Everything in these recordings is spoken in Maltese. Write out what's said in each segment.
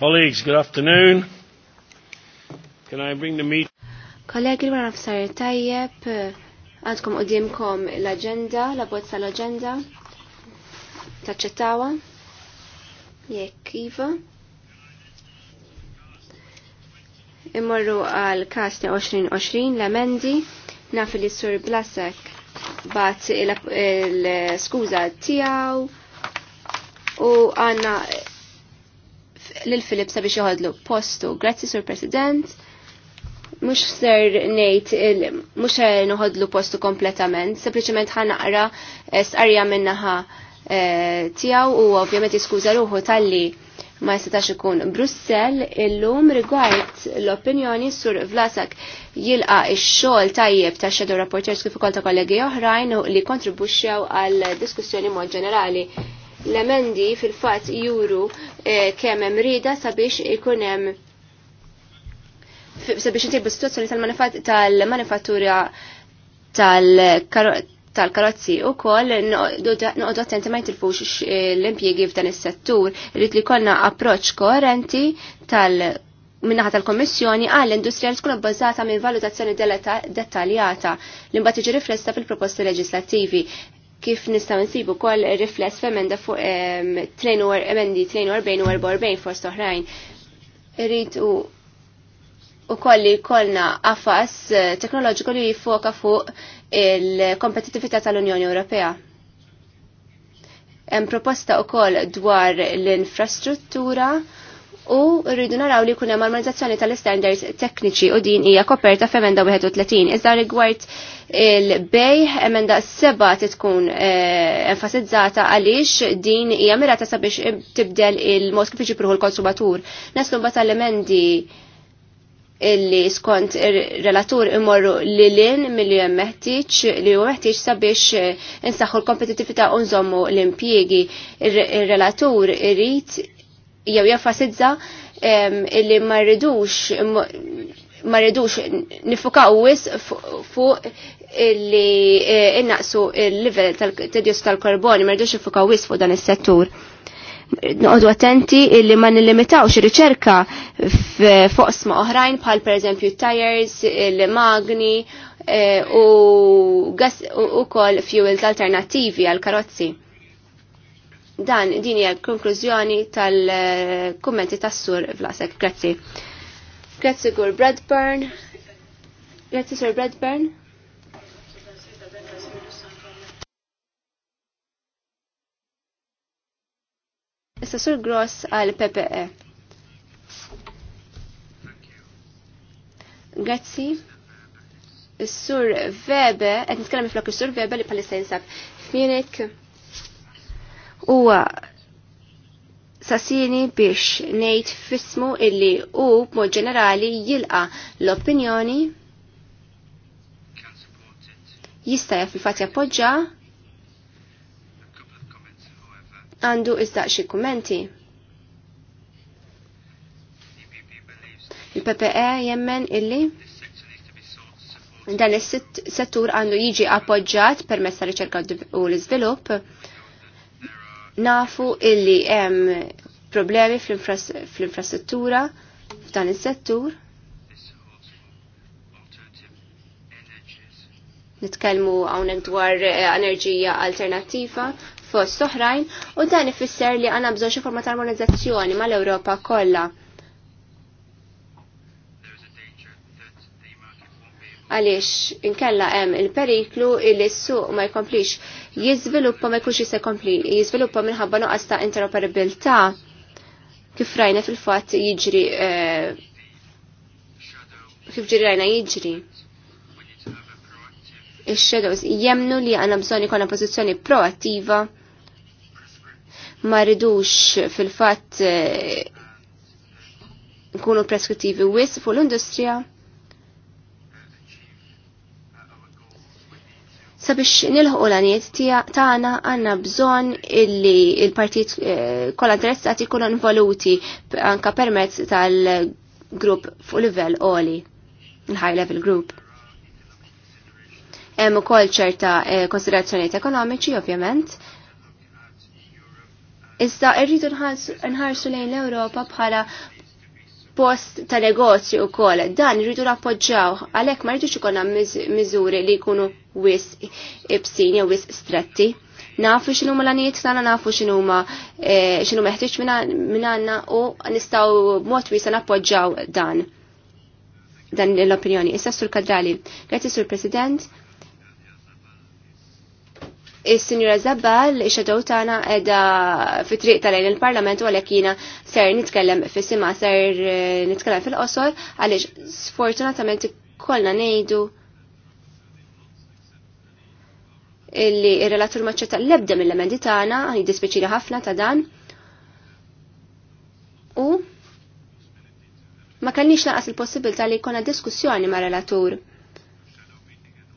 Colleagues, good afternoon. Can I bring the meet? Kollegi l nafsar tajjeb, għandkom u dimkom l-agenda, la bozza l-agenda, taċċettawa, jekk iva. Immorru għal kas 2020 l-amendi, naf li sur Blasek bat il-skuza tijaw u għanna lil Filip sabiex joħodlu postu. Grazzi, Sur President. Mux ser nejt, mux noħodlu postu kompletament, sempliciment naqra eh, s-arja minnaħa eh, tijaw u ovvjament jiskuza ruħu tal-li ma jistax ikun Brussel illum rigward l-opinjoni sur Vlasak jilqa ix-xogħol tajjeb ta' Shadow rapporters kif ukoll ta' kollegi oħrajn li kontribwixxew għal diskussjoni mod ġenerali. L-emendi fil-fat juru eh, kemm hemm rida sabiex ikun hemm sabiex intibu situazzjoni tal-manifattura tal-karozzi u koll noqdu attenti ma jitilfux l impjiegi f'dan is-settur. Irrid li konna approċċ koerenti tal- minnaħat tal-Kommissjoni għall industrija li tkun bbażata minn valutazzjoni dettaljata li mbagħad tiġi riflessa fil-proposti leġislattivi kif nistaw nsibu kol rifless femenda fuq emendi 42 u 44 fost oħrajn. Rrit u u kolli kolna għafas eh, teknoloġiku li jifoka fuq il-kompetitività tal-Unjoni Ewropea. Hemm proposta wkoll dwar l-infrastruttura u rridu naraw li kunem armonizzazzjoni tal-standards tekniċi u din hija koperta f'emenda 31. Iżda rigward il-bej emenda 7 titkun eh, enfasizzata għaliex din hija mirata sabiex tibdel il-mod kif jiġi l-konsumatur. Naslu bata tal-emendi illi skont relatur imorru li lin mill meħtieġ li hu meħtieġ sabiex eh, insaħħu l-kompetitività u nżommu l-impjiegi. Il-relatur irrid jew jaffasizza illi ma rridux ma rridux nifukaw wis fuq illi e, innaqsu il-level tal-tedjus tal-karboni, ma rridux nifukaw wis fuq dan is-settur. Noqdu attenti illi ma nillimitawx riċerka fuq sma oħrajn bħal per eżempju tires, il-magni e, u u kol fuels alternativi għal karozzi Dan din hija konklużjoni tal-kummenti tas-sur Vlasek. Grazzi. Grazzi Gur Bradburn. Grazzi Sur Bradburn. Issa Sur Gross għal PPE. Grazzi. Is-Sur Vebe, qed nitkellem flok is-Sur Vebe li palissa jinsab. Fienek huwa sasini biex nejt fismu illi u b'mod ġenerali jilqa l-opinjoni jista' fil fat jappoġġa għandu iżdaq xie kummenti. Il-PPE jemmen illi dan is-settur għandu jiġi appoġġat permezz ta' riċerka u l-iżvilupp nafu illi hemm problemi fl-infrastruttura f'dan is-settur. Nitkellmu hawnhekk dwar eh, enerġija alternattiva fost oħrajn u dan ifisser li għandna bżonn xi forma ta' armonizzazzjoni mal-Ewropa kollha għaliex inkella hemm il-periklu il suq ma jkomplix jiżviluppa ma jkunx jista' jkompli jiżviluppa minħabba nuqqas ta' interoperabilità kif rajna fil-fatt jiġri eh, kif ġiri rajna jiġri. Ix-shadows jemnu li għandna bżonn ikolna pożizzjoni proattiva ma ridux fil-fatt eh, nkunu preskrittivi wis fuq l-industrija sabiex nilħu l-għaniet tagħna għandna bżonn illi il-partit eh, kollha interessati jkunu involuti anka permezz tal-grupp fuq livell oli, il-high level group. Hemm ukoll ċerta eh, konsiderazzjonijiet ekonomiċi ovvjament. Iżda rridu nħarsu lejn l-Ewropa bħala post ta' negozju wkoll dan irridu nappoġġaw għalhekk ma rridux xikonna miżuri li jkunu wis ibsin jew wis stretti. Nafu xinu ma l-għaniet tagħna nafu xinu ma eh, xinu meħtieġ minn għandna u nistgħu wis għan nappoġġaw dan dan l-opinjoni. Issa sur kadrali. Grazzi sur President Is-Sinjura Zabbal, ix-xadow tagħna qiegħda fit-triq tal-lejn il-Parlament u għalhekk jiena ser nitkellem fis-sima ser eh, nitkellem fil-qosor għaliex sfortunatament kollna ngħidu illi ir-relatur maċċetta l-ebda mill-emendi tagħna dispeċili ħafna ta' dan. U ma kellix naqas il-possibilità li jkollna diskussjoni ma' relatur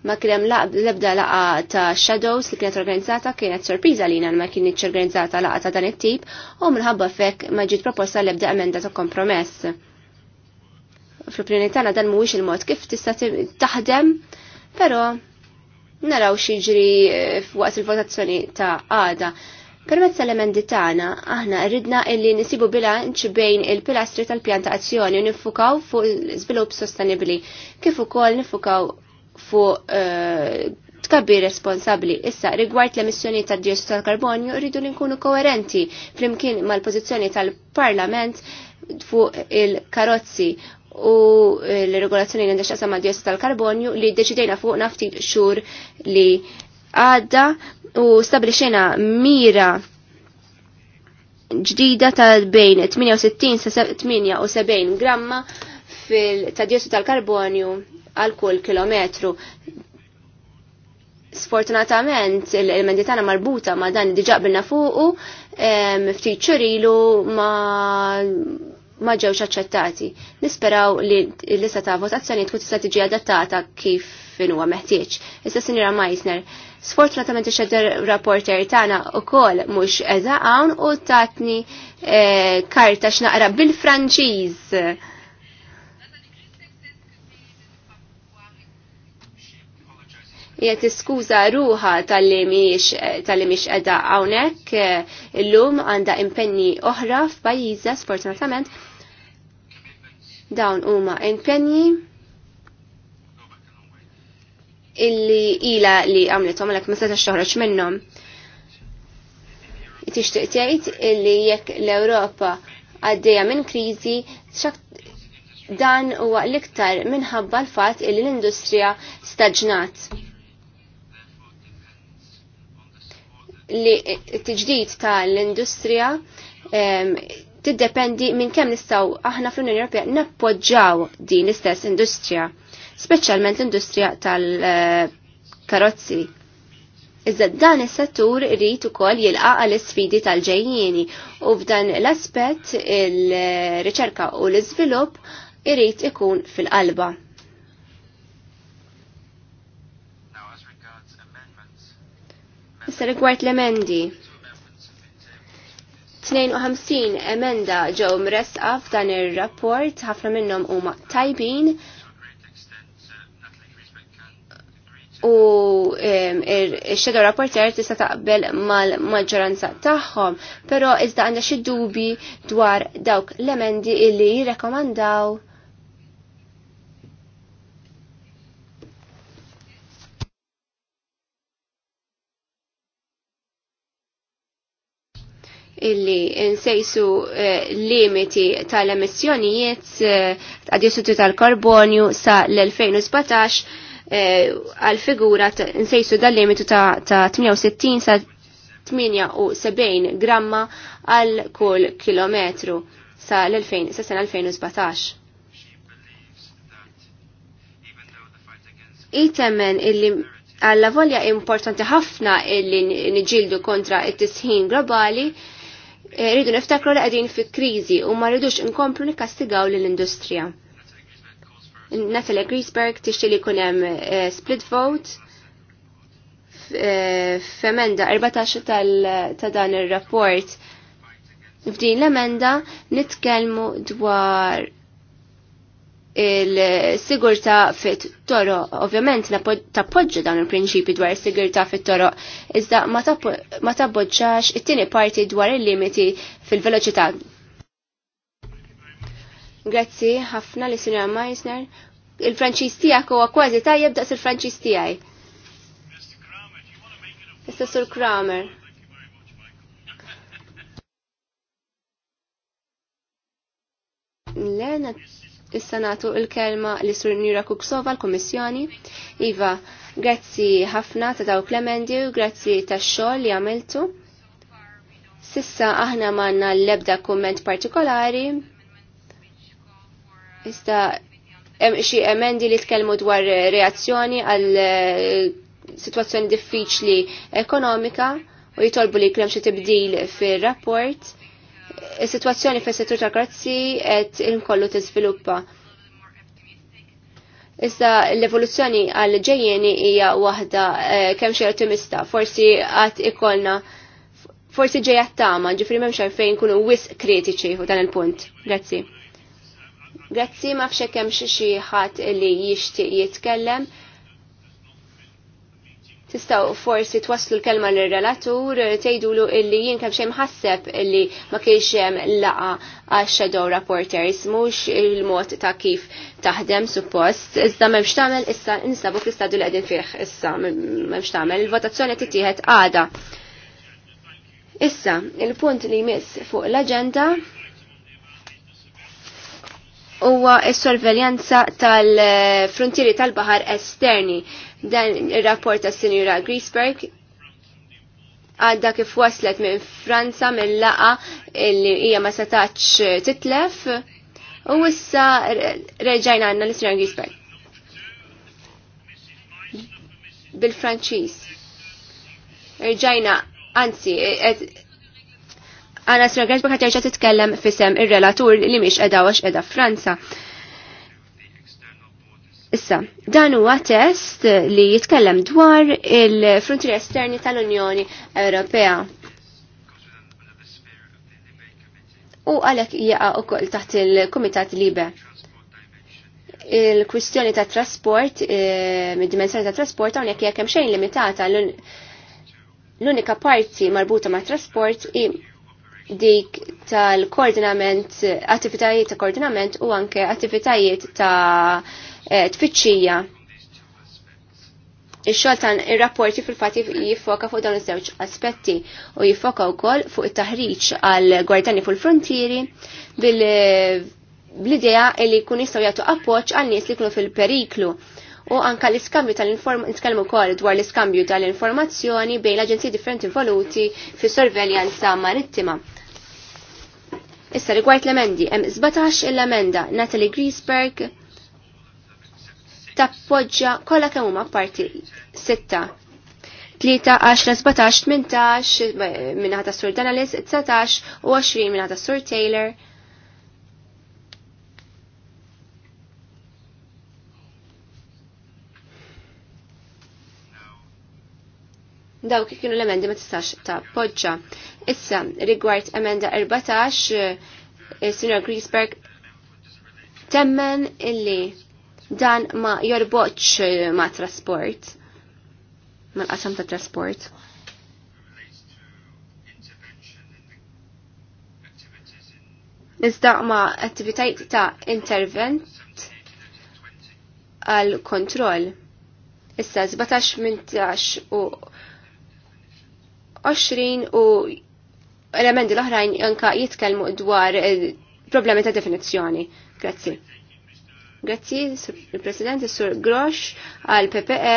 ma kienem l-ebda laqa ta' Shadows li kienet organizzata kienet sorpriza li ma kienet organizzata laqa ta' dan it-tip u minħabba fek ma ġiet proposta l-ebda emenda ta' kompromess. Fl-opinjoni tagħna dan mhuwiex il-mod kif tista' taħdem, però naraw jiġri f'waqt eh, il-votazzjoni ta' għada. Permezz tal-emendi tagħna aħna rridna illi nisibu bilanċ bejn il-pilastri tal pjanta azzjoni u nifukaw fuq l iżvilupp sostenibbli kif ukoll nifukaw fuq eh, tkabbi responsabli. Issa, rigward l-emissjoni ta' dioxid tal-karbonju, rridu li nkunu koerenti flimkien mal-pozizjoni tal-Parlament fuq il-karozzi u l-regolazzjoni għandha xaqsa ma' dioxid tal-karbonju li deċidejna fuq nafti xur li għadda u stabliċena mira ġdida tal bejn 68 sa 78 gramma fil-ta' dioxid tal-karbonju għal kull kilometru. Sfortunatament il-elementi marbuta ma' dan diġà bilna fuqu ftit ċurilu ma' ma ġewx aċċettati. Nisperaw li l-lista ta' votazzjoni tkun tista' tiġi adattata kif huwa meħtieġ. Issa Sinjora Meisner, sfortunatament ix-xedder rapporter tagħna wkoll mhux eżaqgħun u tatni eh, karta x'naqra bil-Franċiż Jiet tiskuża ruha tal-li mhix edha għawnek hawnhekk eh, lum għandha impenni oħra f'pajjiżha sfortunatament dawn huma impenni illi ila li għamletom għalek ma setax toħroġ minnhom. Tixtieq tgħid illi jekk l-Ewropa għaddejja minn kriżi dan huwa l-iktar minħabba l-fatt illi l-industrija staġnat. li t ta' tal-industrija tiddependi minn kemm nistaw aħna fl-Unjoni Ewropea nappoġġaw din l-istess industrija, speċjalment l-industrija tal-karozzi. Eh, Iżda dan is-settur irid ukoll jilqa' għal isfidi tal-ġejjieni u f'dan l-aspett il-riċerka u l-iżvilupp irid ikun fil-qalba. Issa rigward l-emendi. 52 emenda ġew mresqa f'dan ir-rapport, ħafna minnhom huma tajbin u x-xedo rapporter tista' taqbel mal-maġġoranza tagħhom, però iżda għandha xi dubi dwar dawk l-emendi illi jirrekomandaw illi nsejsu limiti tal-emissjonijiet għadjusuti tal-karbonju sa l-2017 għal figura nsejsu dal-limitu ta' 68 sa' 78 gramma għal kull kilometru sa' l-2017. Itemmen illi għalla volja importanti ħafna illi nġildu kontra it-tisħin globali, Eh, rridu niftakru li qegħdin fi kriżi u ma rridux inkomplu nikkastigaw lill-industrija. Natalie Griesberg tixti li kunem eh, split vote eh, f'emenda 14 ta' dan ir-rapport. F'din l-emenda nitkellmu dwar il-sigurta fit toro ovvjament tappoġġa dawn il-prinċipi dwar is-sigurta fit toro iżda ma tabboġġax it-tieni parti dwar il-limiti fil-veloċità. Grazzi ħafna li sinja Meisner. il franċis tiegħek huwa kważi tajjeb daqs il franċis tiegħi. Mr. Kramer. Lena issa nagħtu l-kelma li sur Nira Kuksova l-Kummissjoni. Iva, grazzi ħafna ta' dawk l-emendi u grazzi tax-xogħol li għamiltu. Sissa aħna manna l-ebda komment partikolari. Ista em, xi emendi li tkellmu dwar reazzjoni għal eh, situazzjoni diffiċli ekonomika u jitolbu li klem xi tibdil fir-rapport. Is-sitwazzjoni fis settur ta' grazzi qed inkollu sviluppa Iżda l-evoluzzjoni għal ġejjeni hija waħda eh, kemm xi ottimista, forsi qatt ikolna forsi ġejja tama, ġifri memx fejn kunu wis kritiċi u dan il-punt. Grazzi. Grazzi ma fxek hemm xi ħadd li jixtieq jitkellem tistaw forsi twaslu l-kelma l-relatur, eh, tejdulu illi jien kem xejn ħasseb illi ma kienx hemm laqa għax-shadow reporters, mhux il-mod ta' kif taħdem suppost, iżda m'hemmx tagħmel issa nisabu fl-istadju li qegħdin fih issa m'hemmx tagħmel, il-votazzjoni t-tiħet għada. Issa, il-punt li jmiss fuq l agenda huwa s-sorveljanza tal-frontieri tal-bahar esterni. Dan ir-rapport ta' Sinjura Griesberg għadda kif waslet minn Franza mill laqa li hija ma setax titlef u issa reġajna għandna l-Sinjura Griesberg. Bil-Franċiż. Rġajna, anzi, Għana s-sra Gensburg ħatterġa titkellem fisem il-relatur li miex edha għax edha Franza. Issa, dan huwa test li jitkellem dwar il-frontieri esterni tal-Unjoni Ewropea. U għalek jaqa u koll taħt il-Komitat Libe. Il-kwistjoni ta' trasport, e, mid-dimensjoni ta' trasport, għonek jek hemm xejn limitata l-unika parti marbuta ma' trasport dik tal-koordinament, attivitajiet ta' koordinament u anke attivitajiet ta' eh, tfittxija. Ix-xogħol ir-rapporti fil-fatt jiffoka fuq dawn iż-żewġ aspetti u jiffoka wkoll fuq it-taħriġ għal gwardjani fuq il-frontieri bil bl-idea li jkun jistgħu jagħtu appoġġ għal nies li jkunu fil-periklu u anka l-iskambju tal-informazzjoni, nitkellmu wkoll dwar l-iskambju tal-informazzjoni bejn l-aġenziji differenti involuti fi sorveljanza marittima. Issa rigward l-emendi, hemm 17 il-emenda Natalie Griesberg tappoġġa kollha kemm huma parti 6. 3, 10, 17, 18 minnaħta ta' Sur Danalis, 19 20 minnaħta ta' Sur Taylor. Dawk kienu l-emendi ma tistax ta' poġġa. Issa, rigward emenda 14, eh, Sr. Griesberg temmen illi dan ma jorboċ eh, ma trasport, ma l-qasam ta' trasport. Iżda ma attivitajt ta' intervent għal kontroll. Issa 17, 18 u 20 u elementi l-oħrajn anka jitkellmu dwar eh, problemi ta' definizzjoni. Grazzi. Grazzi, il-President, Sur Grosh, għal PPE,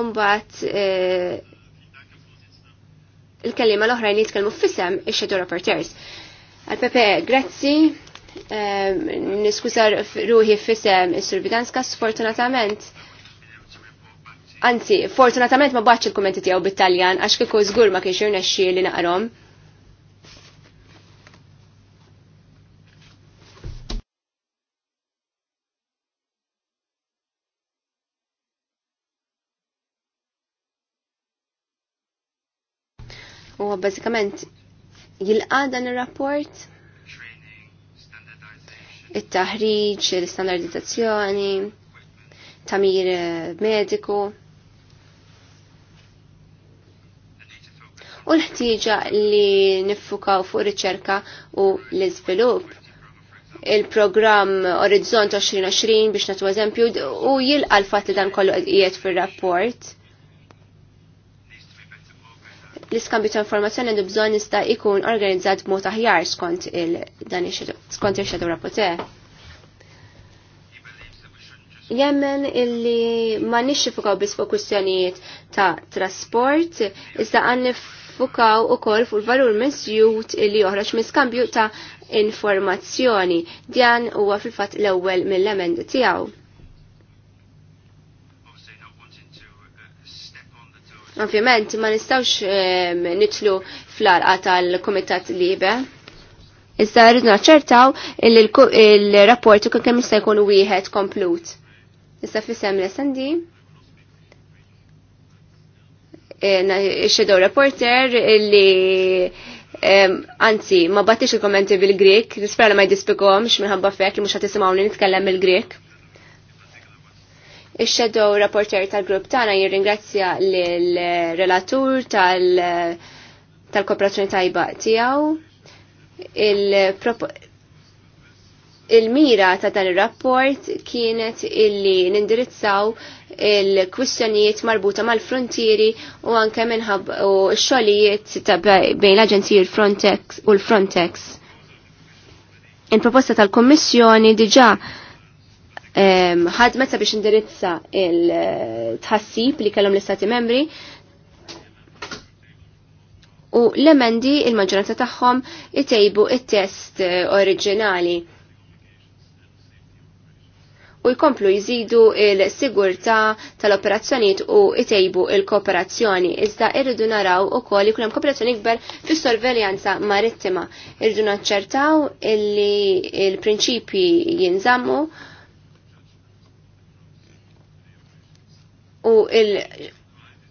umbat eh, il-kellima l-oħrajn jitkellmu fissem ix-Shadow Reporters. Għal PPE, grazzi, eh, niskusar ruħi fissem is-Sur Vidanska sfortunatament Anzi, fortunatament ma baċ il-kommenti tiegħu bit-Taljan għax kieku żgur ma kienx nesċi li naqrom. U bażikament jilqa dan ir-rapport it-taħriġ, l-standardizzazzjoni, tamir mediku. u l-ħtieġa li niffukaw fuq riċerka u l-iżvilupp il-programm Orizzont 2020 biex natu eżempju u jilqa l-fat li dan kollu qiegħed fir-rapport. L-iskambju ta' informazzjoni għandu bżonn jista' jkun organizzat b'mod aħjar skont il-dan skont il-xedu rapporte. Jemmen illi ma nixxifukaw bis fuq kwistjonijiet ta' trasport, iżda għan niffukaw ukoll fuq il-valur misjut li joħroġ miskambju ta' informazzjoni. Dan huwa fil-fatt l-ewwel mill-emend tiegħu. Ovvjament ma nistawx ehm, nitlu fl-arqa tal-Komitat Libe. Issa rridu naċċertaw il-rapport u kemm jista' jkun wieħed komplut. Issa fissem l-SND. Eh, shadow reporter li anzi ma battix il-kommenti bil-Grek, nispera ma jdispikom minħabba fek li mux ħadd nitkellem bil-Grek. Ix-shadow rapporter tal-grupp tagħna jirringrazzja l relatur tal- kooperazzjoni tajba tiegħu. Il-mira ta' dan ir-rapport kienet illi nindirizzaw il-kwistjonijiet marbuta mal-frontieri u anke minħab u xogħlijiet ta' bejn l-Aġenziji Frontex u l-Frontex. Il-proposta tal-Kommissjoni diġà ħadmet biex indirizza il-tħassib li kellhom l-Istati membri u l-emendi il-maġġoranza tagħhom itejbu it-test oriġinali u jkomplu jżidu il-sigurta tal-operazzjoniet u jtejbu il-kooperazzjoni. Iżda irridu naraw u koll jkunem kooperazzjoni gber fis sorveljanza marittima. Irridu naċċertaw illi il-prinċipji jinżammu u il-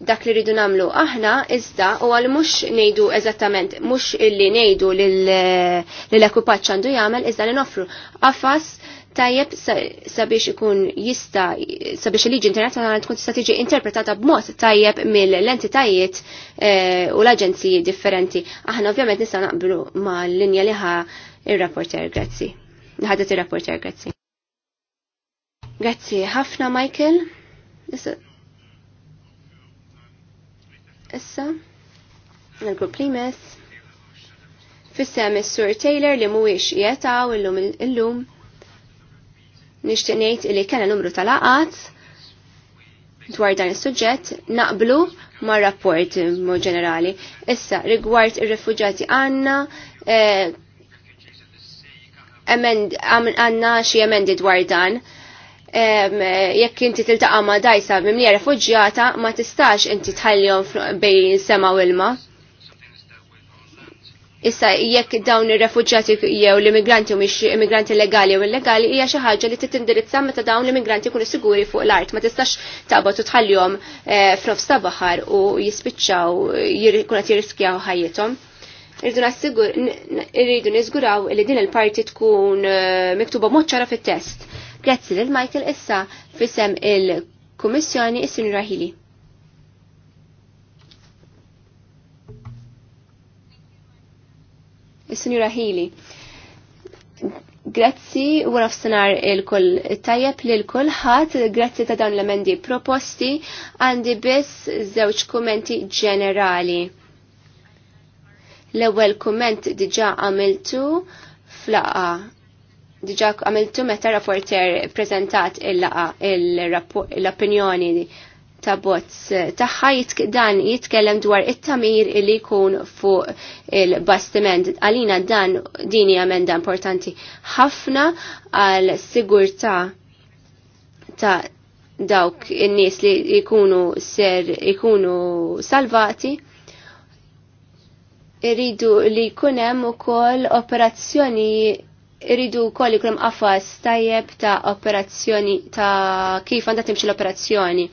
dak li rridu namlu aħna iżda u għal mux nejdu eżattament mux illi nejdu l ekupaċ għandu jagħmel iżda li nofru qafas tajjeb sabiex ikun jista sabiex il-liġi internazzjonali tkun tista' tiġi interpretata b'mod tajjeb mill-entitajiet eh, u l-aġenziji differenti. Aħna ovvjament nista' naqblu mal linja li ħa ir-rapporter, grazzi. Ħadet ir-rapporter, grazzi. Grazzi ħafna Michael. Issa. Issa. grupp li mess fissem is-Sur Taylor li mhuwiex jetaw illum illum nixtieq ngħid li kellha numru tal-aqat dwar dan is-suġġett naqblu mar rapport mo ġenerali. Issa rigward ir-refuġjati għandna eh, għandna xi emendi dwar dan jekk inti tiltaqa' ma' dajsa mimlija refuġjata ma tistax inti tħallihom bejn sema u ilma. Issa jekk dawn ir-refuġjati jew l-immigranti u immigranti legali jew illegali hija xi ħaġa li titindirizza meta dawn l-immigranti jkunu siguri fuq l-art. Ma tistax taqbad u tħallihom eh, f'nofs ta' baħar u jispiċċaw jkun qed jirriskjaw ħajjithom. Irridu niżguraw li din il-parti tkun eh, miktuba mod ċara fit-test. Grazzi lil Michael issa fisem il-Kummissjoni is-Sinjura Hili. il-Sinjura Healy. Grazzi u nafsinar il-kull tajjeb li l-kullħat, grazzi ta' dawn l-emendi proposti, għandi biss żewġ kumenti ġenerali. L-ewwel kumment diġà għamiltu fl-laqgħa, diġa' għamiltu meta rapporter prezentat il-opinjoni ta' bots ta' tagħha dan jitkellem dwar it-tamir li jkun fuq il-bastiment. Għalina dan dini amenda importanti ħafna għal sigurta ta' dawk in-nies li jkunu ser jkunu salvati Iridu li kunem u kol operazzjoni iridu kol li affas tajjeb ta' operazzjoni ta' kif għandha timxi l-operazzjoni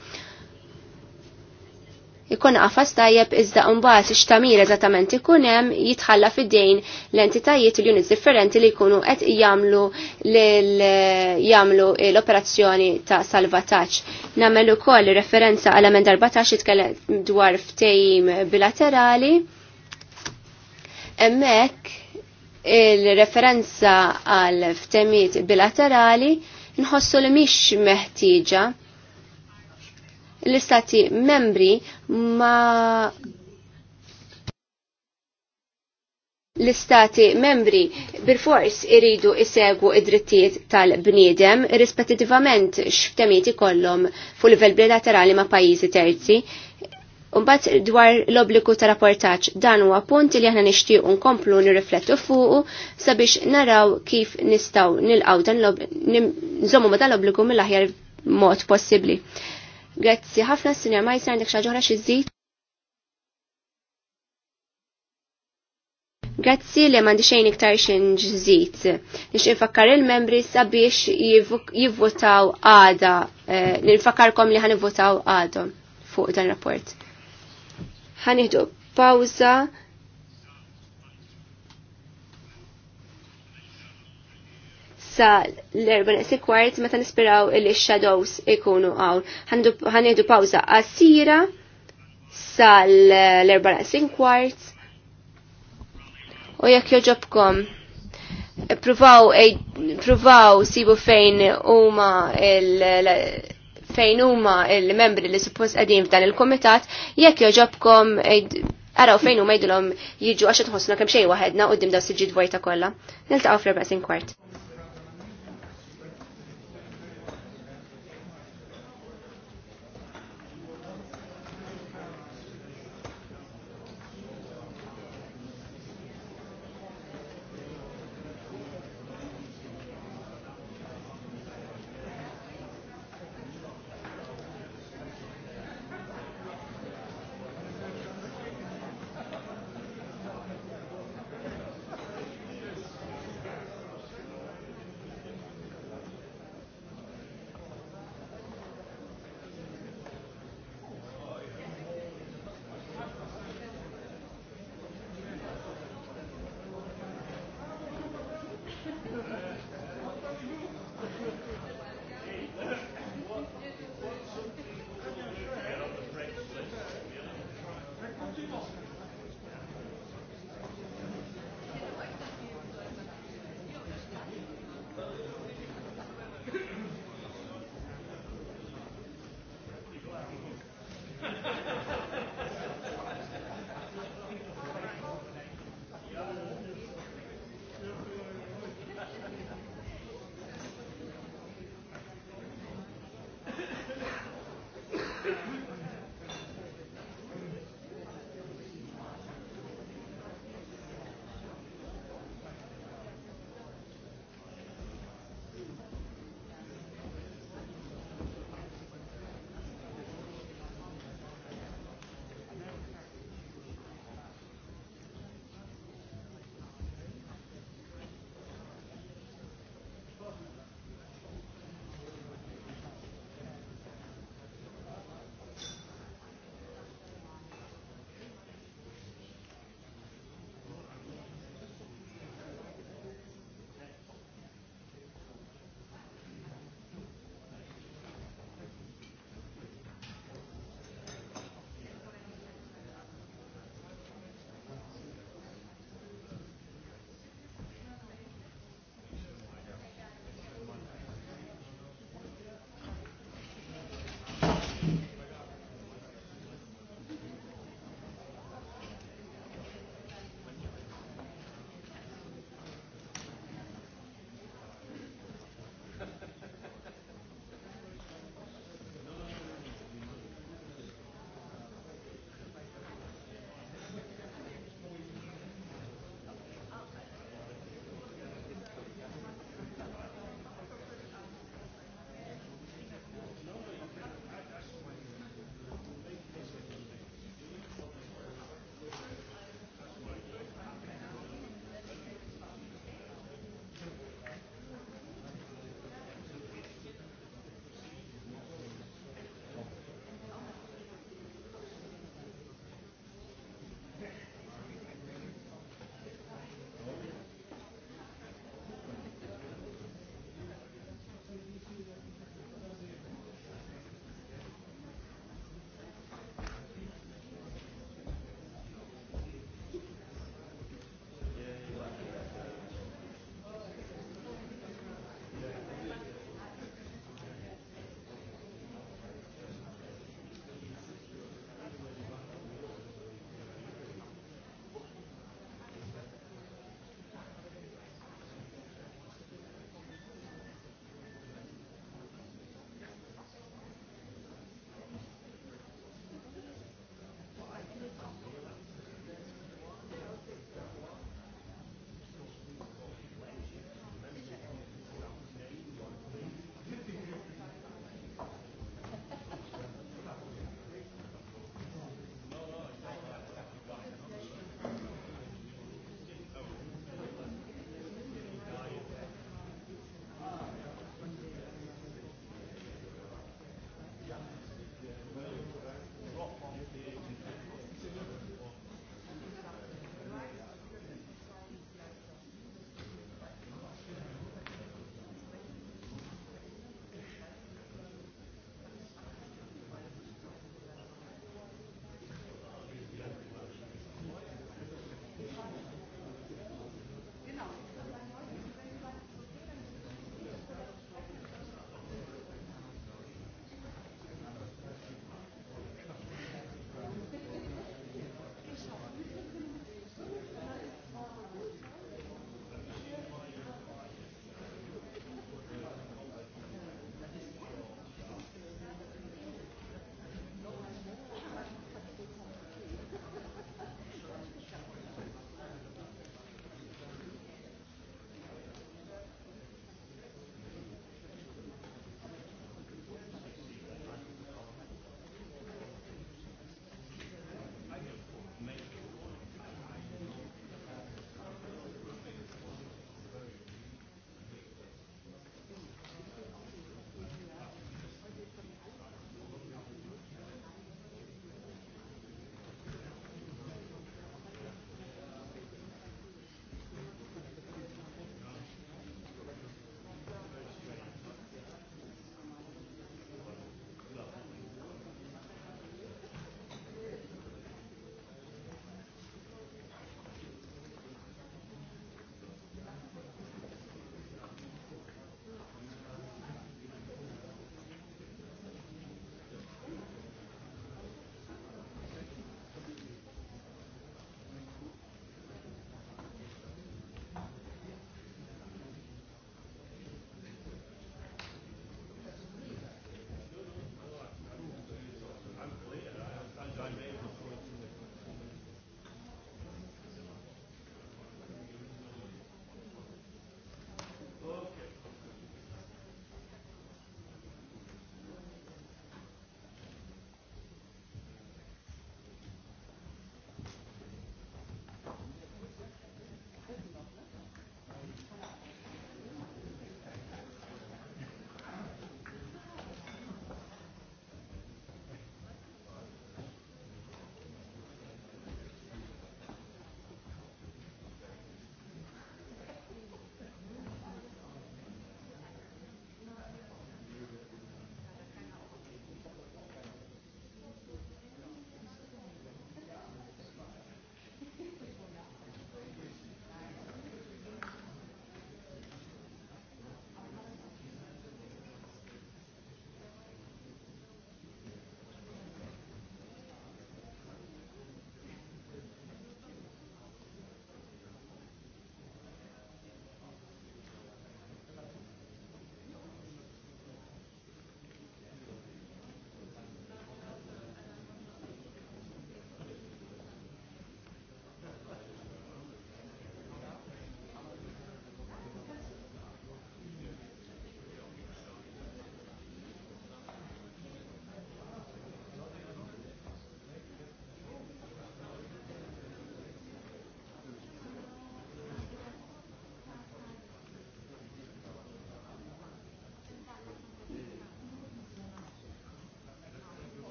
ikun għafas tajjeb iżda mbagħad x'tamir eżattament ikun hemm jitħalla fid-dejn l-entitajiet il units differenti li jkunu qed jagħmlu jagħmlu l-operazzjoni ta' salvataġġ. Nagħmel ukoll referenza għal emend 14 jitkellem dwar ftejim bilaterali. Hemmhekk il-referenza għal ftemiet bilaterali nħossu li mhix meħtieġa l-istati membri ma l-istati membri bil-fors iridu isegu id-drittijiet tal-bniedem rispettivament x'ftemiet ikollhom fuq livell bilaterali ma' pajjiżi terzi. Umbat dwar l-obbligu ta' rapportaġġ dan huwa punt li aħna nixtiequ nkomplu nirriflettu fuqu sabiex naraw kif nistgħu nilqgħu dan nżommu ma' dan l-obbligu mill-aħjar mod possibbli. Grazzi ħafna s-sinja ma jisna għandek xaġoħra xizzit. Grazzi li mandi xejn iktar xejn ġżit. Nix infakkar il-membri sabiex jivvotaw għada. Eh, ninfakkarkom li ħanivvotaw għadhom fuq dan rapport. Ħaniħdu pawza sa l erban naqsi kwart meta nispiraw illi shadows ikunu għawn. Ħanidu pawza għasira sa l erban naqsi kwart u jekk joġobkom Pruvaw, sibu fejn huma il- fejn huma il-membri li suppost qegħdin f'dan il-kumitat, jekk joġobkom araw fejn huma jidulhom jiġu għax tħossna kemm xejn waħedna qudiem daw siġġi dwajta kollha. Niltaqgħu fl-erba' kwart.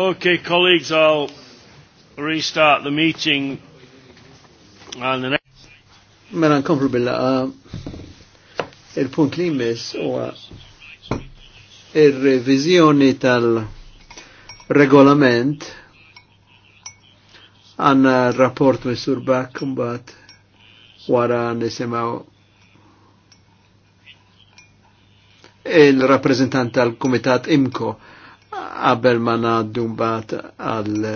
Okay, colleagues, I'll restart the meeting. And the next... Mela nkomplu billa, il-punt li jmiss huwa ir revizjoni tal-regolament għanna rapport mis surbak kumbat wara nisimaw il-rappresentant tal-Kumitat imko qabel ma naddu mbagħad għal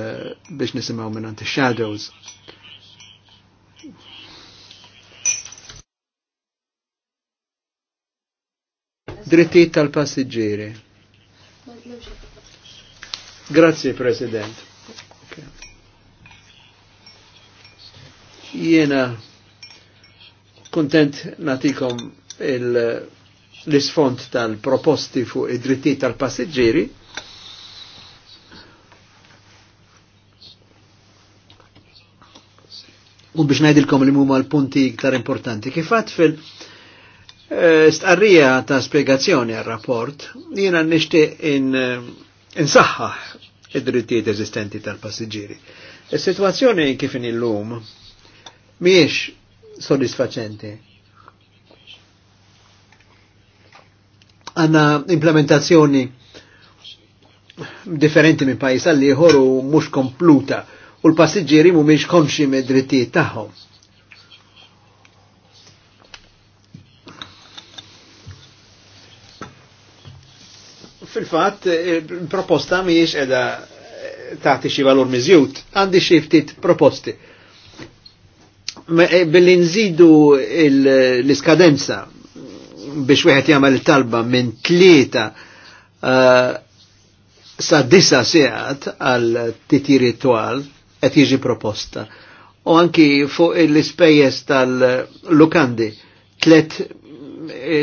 biex nisimgħu minn shadows Drittijiet tal-passiġġieri. Grazzi, President. Jiena Jena kontent natikom l isfond tal-proposti fuq id-drittijiet tal-passiġġieri u biex najdilkom li mumma l-punti iktar importanti. Kifat fil- eh, Starrija ta' spiegazzjoni għal rapport jiena nishti in, eh, insaħħa id-drittijiet eżistenti tal-passiġġieri. Is-sitwazzjoni kif illum mhijiex sodisfaċenti. Għanna implementazzjoni differenti minn pajis għalli ieħor u mhux kompluta u l-passiġġieri mhumiex konxi mid-drittijiet tagħhom. Fil-fatt, il eh, proposta mhijiex qiegħda eh, tagħti xi valur miżjud, għandi xi ftit proposti. Eh, billi nżidu l-iskadenza biex wieħed jagħmel talba minn tlieta sa disa sigħat għal titjiri twal, qed jiġi proposta. U anki fuq l-ispejjeż tal-lukandi tlet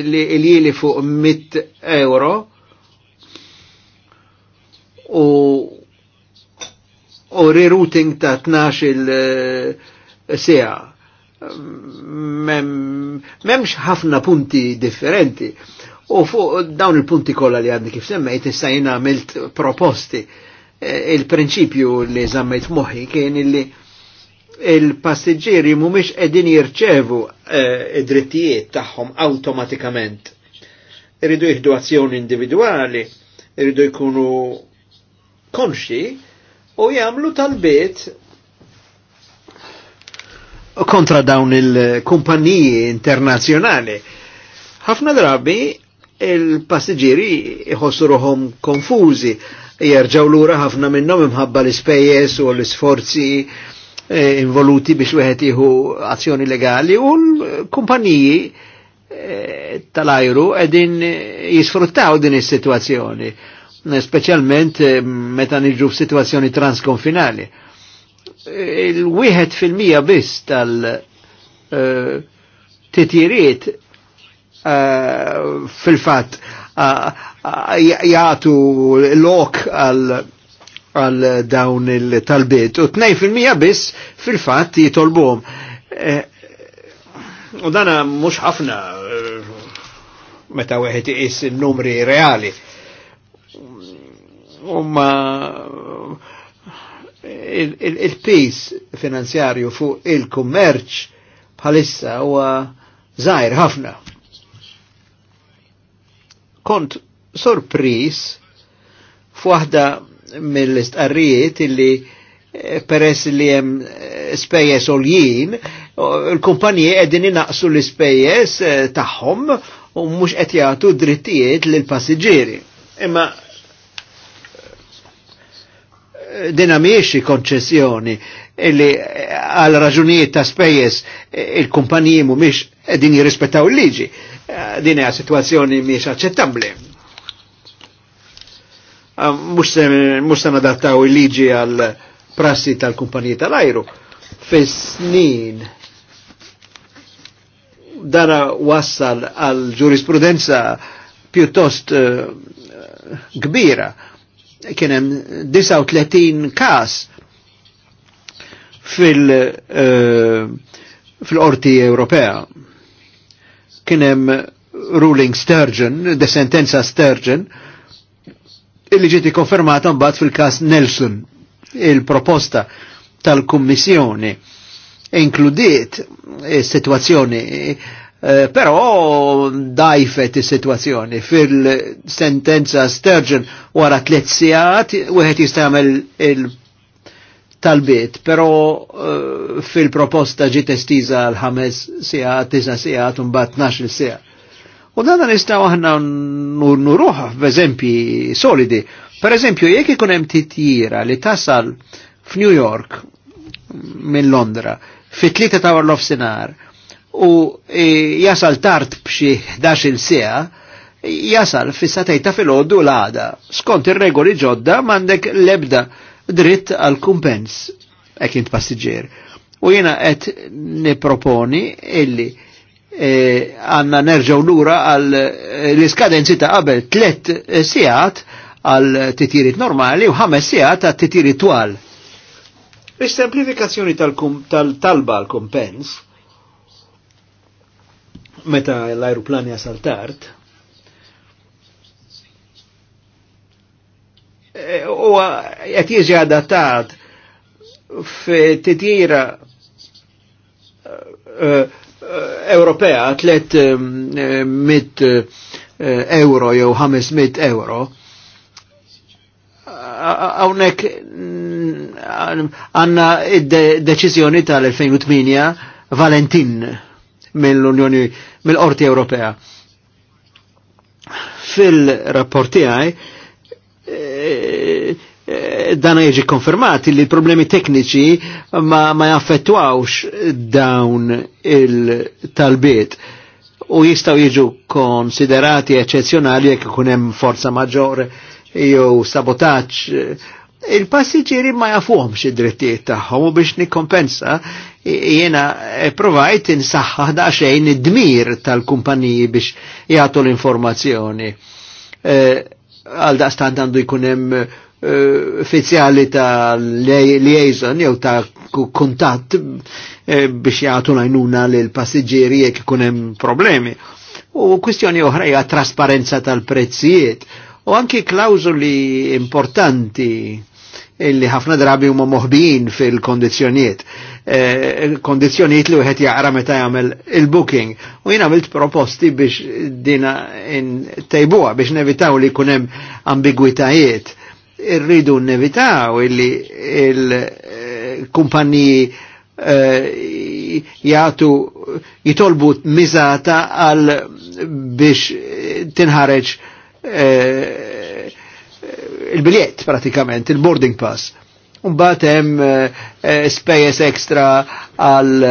il-jili fuq 100 euro u u rerouting ta' 12 il eh, sea memx ħafna punti differenti. U fuq dawn il-punti kolla li għandi kif semmejt, issa jina għamilt proposti. Uh, Eh, il-prinċipju li zammejt moħi kien illi il-passiġġieri mhumiex qegħdin jirċevu eh, id-drittijiet tagħhom awtomatikament. Iridu jihdu azzjoni individwali, iridu jkunu konxi u jagħmlu talbiet kontra dawn il-kumpaniji internazzjonali. Ħafna drabi il-passiġġieri iħossu konfużi jerġaw lura ħafna minnhom imħabba l-ispejjeż u l-isforzi eh, involuti biex wieħed jieħu azzjoni legali u l-kumpaniji eh, tal-ajru qegħdin jisfruttaw din is-sitwazzjoni, speċjalment eh, meta niġu f'sitwazzjoni transkonfinali. Il-wieħed fil-mija biss tal-titjiriet fil-fatt jgħatu l-ok għal dawn il-talbiet u 2% biss fil-fatt jitolbuhom. Eh, u dana mux ħafna eh, meta wieħed iqis il-numri reali. U ma il-pis finanzjarju fuq il-kummerċ bħalissa u żgħir ħafna. Kont sorpris f'waħda mill-istqarrijiet illi eh, peress li jem eh, spejjes oljien, eh, l-kumpanji edin inaqsu l-spejjes taħħom u mux qed jagħtu drittijiet lil passiġġieri. Imma dinamiexi konċessjoni illi għal raġunijiet ta' spejjes il-kumpaniji mhumiex qegħdin jirrispettaw il-liġi. Din hija sitwazzjoni mhix aċċettabbli Ah, mux sen adattaw il-liġi għal prassi tal-kumpaniji tal-ajru. Fis-snin dara wassal għal ġurisprudenza pjuttost eh, kbira. Kienem 39 kas fil- eh, fil-orti Ewropea. Kienem ruling Sturgeon, de sentenza Sturgeon, illi ġieti konfermata mbagħad fil-każ Nelson. Il-proposta tal-Kummissjoni inkludiet is-sitwazzjoni eh, però dajfet is-sitwazzjoni fil-sentenza Sturgeon wara tliet sigħat wieħed jista' jagħmel il-talbiet, però uh, fil-proposta ġiet estiża l ħames sigħat, tisa sigħat u mbagħad 12 sigħa. U dan nistaw aħna nuruħa f'eżempji solidi. Per eżempju, jekk ikun hemm titjira li tasal f'New York minn Londra fit-tlieta ta' Warlof Sinar u e, jasal tard b'xi 11 sija, jasal fis-satejta fil-ħoddu l-għada. Skont ir-regoli ġodda m'għandek lebda dritt għal kumpens hekk int passiġġier. U jiena qed nipproponi illi E, għanna nerġaw lura għal e, l-iskadenzi ta' qabel tlet e, sijat għal titirit normali u ħames sijat għal titirit twal. Is-semplifikazzjoni tal-talba għal kompens meta l-aeroplani għasaltart u għet jieġi adattat f-titjira Ewropea eh, 300 eh, euro jew 500 euro għawnek għanna id-deċizjoni tal-2008 Valentin mill-Unjoni mill-Qorti Ewropea. Fil-rapporti għaj eh, Eh, dan jiġi konfermati li problemi tekniċi ma, ma jaffettwawx dawn il-talbiet u jistaw jiġu konsiderati eccezjonali jekk ikun hemm forza maġġor jew sabotaġġ il-passiġġieri ma jafuhomx id-drittijiet tagħhom u biex nikkompensa jiena eh, provajt insaħħaħ daqsxejn id-dmir tal-kumpaniji biex jagħtu l-informazzjoni. Eh, għal e, daqstant jkun hemm Eh, uffiziali ta' liaison jew ta' kuntatt eh, biex jagħtu lajnuna lil passiġġieri jekk ikun hemm problemi. U kwistjoni oħra hija trasparenza tal-prezzijiet u anki klawżuli importanti illi ħafna drabi huma moħbijin fil-kondizzjonijiet. Eh, kondizzjonijiet li wieħed jaqra meta jagħmel il-booking. U jien għamilt proposti biex dina tejbuha biex nevitaw li jkun hemm ambigwitajiet irridu nevitaw illi il kumpani eh, jgħatu jitolbu mizata għal biex tinħareġ eh, il-biljett pratikament, il-boarding pass. Unbat hemm spejes eh, spejjeż ekstra għal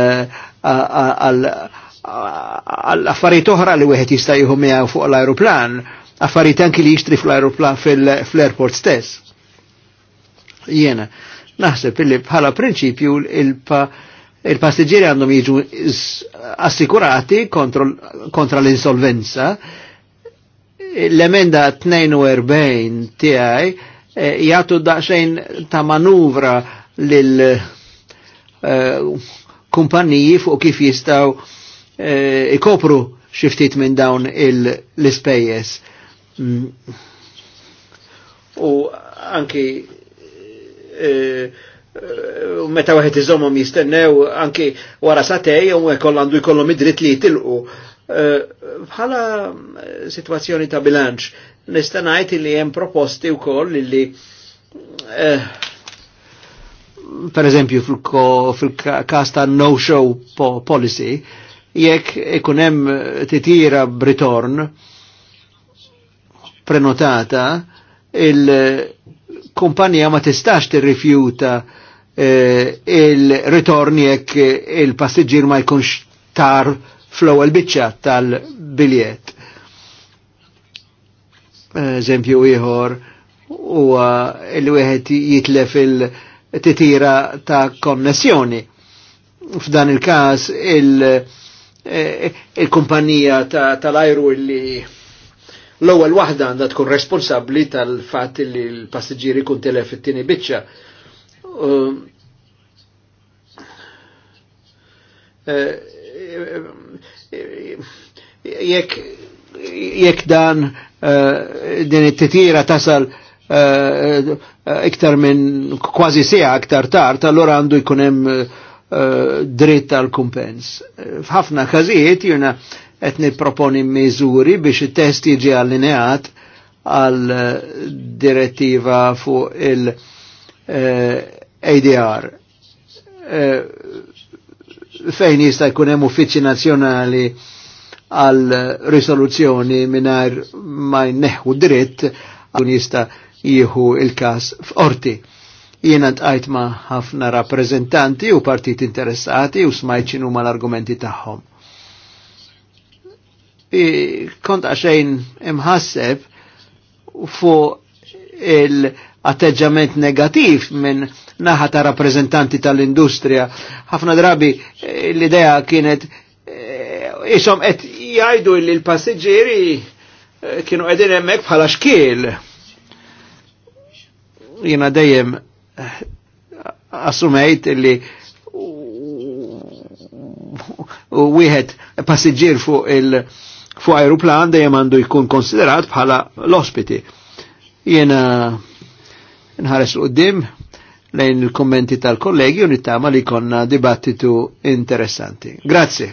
għal affarijiet oħra li wieħed jista' jieħu miegħu fuq l-ajruplan affarijiet anki li jixtri fl-aeroplan fl-airport stess. Jena, naħseb illi bħala prinċipju il-passiġġieri għandhom jiġu assikurati kontra l-insolvenza. L-emenda 42 tiegħi e, jagħtu daqsxejn ta' manuvra lil eh, kumpanniji fuq kif jistaw eh, ikopru xiftit minn dawn l-ispejjes Mm. U anki u eh, eh, meta waħed iżommom jistennew anki wara satej u jkoll għandu jkollhom id-dritt li jitilqu. Eh, bħala sitwazzjoni ta' bilanċ nista' ngħid li hemm proposti wkoll li per eżempju fil-kas ta' no-show policy, jekk ikun hemm titjira b'ritorn, prenotata il-kumpanija ma tistax tirrifjuta eh, il-ritorni jekk il-passiġġier ma jkunx tar fl-ewwel biċċa tal-biljett. Eżempju ieħor huwa l-wieħed jitlef il-titira ta' konnessjoni. F'dan il-każ eh, il-kumpanija il kumpanija tal-ajru li L-ewwel waħda għandha tkun responsabbli tal-fatt li l-passiġġieri kun telef it-tieni biċċa. Um, eh, eh, jekk jekk dan eh, din it titjira tasal iktar minn kważi sija aktar tard, allora għandu jkun hemm dritt għal kumpens. F'ħafna każijiet jiena qed nipproponi miżuri biex it-test jiġi allineat għal eh, direttiva fuq il-ADR. Eh, eh, fejn jista' jkun hemm uffiċċji nazzjonali għal risoluzzjoni mingħajr ma jneħħu dritt għal jista' jieħu il-każ f'orti. Jiena ntqajt ma' ħafna rappreżentanti u partit interessati u smajt x'inhuma l-argumenti tagħhom kont għaxejn imħasseb fuq il-atteġġament negativ minn naħa ta' rappresentanti tal-industrija. ħafna drabi l-idea kienet isom qed jgħidu li l-passiġġieri kienu qegħdin hemmhekk bħala xkiel. Jiena dejjem assumejt li wieħed passiġġier fuq il- fuq aeroplan dejjem għandu jkun konsiderat bħala l-ospiti. Jena eh, nħares l-qoddim lejn il-kommenti tal-kollegi u nittama li konna dibattitu interessanti. Grazie.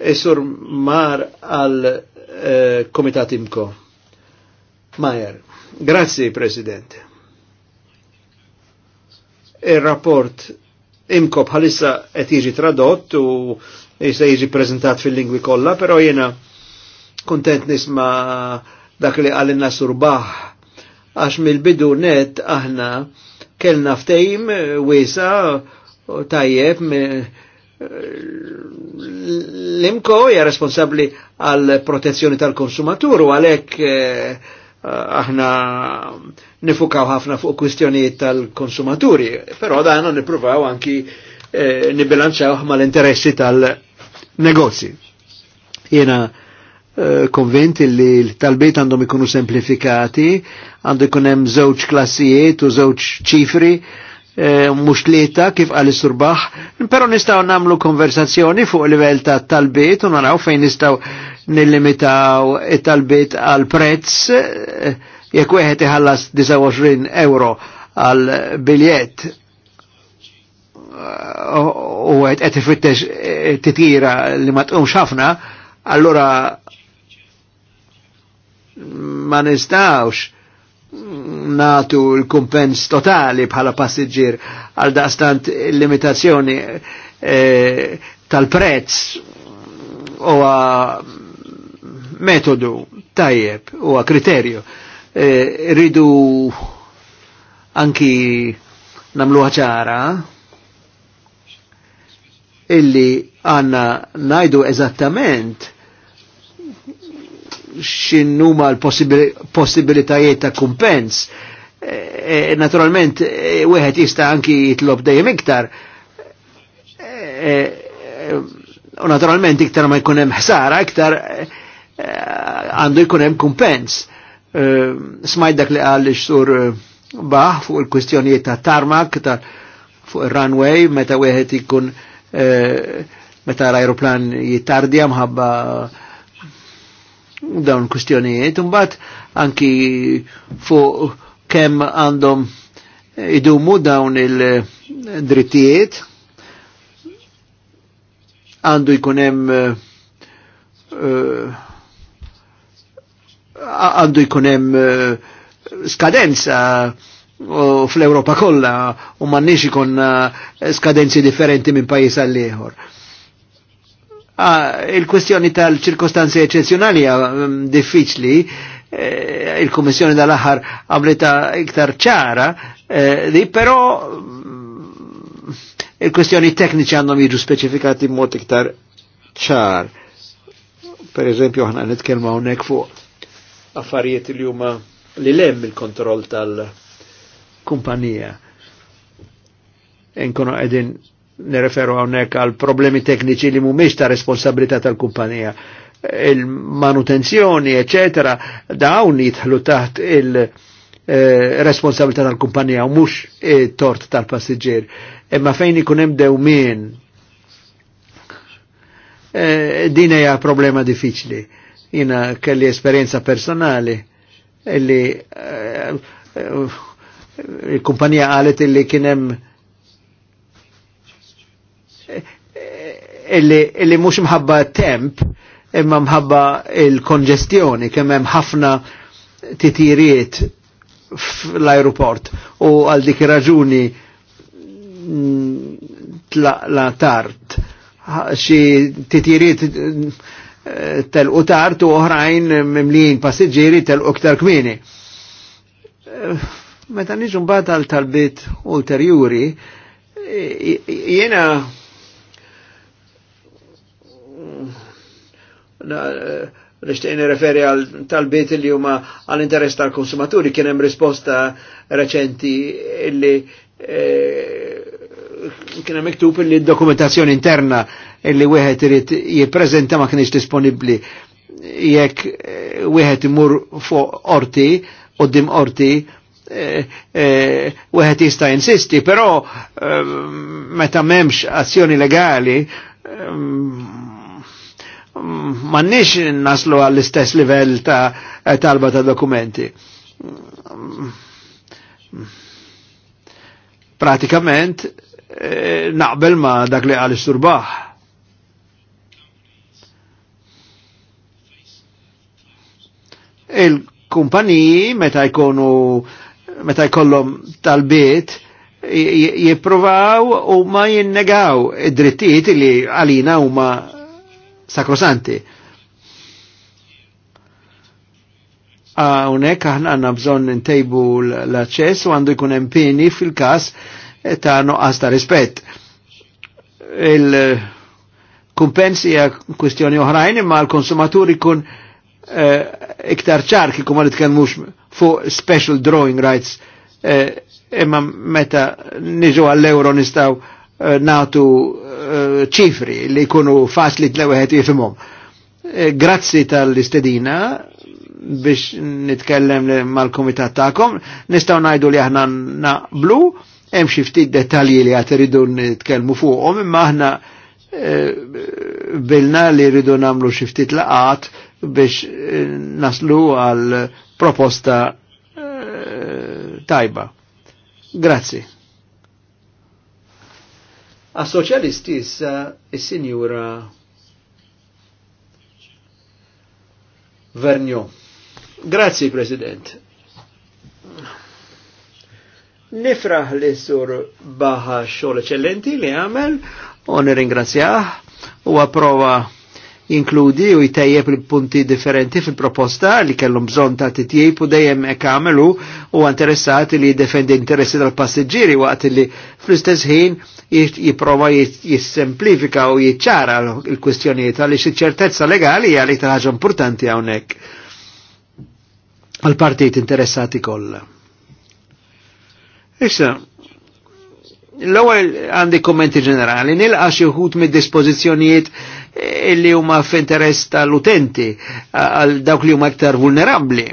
Esur Mar għal eh, Komitat Imko. Majer. Grazie, President. Il-rapport Imko bħalissa qed jiġi tradott u jista' jiġi prezentat fil-lingwi kollha, però jiena kuntent nisma' dak li għalinna surbaħ għax mill-bidu net aħna kellna ftejm wiesa tajjeb l-imko hija responsabbli għal protezzjoni tal-konsumatur u għalhekk eh, aħna nifukaw ħafna fuq kwistjonijiet tal-konsumaturi, però dan nippruvaw anki Eh, nibilanċaw ma l-interessi tal-negozji. Jena eh, konvint li l-talbiet għandhom ikunu semplifikati, għandu ikun hemm żewġ klassijiet u żewġ ċifri, eh, mux tlieta kif għal surbaħ pero nistaw namlu konversazzjoni fuq livell ta' talbiet u naraw fejn nistaw nillimitaw tal talbiet għal prezz jekk wieħed iħallas 29 euro għal biljett u għed għed ifittex e, titira li ma tqumx ħafna, allora ma nistawx natu l-kumpens totali bħala passiġġier għal daqstant limitazzjoni e, tal-prezz u metodu tajjeb u kriterju. E, rridu ridu anki namluħa ċara, illi għanna najdu eżattament xinnuma l-possibilitajiet ta' kumpens. E, e, naturalment, e, wieħed jista' anki jitlob dejjem iktar. E, u naturalment iktar ma jkun hemm ħsara, iktar għandu jkun hemm kumpens. Smajt dak li għalli sur baħ fuq il-kwistjonijiet ta' tarmak, ta' fuq il runway meta wieħed ikun uh, Eh, meta l-aeroplan jittardi għamħabba dawn kustjonijiet, mbagħad anki fuq kem għandhom idumu dawn il-drittijiet għandu jkunem eh, għandu jkunem eh, skadenza uh, fl-Europa kollha u m'għandniex ikun eh, skadenzi differenti minn pajjiż għall ieħor. Ah, il-kwestjoni tal-ċirkostanzi eccezjonali mm, diffiċli, eh, il-Kummissjoni dal-aħħar għamlita iktar ċara, eh, di però mm, il-kwestjoni tekniċi għandhom jiġu speċifikati mod iktar ċar. Per eżempju, ħana nitkellmu hawnhekk fuq affarijiet li huma li lem il-kontroll tal- kumpanija. Enkunu għedin nereferu għonek għal problemi tekniċi li mumiex ta' responsabilità tal-kumpanija. Il-manutenzjoni, eccetera, dawn jitħlu taħt il-responsabilità eh, tal-kumpanija u mux tort tal-passiġġier. Imma fejn ikun hemm dewmien eh, din hija problema diffiċli. Jina kelli esperienza personali illi e, e, il-kumpanija għalet illi kienem illi, illi mux mħabba temp imma mħabba il kongestjoni kemm hemm ħafna titiriet fl-aeroport u għal dik raġuni mm, la tart xi titiriet eh, u tart u oħrajn mimlijin passiġġieri u ktar kmini eh, Meta niġu mbagħad għal talbiet ulterjuri, jiena nixtieq referi għal talbiet li huma għal interess tal-konsumaturi kien hemm risposta reċenti li eh, kien hemm miktub d dokumentazzjoni interna li wieħed irid jippreżenta ma kienx disponibbli jekk eh, wieħed imur fuq orti qudiem orti għet eh, eh, jista' insisti, però eh, meta m'hemmx azzjoni legali mannix naslu għall-istess livell ta' talba ta' dokumenti. Pratikament naqbel ma dak li għal surbaħ Il-kumpaniji meta jkunu uh, meta jkollhom tal-bit jippruvaw u ma jinnegaw id-drittijiet li għalina huma sakrosanti. Hawnhekk aħna għandna bżonn ntejbu l-aċċess u għandu jkun empini fil kas ta' noqqas ta' rispett. il kumpensi għak kustjoni oħrajn imma l-konsumatur ikun kun Eh, iktar ċar kikum għal itkellmux fuq special drawing rights eh, imma meta niġu għall-euro nistaw eh, natu ċifri li kunu faċli t-leweħet jifimom. Grazzi tal-istedina biex nitkellem mal-komitat ta'kom, nistaw najdu li aħna naqblu, hemm xi ftit dettalji li għat iridu nitkellmu fuqhom, imma aħna bilna li rridu namlu xi ftit laqat biex eh, naslu għal proposta eh, tajba. Grazzi. A soċjalisti issa is-sinjura e Vernio. Grazzi, President. Nifraħ li sur baħa xogħol eċellenti li għamel u nirringrazzjah u prova jinkludi u jtejjeb punti differenti fil-proposta li kellhom bżonn ta' titjib u dejjem hekk għamelu u interessati li jdefendi interessi tal passeġġieri waqt li fl-istess ħin jipprova jissemplifika u jiċċara l-kwistjonijiet għaliex iċ-ċertezza legali għal li ħaġa importanti hawnhekk għal-partijiet interessati kollha. Issa, l-ewwel għandi kommenti ġenerali, nilqa' xi wħud mid-dispożizzjonijiet li huma f'interess tal-utenti għal dawk li huma iktar vulnerabbli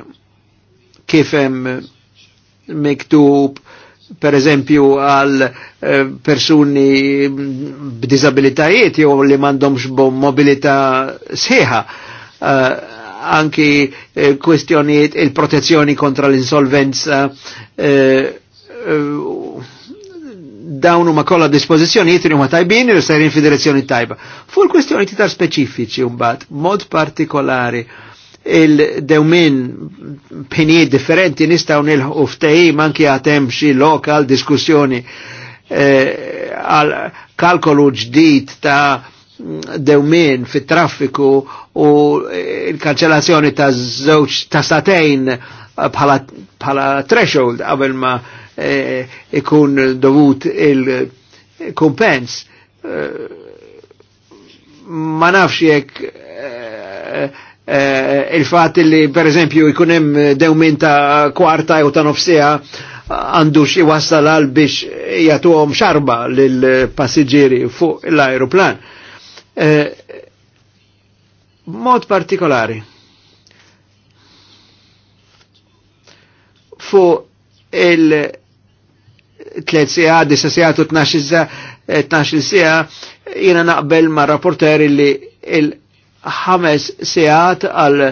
kif hemm miktub per eżempju għal eh, persuni b'disabilitajiet jew li m'għandhomx mobilità sħiħa eh, anki eh, kwestjonijiet il-protezzjoni kontra l-insolvenza dawn huma kollha dispożizzjonijiet li huma tajbin u sejrin fid-direzzjoni tajba. Fu l-kwestjoni titar speċifiċi mbagħad, mod partikolari il-dewmin pinijiet differenti nistaw nilħu ftehim anki għatem xi lokal diskussjoni eh, għal eh, kalkolu ġdid ta' dewmin fit traffiku u il-kanċellazzjoni ta' żewġ ta' satejn bħala threshold qabel ma' Eh, ikun e, dovut il-kumpens. Eh, ma nafx jekk eh, il-fat li per eżempju ikunem dewmin ta' kwarta u ta' nofsija għandu xie wassal għal biex jatuħom xarba l-passiġiri fuq l-aeroplan. Mod partikolari. fuq il- 3 sija, 10 sija, sija, 12 sija, jina naqbel ma' rapporteri li il-ħames sijat għal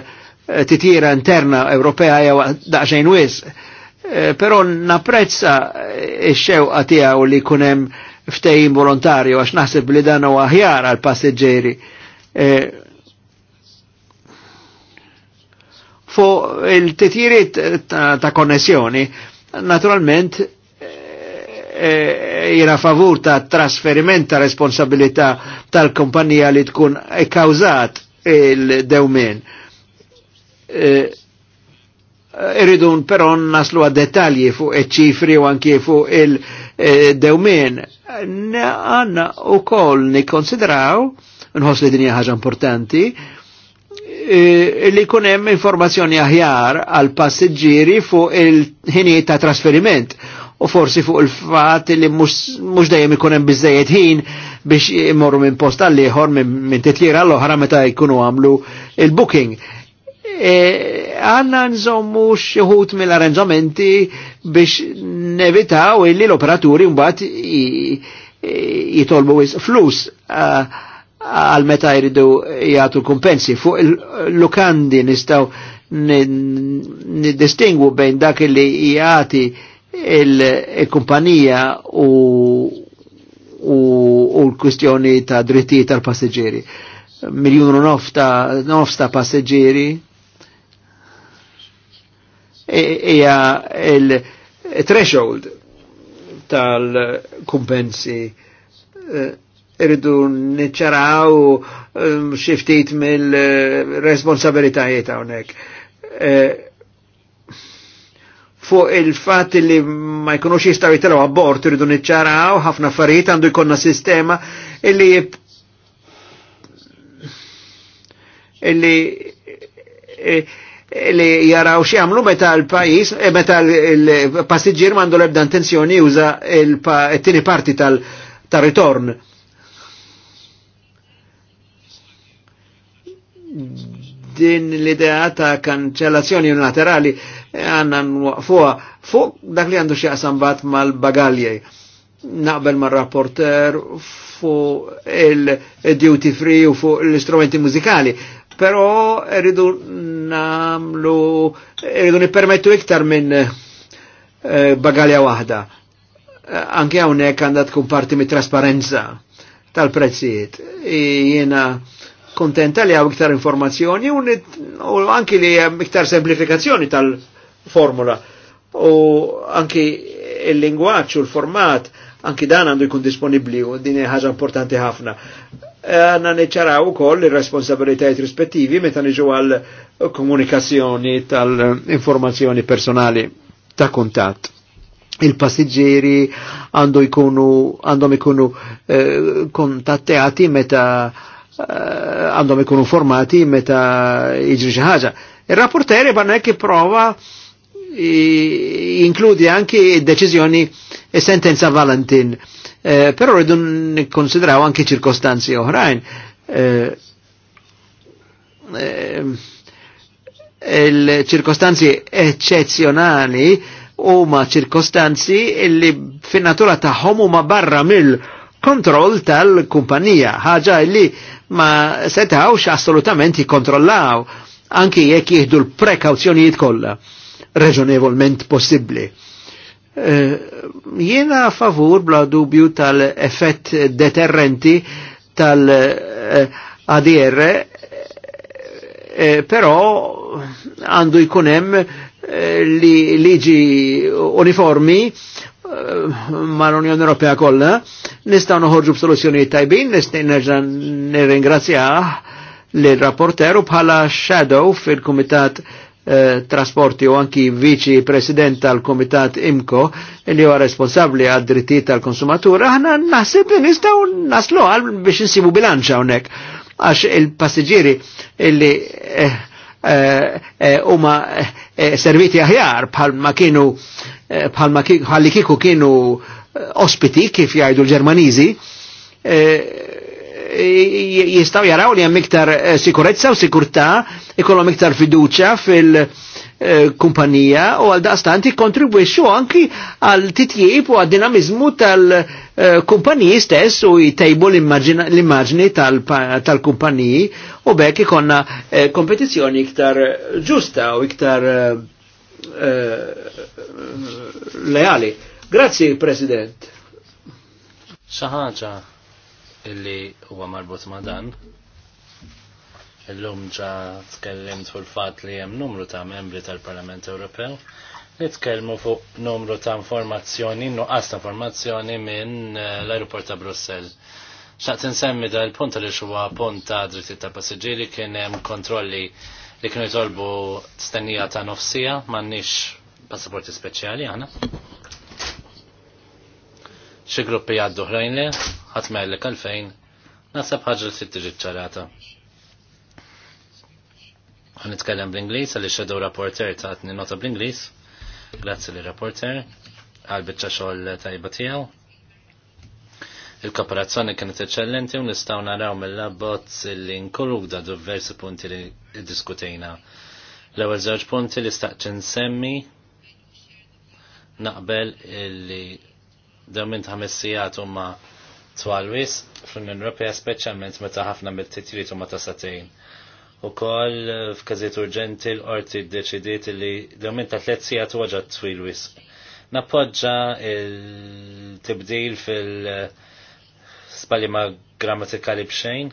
titira interna Ewropea jew daqxajn wis. Pero naprezza xewqa u li kunem ftejim volontarju għax naħseb li dan huwa aħjar għal passeġġeri. Fu il-titjiriet ta' konnessjoni, naturalment Eh, jina favur ta' trasferiment ta' responsabilità tal-kompanija li tkun kawzat il-dewmin. Eh, Iridun peron però naslu għad detalji fuq iċ-ċifri u anki fuq il-dewmin. Eh, għanna u koll nikonsidraw, nħos li dinja ħaġa importanti, li kunem informazzjoni aħjar għal passiġġieri fuq il-ħinijiet ta' trasferiment u forsi fuq il-fat li mux dajem ikun hemm biżejjed ħin biex imorru minn post għal ieħor minn titlira l-oħra meta jkunu għamlu il-booking. Għanna nżommu xieħut mill-arranġamenti biex nevitaw illi l-operaturi mbagħad jitolbu flus għal meta jridu jgħatu kumpensi. Fuq il-lukandi nistaw nidistingwu bejn dak li jgħati il-kumpanija u, u u l-kwistjoni ta' dritti tal-passeġġieri. Miljun u nofta, nofta nofs ta' e-, hija il-threshold tal-kumpensi e, irridu niċċaraw e, xiftit mill-responsabilitajiet hawnhekk fuq il-fat li ma jkunux jistaw jitelaw abort irridu niċċaraw ħafna farijiet għandu jkonna sistema illi illi illi jaraw xie għamlu meta l-pajis, eh, meta l passiġir mandu l-ebda intenzjoni juża il-tini parti tal-ritorn. Din l-idea ta' kanċellazzjoni unilaterali E, għanna nwaqfuha fuq dak li għandu xieqsam bat mal-bagaljej. Naqbel mal-rapporter fuq il-duty free u fuq l-istrumenti muzikali. Pero rridu namlu, rridu nipermettu iktar minn eh, bagalja wahda. Anki għawnek għandha tkun parti mit-trasparenza tal-prezzijiet. Jiena kontenta li għaw iktar informazzjoni u anki li iktar semplifikazzjoni tal-prezzijiet formula u anki il-lingwaċ u l-format anki dan għandu jkun disponibli u din ħaġa importanti ħafna. E, għanna neċaraw u koll il-responsabilitajt rispettivi meta niġu għal komunikazzjoni tal-informazzjoni personali ta' kontatt il-passiġġieri għandu jkunu għandhom ikunu eh, kontatteati meta e, għandhom eh, ikunu formati meta jiġri xi ħaġa. il rapporteri banna jekk prova inkludi anki deċiżjoni e sentenza Valentin. Eh, però rridu nikkonsidraw anki ċirkostanzi oħrajn. Il-ċirkostanzi eh, eh, eccezzjonali huma ċirkostanzi illi fin-natura tagħhom huma barra mill-kontroll tal-kumpanija, ħaġa illi ma setawx assolutament jikkontrollaw anki jekk jieħdu l-prekawzjonijiet kollha reġonevolment possibli. Eh, jiena favur bla dubju tal-effett deterrenti tal-ADR, eh, eh, però għandu jkunem li liġi uniformi ma l-Unjoni Ewropea kollha, nistgħu noħorġu b'soluzzjonijiet tajbin, nistgħu nerġa' nirringrazzjah l-rapporteru bħala shadow fil-Kumitat Eh, trasporti u anki viċi president tal-Komitat IMCO li huwa responsabbli għad drittijiet tal-konsumatur, aħna naħseb li nistgħu naslu għal biex nsibu bilanċ hawnhekk għax il-passiġġieri illi eh, eh, huma serviti aħjar bħal ma kienu bħal ma kiku kienu ospiti kif jgħidu l-Ġermaniżi jistaw jaraw li hemm iktar eh, sikurezza u sikurta, ikollom miktar fiduċa fil- kumpanija u għal daqstanti kontribwixxu anki għal titjib u għal dinamizmu tal-kumpaniji stess u jtejbu l immagini tal-kumpaniji u bekk ikonna eh, kompetizjoni iktar ġusta u iktar eh, leali. Grazie President. Xaħġa illi huwa marbut ma' dan. Illum ġa tkellimt fuq il-fatt li hemm numru ta' membri tal-Parlament Ewropew li tkellmu fuq numru ta' informazzjoni, nuqqas ta' informazzjoni minn eh, l-aeroport ta' Brussell. Xaqt insemmi da' il-punt li xuwa punt ta' dritti ta' passiġġieri kien hemm kontrolli li kienu jitolbu stennija ta' nofsija, m'għandniex passaporti speċjali għana xi gruppi għaddu ħrajni, li ħadd mellek għalfejn nasab ħaġa li trid tiġi ċċ-ċarata. Għan nitkellem bl-Inglis, għalli xedu rapporter ta' għatni nota bl-Inglis. Grazzi li rapporter, għal bieċa xoll tajba tijaw. Il-kooperazzjoni kienet eccellenti u nistaw naraw mill-abbozz li nkuruda diversi punti li diskutejna. L-ewwel żewġ punti li staqċin semmi naqbel illi Dew minn ħames sigħat huma twal wis fl-Unjoni Ewropea speċjalment meta ħafna mit-titjiriet huma ta' satejn. Ukoll f'każiet urġenti l-qorti ddeċidiet li dew minn ta' tliet sigħat huwa ġad Napoġġa wis. il-tibdil fil-spalima grammatikali b'xejn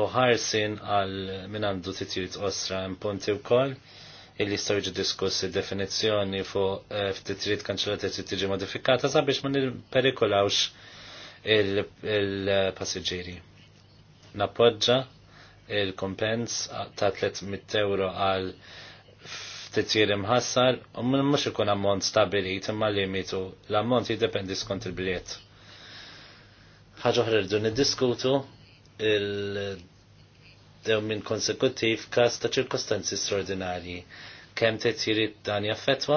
u ħarsin għal minn għandu titrit osra impunti wkoll. koll illi jistaw jiġu diskussi definizzjoni fuq eh, ftitrid kanċellata trid tiġi modifikata sabiex ma perikolawx il-passiġġieri. Nappoġġa il-kompens ta' 300 euro għal ftitjir imħassar u mhux ikun ammont stabilit imma limitu l-ammont jiddependi skont il-biljet. Ħaġa niddiskutu il Dew minn konsekutiv kas ta' ċirkostanzi straordinarji. Kem tetjiri dan jaffetwa?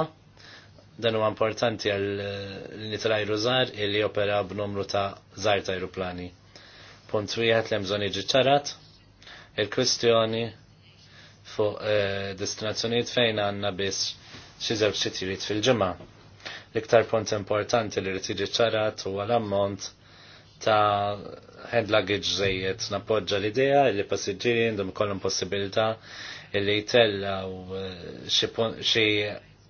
Dan huwa importanti għal eh, l-nitraj rużar illi opera b'numru ta' żgħar ta' aeroplani. Punt wieħed li bżonn jiġi ċarat, il-kwistjoni fuq eh, destinazzjonijiet fejn għandna biss xi żewġ fil-ġimgħa. L-iktar punt importanti li rrid jiġi ċarat huwa l-ammont ta' hand luggage zejiet napoġġa l-idea li passiġġieri għandhom ikollhom possibilità li jtellaw eh, xi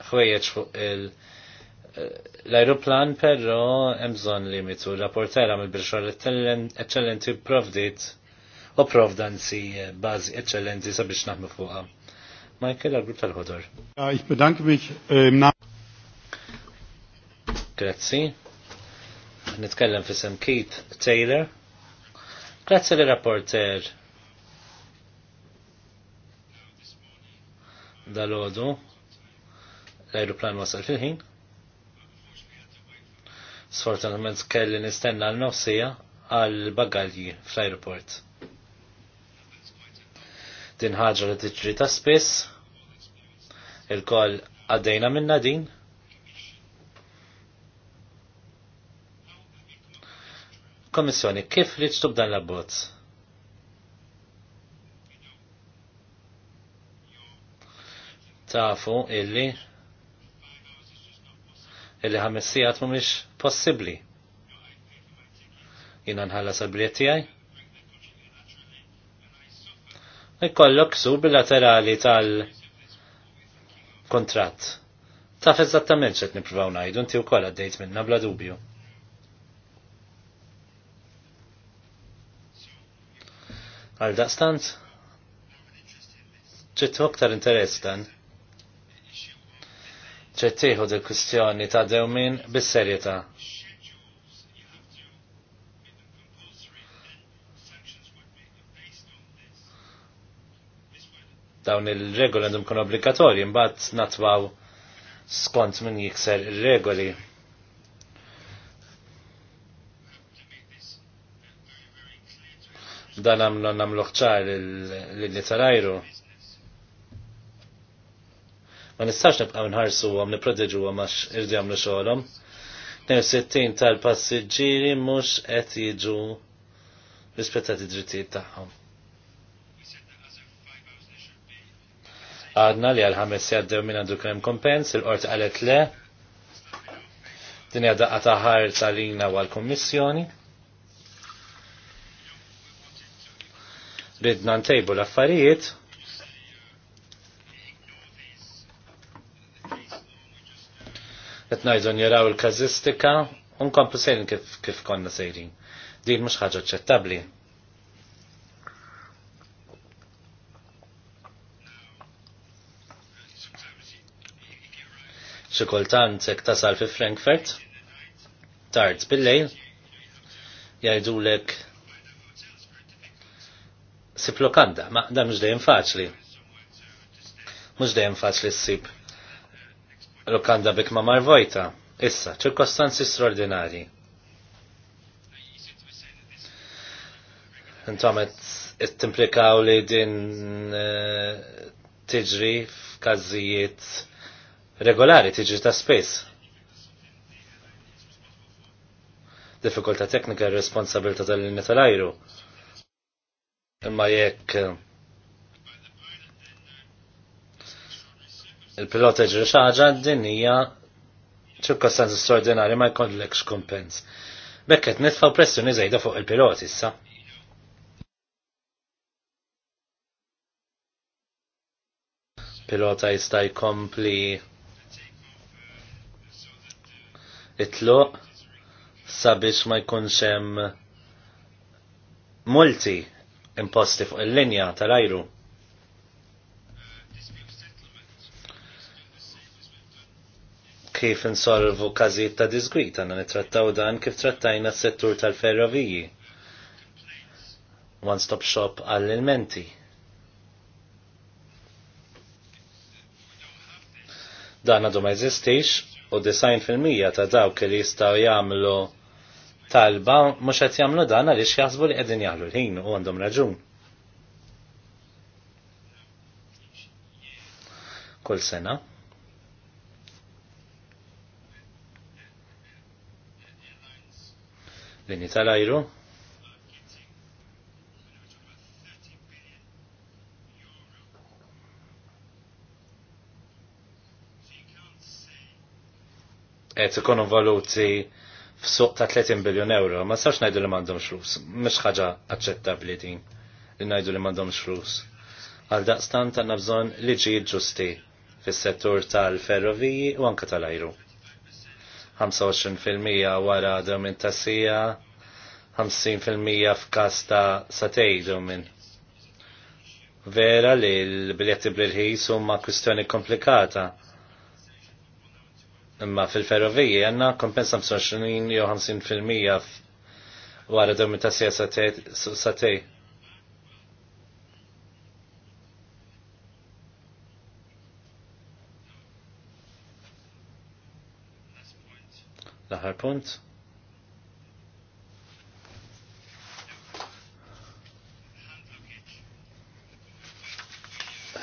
ħwejjeġ fuq il- eh, L-aeroplan però hemm bżonn limitu. Rapportera mill-Birxol eccellenti provdit u provdanzi eh, bażi eccellenti sabiex naħmu fuqha. Michael għal-grupp tal-ħodor. Ich bedanke mich im Grazie nitkellem fissem Keith Taylor. Grazzi li rapporter dal-ħodu l-aeroplan wasal fil-ħin. Sfortunatament kelli nistenna l-nofsija għal-bagalji fl-aeroport. Din ħaġa li tiġri ta' spiss, il kol għaddejna minna din, Komissjoni, kif riċtu b'dan l-abbozz? Tafu illi illi ħamessijat mumiex possibli. Jina nħalla sabrieti għaj? Ikollok su bilaterali tal-kontrat. Taf eżattament xet niprofaw najdu, inti u koll għaddejt minna bla dubju. Għal daqstant, ċittu aktar interess dan. ċettiħu di kustjoni ta' dewmin bis-serjetà. Dawn il-regoli għandhom kun obbligatorji, mbagħad natwaw skont min jikser ir-regoli. dan namlu namlu ħċar l-nitarajru. Ma nistax nibqa nħarsu għom, niprodeġu għom għax irdi għamlu xoħlom. 62 tal-passiġġieri mux qed jiġu rispettati drittijiet tagħhom. Għadna li għal-ħames jaddew minn għandu krem kompens, il-qort għalet le, din hija daqqa taħar tal-lina għal-Kommissjoni. ridna ntejbu l-affarijiet. Etnajdu njeraw il-kazistika, unkompu sejrin kif, kif konna sejrin. Din mux ħagġa ċettabli. xikultant jek tasal fi Frankfurt, tard bil-lejl, jajdulek ssib lokanda, ma dan mhux dejjem faċli. Mhux dejjem faċli ssib lokanda bek ma marvojta. Issa, ċirkostanzi straordinari. Intomet qed timplikaw li din e, tiġri f'każijiet regolari, tiġri ta' spess. Diffikulta teknika r responsabilta tal-linja tal-ajru. tal tal linja tal ajru Imma jekk eh, il-pilota ġri xaġa din hija ċirkostanzi straordinarji ma jkollekx kumpens. Bekket nitfaw pressjoni żejda fuq il-pilot issa. Pilota jista' jkompli itlu sabiex ma jkunx hemm multi imposti fuq il-linja tal-ajru. Kif insolvu każijiet ta' disgwita na nittrattaw dan kif trattajna s-settur tal-ferroviji. One-stop shop għall-ilmenti. Dan għadu ma jeżistix u fil-mija ta' dawk li jistgħu jagħmlu talba mhux qed jagħmlu dan għaliex jaħsbu li qegħdin jaħlu l-ħin u għandhom raġun. Kull sena. Linji tal-ajru. qed ikonu valuti f'suq ta' 30 biljon euro, ma sarx najdu li mandom xlus, mux ħaġa aċċettabli din li najdu li mandom xlus. Għal daqstan ta' nabżon liġi ġusti fis-settur tal-ferroviji u anka tal-ajru. 25% wara domin tassija, 50% f'kas ta' satej domin. Vera li l-biljetti bl-irħis huma kwistjoni komplikata Imma fil ferrovija għanna kompensa 25 jew 50% għara domi ta' sija satej. Laħar punt.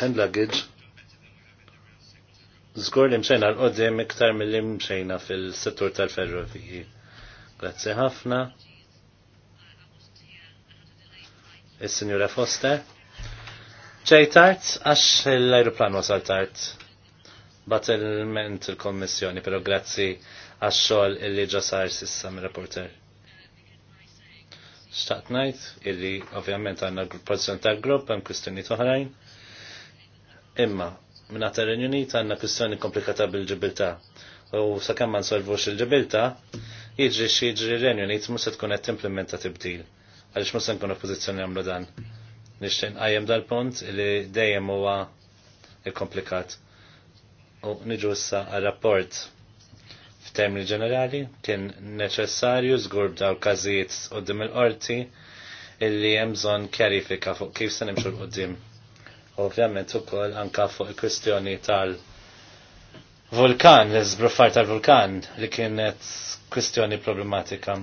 Hand luggage. Zgur li mxejna l-qoddim iktar mill-li mxejna fil-settur tal-ferroviji. Grazzi ħafna. Is-Sinjura Foster. Ġej tart għax l-aeroplan wasal tart. Batilment il-Kommissjoni, pero grazzi għax xogħol illi ġasar sissa mir-rapporter. Xtaqt ngħid illi ovvjament għandna pozizjon tal-grupp hemm kwistjonijiet oħrajn. Imma Minna ta' ta' għanna kwistjoni komplikata bil-ġibilta. U sa' kemm ma' nsolvux il-ġibilta, jiġri xieġri Renjunit musa tkun qed implementa tibdil. Għalix musa nkun pozizjoni għamlu dan. Nixtieq għajem dal-punt li dejjem huwa komplikat. U niġu issa għal-rapport f'termini ġenerali kien neċessarju żgur daw każijiet dim il-qorti illi hemm bżonn kjarifika fuq kif se nimxu l-qudiem. Ovvjament ukoll anka fuq il-kwistjoni tal-vulkan, l-izbruffar tal-vulkan li kienet kwistjoni problematika.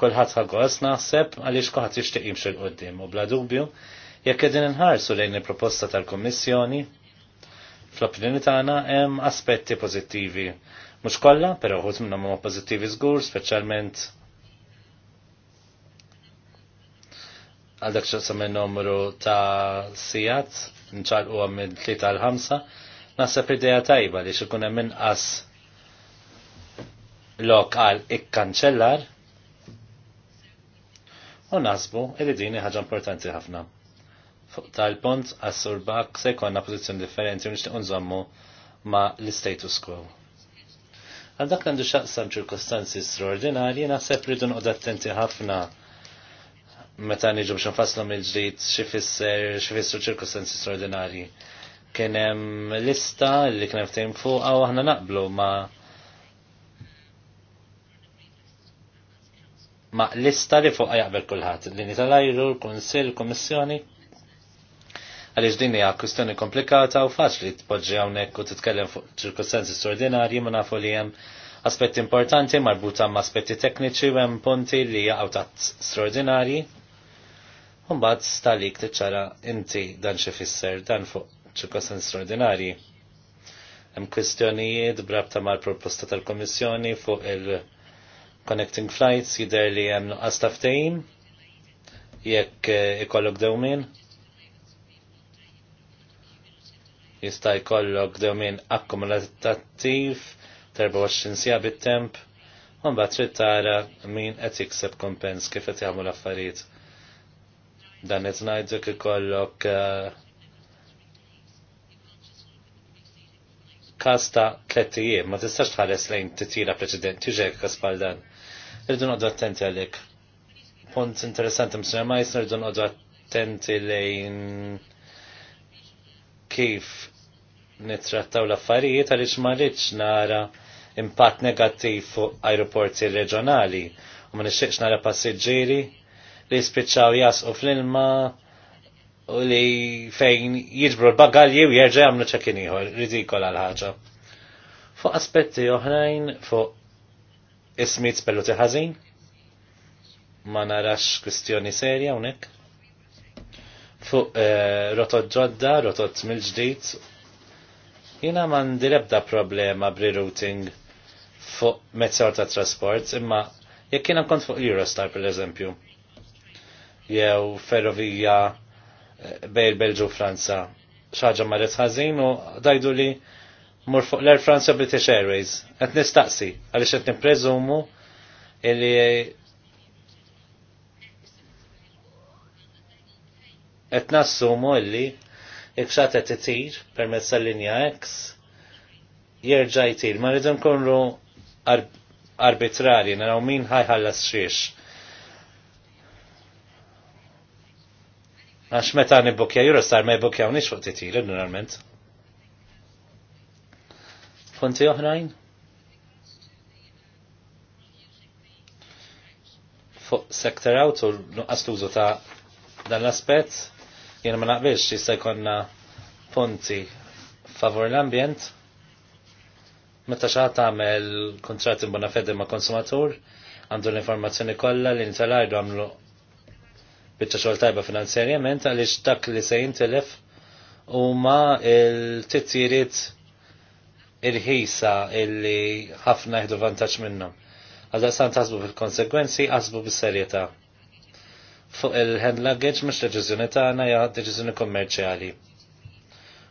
Kolħat ħagos naħseb għaliex kolħat jixtieq jimxi l-qoddim u bla dubju jekk qegħdin inħarsu lejn il-proposta tal-Kummissjoni fl-opinjoni tagħna hemm aspetti pożittivi. Mhux kollha, però wħud minnhom huma pożittivi żgur, speċjalment għal dak xaqsam numru ta' sijat nċalqu għam mill tlita l ħamsa nasab ideja tajba li xikun minn inqas lokal ik ikkanċellar u nasbu li dini ħaġa importanti ħafna. Fuq tal-pont għas-surbak se jkollna pożizzjoni differenti u nixtieq nżommu ma l-status quo. Għal dak għandu xaqsam ċirkostanzi straordinarji naħseb rridu noqgħod attenti ħafna meta niġu biex nfasslu mill-ġdid xifisser xifissru ċirkostanzi straordinarji. Kien hemm lista li kien hemm ftehim fuqha aħna naqblu ma' ma' lista li fuq jaqbel kulħadd. Lini tal-ajru, l-Kunsill, l-Kummissjoni. Għaliex din hija kwistjoni komplikata u faċli tpoġġi hawnhekk u titkellem fuq ċirkostanzi straordinarji ma nafu li hemm aspetti importanti marbuta ma' aspetti tekniċi u hemm punti li jaqgħu tat straordinarji Mbagħad stalik tiċċara inti dan xi fisser dan fuq ċirkostanzi straordinarji. Hemm kwistjonijiet brabta mal-proposta tal komissjoni fuq il-Connecting Flights jidher li hemm nuqqas taftejn jekk eh, ikollok dewmin. Jista' jkollok dewmin akkumulattiv 24 sija bit-temp, u mbagħad trid tara min qed jikseb kompens kif qed jagħmlu l-affarijiet Dan qed ngħidlek ikollok eh, każ ta' tlettijiem, ma tistax tħares lejn titira preċedenti ġek każ dan. Irridu noqgħdu attenti għalik. Punt interessanti msuna ma jisna irridu attenti lejn kif nittrattaw l-affarijiet għaliex ma rridx nara impatt negattiv fuq aeroporti reġjonali u ma nixtieqx nara passiġġieri li spiċċaw jasqu fl-ilma u li fejn jiġbru l-bagalji u jerġa' jagħmlu ċekin ieħor, ridikol għal ħaġa Fuq aspetti oħrajn fuq ismijiet spelluti ħażin, ma narax kwistjoni serja hawnhekk. Fuq eh, rotot ġodda, rotot mill-ġdid, jina mandi lebda problema b'rerouting fuq mezzor ta' trasport, imma jekk jina kont fuq Eurostar per eżempju, jew ferrovija eh, bejn Belġu Franza. Xaġa marret ħażin u dajdu li mur fuq l-Air France u British Airways. Qed nistaqsi għaliex qed nippreżumu illi qed nassumu illi ikxat qed itir permezz tal-linja X jerġa' jtir. Ma rridu nkunu arbitrari, naraw min ħajħallas xiex Għax meta nibbukja Eurostar ma jibbukja unix fuq titili normalment. Punti oħrajn? Fuq sektor out u nuqqas tużu ta' dan l-aspet, jena ma naqbilx jista' jkonna punti favor l-ambjent. Meta xaħat għamel kontrat imbona fede ma' konsumatur, għandu l-informazzjoni kollha li nitalajdu għamlu biċċa xogħol tajba finanzjarjament għaliex dak li se jintilef huma il ħisa irħisa illi ħafna jihdu vantaġġ minnhom. Għadha san tasbu fil-konsekwenzi qasbu bis-serjetà. Fuq il-hand luggage mhux deċiżjoni tagħna hija deċiżjoni kommerċjali.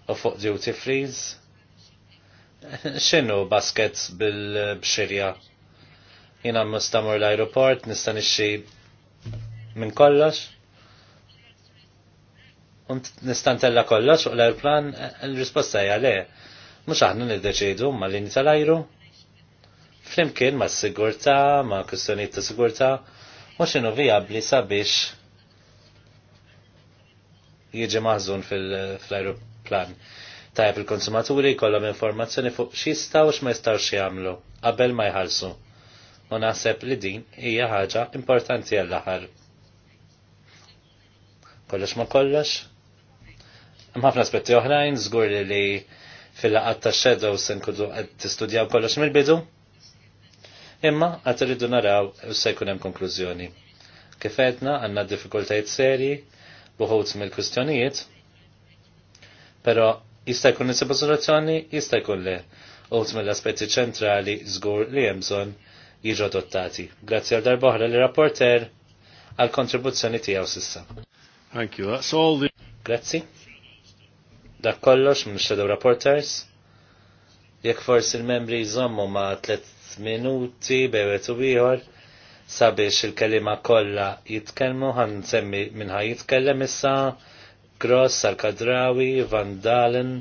U fuq duty freeze x'inhu baskets bil-bxirja. Jina mustamur l-aeroport, nista' nixxi minn kollox. Unt nistantella kollox u l airplan l-risposta hija le. Mhux aħna niddeċidu ma' linji tal-ajru. Flimkien ma' sigurtà, ma' kwistjonijiet ta' sigurtà, mhux x'inhu vijabbli sabiex jiġi maħżun fil-aeroplan. Tajab il-konsumaturi kollom informazzjoni fuq x'ista' u x'ma jistgħux jagħmlu qabel ma jħallsu. U naħseb li din hija ħaġa importanti għall-aħħar kollox ma kollox. Hemm ħafna aspetti oħrajn, żgur li fil-laqat ta' shadow se nkunu qed tistudjaw kollox mill-bidu. Imma qatt irridu naraw se jkun hemm konklużjoni. Kif għedna għandna diffikultajiet seri buħut mill-kwistjonijiet, però jista' jkun nisibu soluzzjoni, jista' jkun le. Uħut mill-aspetti ċentrali żgur li hemm bżonn jiġu adottati. Grazzi għal darboħra li rapporter għal kontribuzzjoni tiegħu sissa. Thank you. That's all the... Grazzi. Dak kollox minn Shadow Reporters. Jekk forsi l membri jżommu ma' 3 minuti bewet u ieħor sabiex il-kelima kollha jitkellmu ħan semmi min ħaj jitkellem issa Gross, Al-Kadrawi, Van Dalen,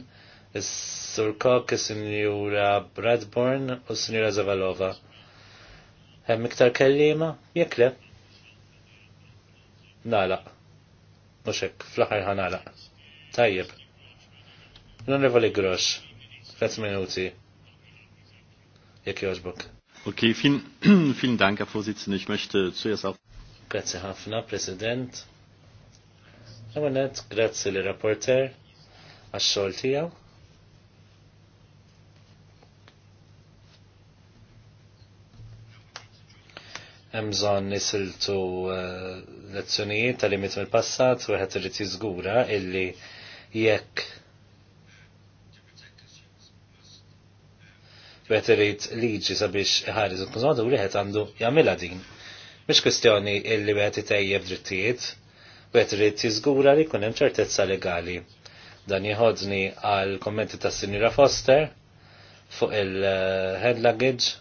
Surkok, Kok, Sinjura Bradburn u Sinjura Zavalova. Hemm iktar kellima? Jekk le? Nalaq. Muxek, fl-ħar ħanala. Tajjeb. L-onorevoli Gross, fetz minuti. Jek jozbuk. Ok, fin, fin Dank, Herr Vorsitzender. Ich möchte zuerst auf... Grazie ħafna, President. Għamanet, grazie li rapporter, għax-xol tijaw. emżon nisiltu eh, lezzjonijiet tal imit mill-passat u għet irrit jizgura illi jekk għet irrit liġi sabiex ħariz il-konsumatur li għet għandu jamila din. Biex kwestjoni illi għed itejjeb drittijiet, għet irrit jizgura li kunem ċertezza legali. Dan jħodni għal kommenti ta' Sinjura Foster fuq il-head luggage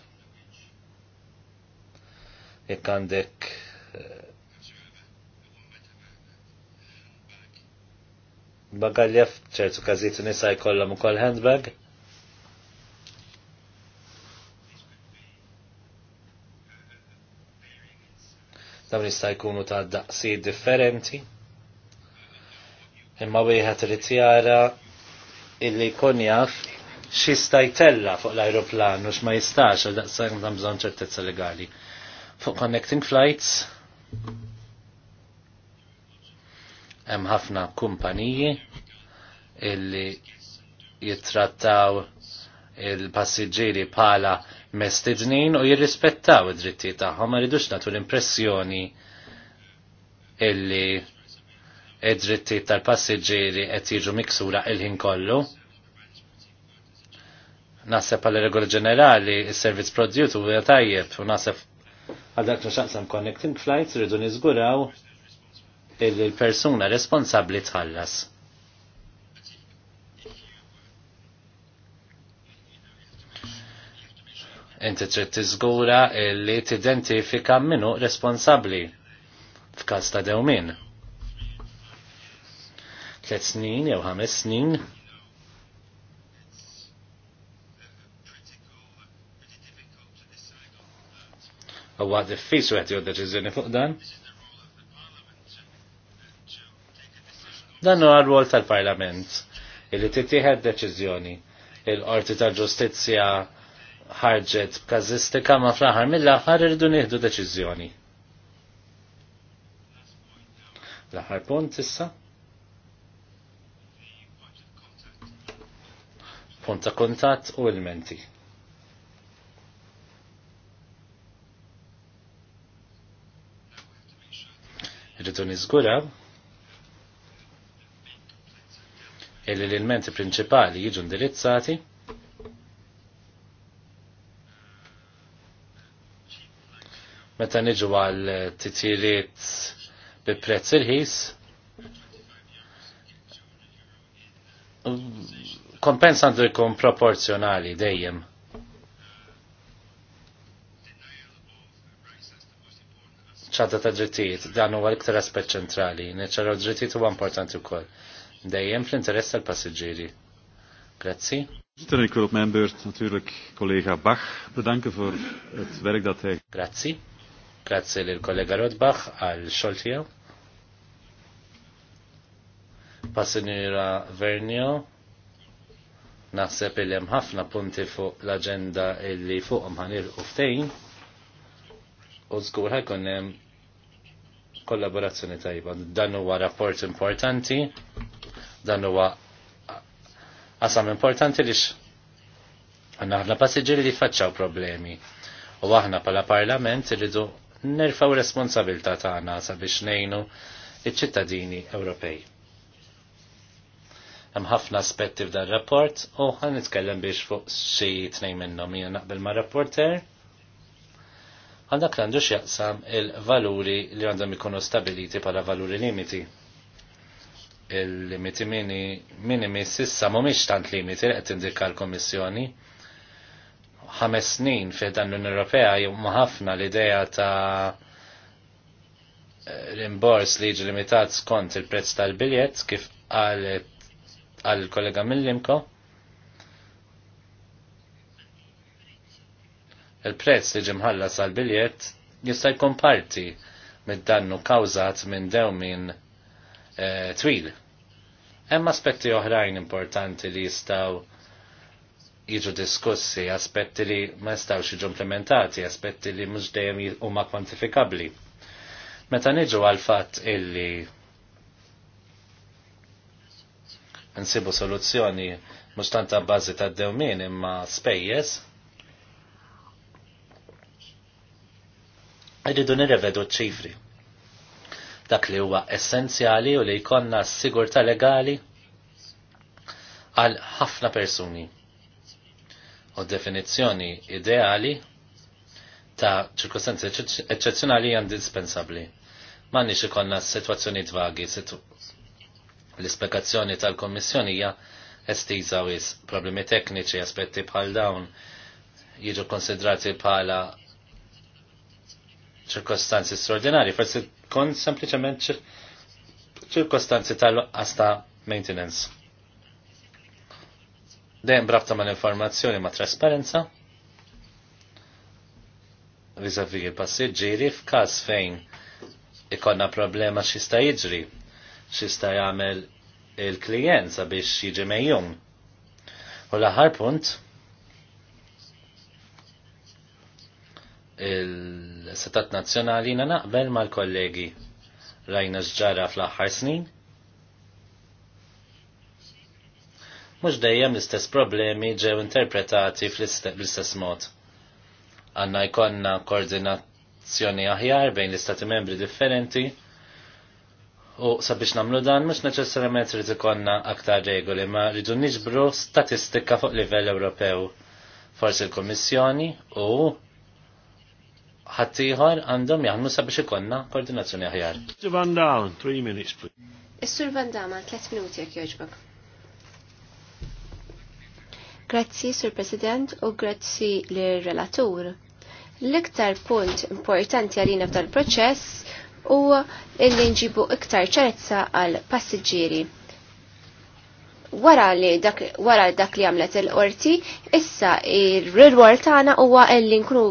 jekk għandek eh, bagalja f'ċertu każijiet nisa jkollhom ukoll handbag. Dawn jista' jkunu ta' daqsijiet differenti. Imma wieħed irid jara illi jkun jaf xista jtella fuq l ajruplan u x'ma jistax għal daqsajn ta' bżonn ċertezza legali fuq Connecting Flights. Hemm ħafna kumpaniji illi jittrattaw il-passiġġieri bħala mestidnin u jirrispettaw id drittijiet tagħhom ma rridux nagħtu l-impressjoni illi id drittijiet tal-passiġġieri qed jiġu miksura il-ħin kollu. Naħseb għal regoli ġenerali, is servizz prodjut u tajjeb u naħseb Għal dak xaqsam connecting flights rridu niżguraw il-persuna responsabli tħallas. Inti trid tiżgura li tidentifika minnu responsabbli f'każ ta' dewmin. Tliet snin jew ħames snin huwa diffiċ wieħed jew deċiżjoni fuq dan. Dan huwa r-rwol tal-Parlament illi titieħed deċiżjoni. Il-Qorti tal-Ġustizzja ħarġet b'kazistika ma fl-aħħar mill-aħħar irridu nieħdu deċiżjoni. L-aħħar punt issa? Punt ta' kuntatt u il-menti. Irridu nizgura l-elementi prinċipali jiġu indirizzati meta niġu għal titiriet bi prezz il-ħis kompens għandu jkun proporzjonali dejjem ċadda ta' drittijiet, dan huwa l-iktar aspett ċentrali, neċċaraw drittijiet huwa importanti wkoll. Dejjem fl-interess tal-passiġġieri. Grazzi. Voorzitter, ik member, op kollega Bach bedanken fur het werk dat hij... Grazzi. Grazzi l-kollega Rodbach għal xoltijaw. Passinira Vernio. Naħseb il jem ħafna punti fuq l-agenda illi fuqhom ħanir u ftejn. U żgur ħajkun hemm kollaborazzjoni tajba. Dan huwa rapport importanti, dan huwa qasam importanti lix għanna ħafna passiġġieri li faċċaw problemi. U aħna pala parlament irridu nerfaw responsabilità tagħna sabiex ngħinu iċ-ċittadini Ewropej. Hemm ħafna aspetti f'dan rapport u ħan nitkellem biex fuq xi tnejn minnhom jiena naqbel ma' rapporter għal dak għandu x'jaqsam il-valuri li għandhom ikunu stabiliti bħala valuri limiti. Il-limiti minimi sissa mhumiex tant limiti li qed tindika l komissjoni Ħames snin fi dan l-Unjoni Ewropea huma ħafna l-idea ta' rimbors li jiġi limitat skont il-prezz tal-biljett kif għal kollega mill-limko Il-prezz li ġimħalla sal-biljett jista' jkun parti mid-dannu kawżat minn dewmin e, eh, twil. Hemm aspetti oħrajn importanti li jistgħu jiġu diskussi, aspetti li ma jistgħux jiġu implementati, aspetti li mhux dejjem huma kwantifikabbli. Meta niġu għal fatt illi nsibu soluzzjoni mhux tant ta' bażi tad dewmien imma spejjeż, Irridu nirrevedu ċifri. Dak li huwa essenzjali u li jkonna s-sigurta legali għal ħafna persuni. U definizzjoni ideali ta' ċirkostanzi eccezzjonali hija indispensabbli. M'għandniex ikollna situazzjoni vagi, situ... l ispekazzjoni tal-Kommissjoni hija estiża wis problemi tekniċi aspetti bħal dawn jiġu konsidrati bħala ċirkostanzi straordinari, forsi kont sempliciment ċirkostanzi tal asta maintenance. Dejjem brabta ma' l-informazzjoni ma' trasparenza, vizavi il-passiġġieri f'każ fejn ikonna problema xista jiġri, xista jagħmel il-klient sabiex jiġi mejjum. U l-aħħar punt, il setat nazzjonali na naqbel mal-kollegi rajna xġara fl-aħħar snin. Mux dejjem l-istess problemi ġew interpretati fl-istess mod. Għanna jkonna koordinazzjoni aħjar bejn l-istati membri differenti u sabiex namlu dan mux neċessarjament rrid ikonna aktar regoli ma rridu niġbru statistika fuq livell Ewropew. Forsi l komissjoni u ħattijħor għandhom jgħamlu sabiex ikollna koordinazzjoni aħjar. Mr. Van Down, 3 minutes, please. Is-Sur Van Dama, 3 minuti jekk jogħġbok. Grazzi, Sur President, u grazzi l-relatur. L-iktar punt importanti għalina f'dal proċess u illi nġibu iktar ċerezza għal passiġġieri wara li dak wara dak li għamlet il-qorti, issa ir-reward tagħna huwa li nkunu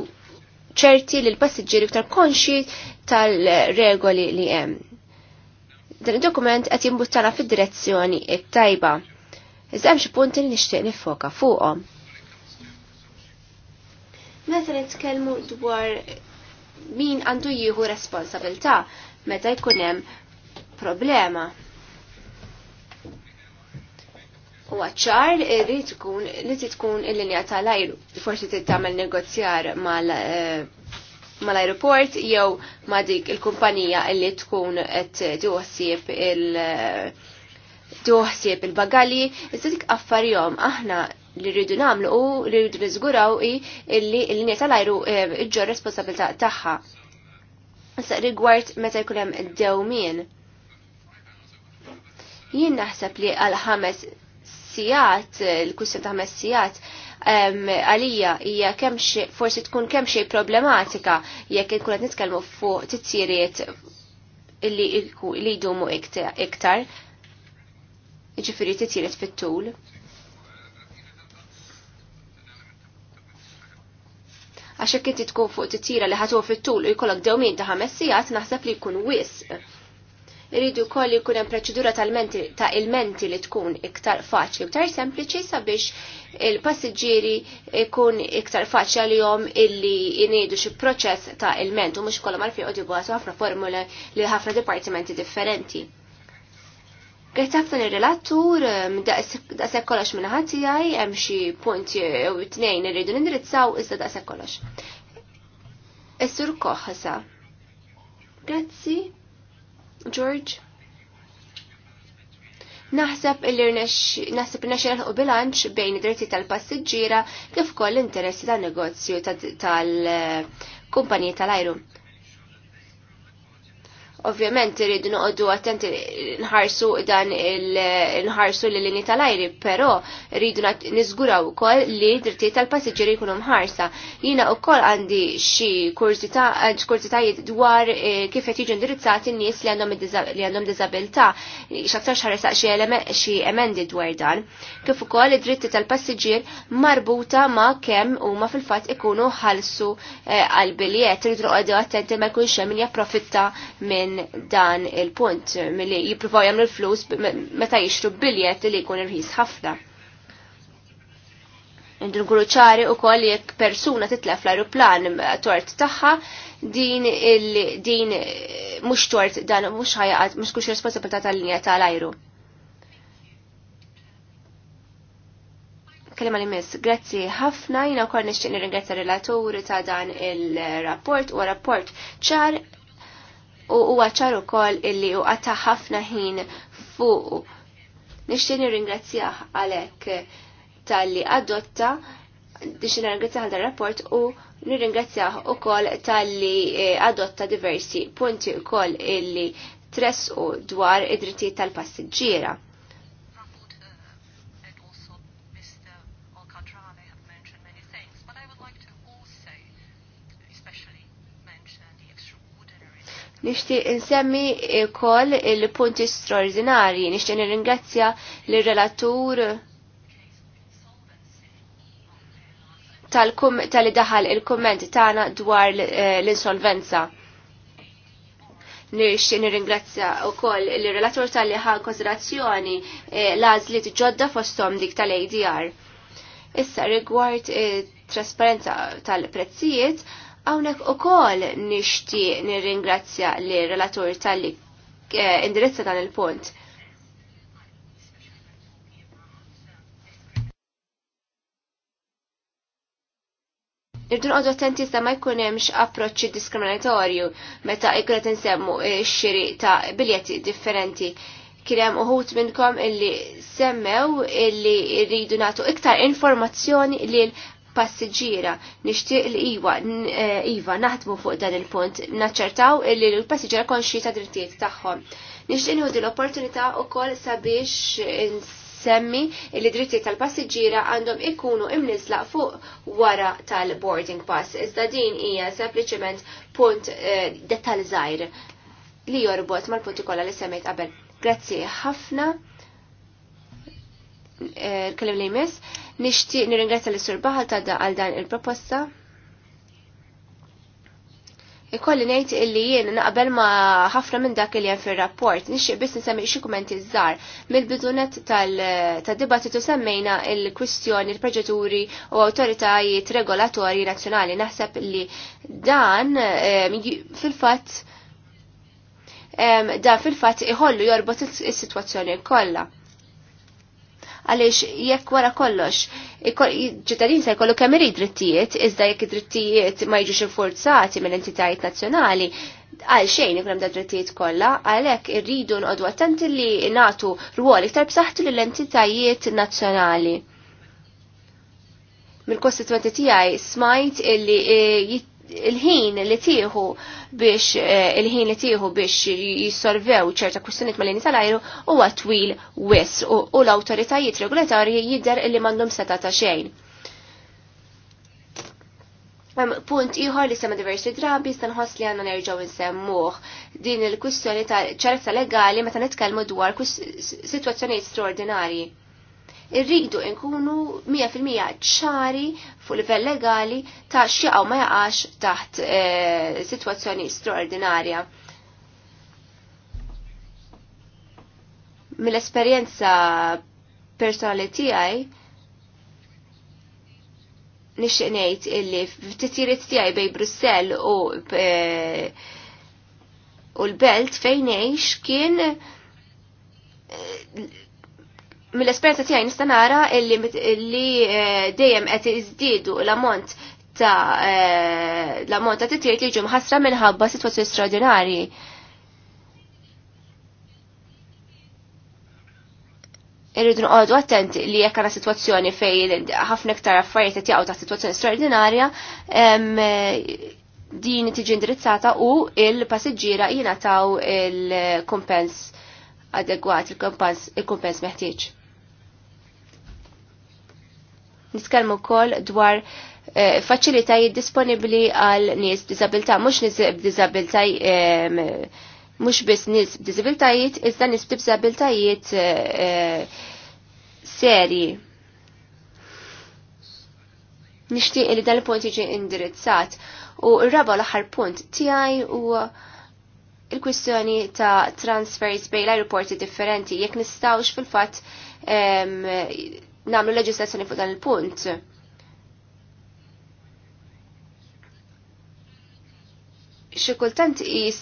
ċerti li l-passiġġieri iktar konxi tal-regoli li hemm. Dan id-dokument qed jimbuttana fid-direzzjoni t tajba Iżda hemm xi punti li nixtieq nifoka fuqhom. Meta nitkellmu dwar min għandu jieħu responsabilità meta jkun hemm problema. U għacċar irrid tkun li tkun il-linja tal-ajru. Forsi t-tamel negozjar eh, mal-aeroport jew ma dik il-kumpanija li tkun qed tuħsieb il- tuħsieb il-bagalji, iżdik affarjom aħna li rridu namlu u li rridu nizguraw i li l-linja tal-ajru iġġor eh, responsabilta tagħha. Issa rigward meta jkun hemm dewmien. Jien naħseb li għal ħames ħamessijat, il-kwistjoni ta' messijat, għalija hija kemm forsi tkun kemm xi problematika jekk inkun qed nitkellmu fuq titjiriet li jdumu iktar. Ġifieri titjiriet fit-tul. Għax jekk inti tkun fuq titjira li ħatu fit-tul u jkollok dewmin ta' ħames sigħat naħseb li jkun wisq Rridu kol jkun hemm proċedura ta' ilmenti li tkun iktar faċli, iktar sempliċi sabiex il-passiġġieri ikun iktar faċli għalihom illi jniedu xi proċess ta' ilment u mhux kollha għalfejn qogħdu jibgħatu ħafna formula li ħafna dipartimenti differenti. Għet ħafna il relattur um, daqshekk kollox minna ħadd tiegħi hemm xi punti u tnejn irridu nindirizzaw iżda daqshekk kollox. Is-sur Koħ Grazzi. George? Naħseb naħseb il-nexxi u bilanċ bejn id-dritti tal-passiġġiera kif koll interessi tan negozju tal-kumpaniji tal-ajru. Ovvjament irridu noqogħdu attenti nħarsu dan il-nħarsu l linji tal-ajri, però rridu niżguraw ukoll li drittijiet tal-passiġġieri jkunu mħarsa. Jiena wkoll għandi xi kurzitajiet dwar eh, kif qed jiġu indirizzati n-nies li għandhom li x'aktar xħarsa xi emendi dwar dan. Kif ukoll id-dritti tal-passiġġier marbuta ma' kemm huma fil-fatt ikunu ħalsu eh, għal-biljett, rridu noqogħdu attenti ma jkunx hemm min japprofitta minn minn dan il-punt, milli jippruvaw jagħmlu l-flus meta jixtru biljet li jkun irħis ħafna. Indun kuru ċari u koll jekk persuna titlef l-aeroplan tort taħħa, din il-din mux tort dan mux ħajaqat, mux kux responsabilità tal-linja tal-ajru. kelima li miss. Grazzi ħafna, jina kol nixtieq nirringrazzja relaturi ta' dan il-rapport u rapport ċar u huwa ċar ukoll illi u qata' ħafna ħin fuq. Nixtieni ringrazzjah għalhekk tal-li adotta biex nirringrazzjah għal rapport u nirringrazzjah ukoll tal-li eh, adotta diversi punti ukoll illi tresqu dwar id-drittijiet tal-passiġġiera. Nishtiq insemmi kol il-punti straordinari, nishtiq nirringrazzja l-relatur tal-li daħal il-komment tana dwar eh, l-insolvenza. Nishtiq nirringrazzja u kol relatur tal-li ħal konsiderazzjoni eh, t ġodda fostom dik tal-ADR. Issa rigward eh, trasparenza tal-prezzijiet, Hawnhekk ukoll nixtieq nirringrazzja li relatur tal-li eh, indirizza dan il-punt. Irdu għadu attenti sa ma jkun hemmx approċċi diskriminatorju meta jkun qed insemmu x-xiri ta' biljetti differenti hemm uħut minnkom illi semmew illi rridu natu iktar informazzjoni lil passiġġiera nixtieq li iwa eh, iva naħdmu fuq dan il-punt naċċertaw li l-passiġġiera konxi ta' drittijiet tagħhom. Nixtieq nieħu l-opportunità wkoll sabiex semmi li drittijiet tal-passiġġiera għandhom ikunu imnislaq fuq wara tal-boarding pass. Iżda din hija sempliċement punt eh, dettal żgħir li jorbot mal-punti kollha li semmejt qabel. Grazzi ħafna. Eh, kellim li jmiss. Nixtieq nirringrazzja l-Sur Baħal ta' għal dan il-proposta. Ikolli ngħid illi jien naqbel ma' ħafna minn dak li jen fir-rapport, nixtieq biss nsemmi xi kumenti żgħar. Mill-bidunet tad-dibattitu semmejna il kwistjoni l-proġeturi u awtoritajiet regolatorji nazzjonali. Naħseb li dan ehm, fil-fatt ehm, da fil-fat iħollu jorbot il-situazzjoni kollha għaliex jekk wara kollox ċittadin se jkollu kemm irid drittijiet, iżda jekk id-drittijiet ma jiġux infurzati minn entitajiet nazzjonali, għal xejn ikun hemm drittijiet kollha, għalhekk irridu nqogħdu attenti li nagħtu rwol iktar b'saħħtu lill-entitajiet nazzjonali. Mill-kostituenti tiegħi smajt illi eh, il-ħin li tieħu biex eh, il-ħin li tieħu biex jissolvew ċerta kwistjoniet mal-lini tal-ajru huwa twil wess u l-awtoritajiet regolatorji jidher li m'għandhom seta ta' xejn. Punt iħor li sema diversi drabi stanħos li għanna nerġaw nsemmuħ din il-kwistjoni ta' ċerta legali meta nitkellmu dwar situazzjoni straordinarji irridu nkunu 100% ċari fuq livell legali ta' x'jaqgħu ma jaqax taħt e, sitwazzjoni straordinarja. Mill-esperjenza personali tiegħi nixtieq ngħid illi f'titjiriet tiegħi bej Brussell u e, u l-belt fejn kien e, mill esperienza tiegħi nista' nara li eh, dejjem qed iżdiedu l-ammont ta' eh, l-ammont ta' titjiriet li ġu mħassra minħabba sitwazzjoni straordinarji. Irridu nqogħdu attenti li jekk għandna sitwazzjoni fejn ħafna iktar affarijiet qed jaqgħu ta' sitwazzjoni straordinarja, din tiġi indirizzata u il-passiġġiera jingħataw il-kumpens adegwat il-kumpens meħtieġ. Nitkellmu wkoll dwar e, faċilitajiet disponibbli għal nies b'diżabilità, mhux nies b'diżabilità e, mhux biss nies b'diżabilitajiet, iżda nis b'diżabilitajiet e, eh, serji. Nixtieq li dan il-punt jiġi indirizzat. U r-raba l-aħħar punt tiegħi u il-kwistjoni ta' transfers bejn l reporti differenti, jekk nistawx fil-fatt namlu leġislazzjoni fuq dan il-punt. Xi kultant is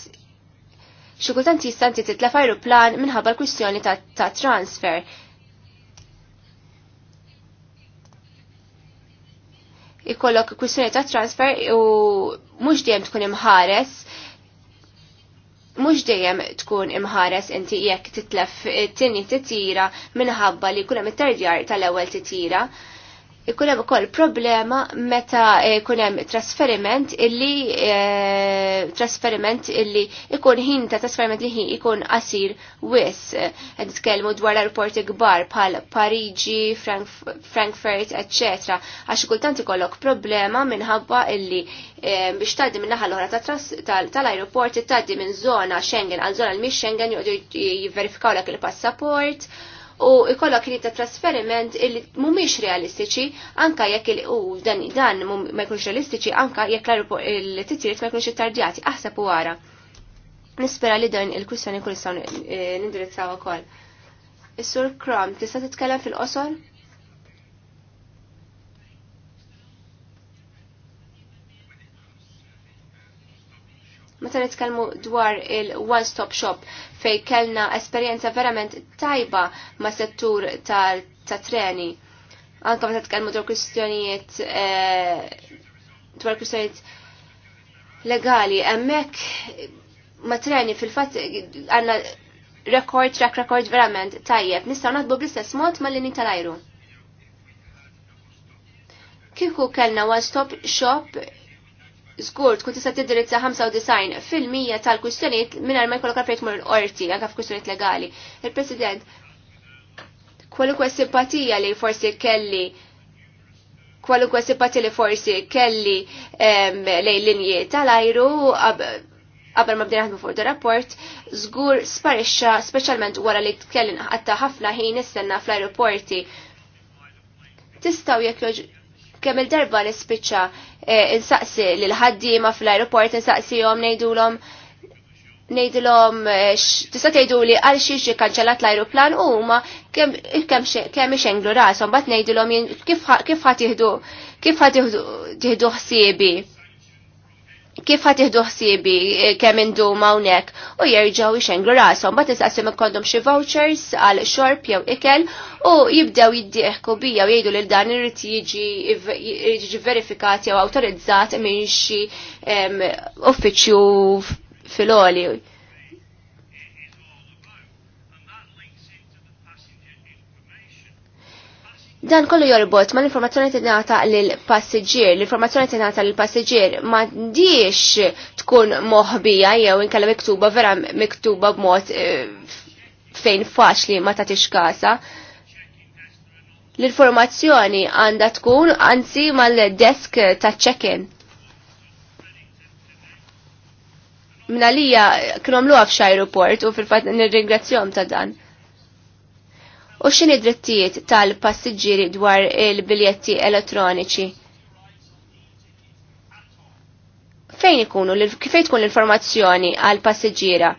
xikultant jistanti titlef aeroplan minħabba l-kwistjoni ta', ta transfer. Ikollok kwistjoni ta' transfer u mhux dejjem tkun imħares mux dejjem tkun imħares inti jekk titlef it-tini eh, titira minħabba li kunem it-tardjar tal-ewel titira Ikun hemm ukoll problema meta eh, ikun hemm trasferiment illi eh, trasferiment illi ikun ħin ta' trasferiment li ikun qasir wis. Qed eh, nitkellmu dwar aeroporti kbar bħal Pariġi, Frankfurt, etc. Għax kultant ikollok problema minħabba illi biex tgħaddi min naħa l-oħra tal-aeroporti tgħaddi minn żona Schengen għal żona l-mix Schengen joqgħdu jivverifikaw lek il-passaport. il passaport u ikollok li ta' trasferiment illi mumiex realistiċi anka jekk u dan dan ma jkunx realistiċi anka jekk il-titjiriet ma jkunx ittardjati aħseb u għara. Nispera li dan il-kwistjoni kull sa' eh, nindirizzaw ukoll. Is-sur Krom, tista' titkellem fil-qosor? Meta nitkellmu dwar il-one-stop shop fej kellna esperjenza verament tajba ma' settur ta' treni. Anka meta tkellmu dwar kwistjonijiet eh, dwar kwistjonijiet legali, hemmhekk ma' treni fil-fatt għandna record, track record verament tajjeb. Nistgħu naħdbu bl-istess mod mal-lini tal-ajru kieku kellna one-stop shop Zgur, tkun tista' tiddirizza 95 fil-mija tal-kwistjonijiet mingħajr ma jkollok għalfejn tmur l-qorti anke kustjoniet legali. Il-President, kwalunkwe simpatija li forsi kelli kwalunkwe simpatija li forsi kelli lejn linji tal-ajru qabel ma bdejna naħdmu fuq rapport, żgur sparixxa speċjalment wara li tkellim għatta ħafna ħin nistenna fl-ajruporti. Tistgħu jekk kemm il-darba nispiċċa eh, insaqsi lil ħaddiema fl-ajruport insaqsihom ngħidulhom ngħidulhom eh, tista' tgħiduli għal xi xi kanċellat l-ajruplan huma kemm ixenglu rashom bad ngħidulhom kif ħadd jieħdu kif ħadd jieħdu ħsiebi kif ħat iħdu ħsiebi eh, kemm indu mawnek u jerġaw ixenglu rashom bat isaqsim ikkondom xi vouchers għal xorb jew ikel u jibdew jiddieħku bija u jgħidu lil dan irid jiġi verifikat jew awtorizzat minn xi uffiċċju fil-oli. Dan kollu jorbot ma l-informazzjoni t-nata lill-passiġġier, l-informazzjoni tingħata lill-passiġġier ma diex tkun moħbija jew inkella miktuba vera miktuba b'mod eh, fejn faċli ma tagħtix kasa. L-informazzjoni għandha tkun anzi mal-desk ta' check-in. Minalija kienu għamluha f'xajruport u fil-fatt nirringrazzjom ta' dan u x'inhi drittijiet tal-passiġġieri dwar il-biljetti elettroniċi. Fejn ikunu, kifej tkun l-informazzjoni għal passiġġiera?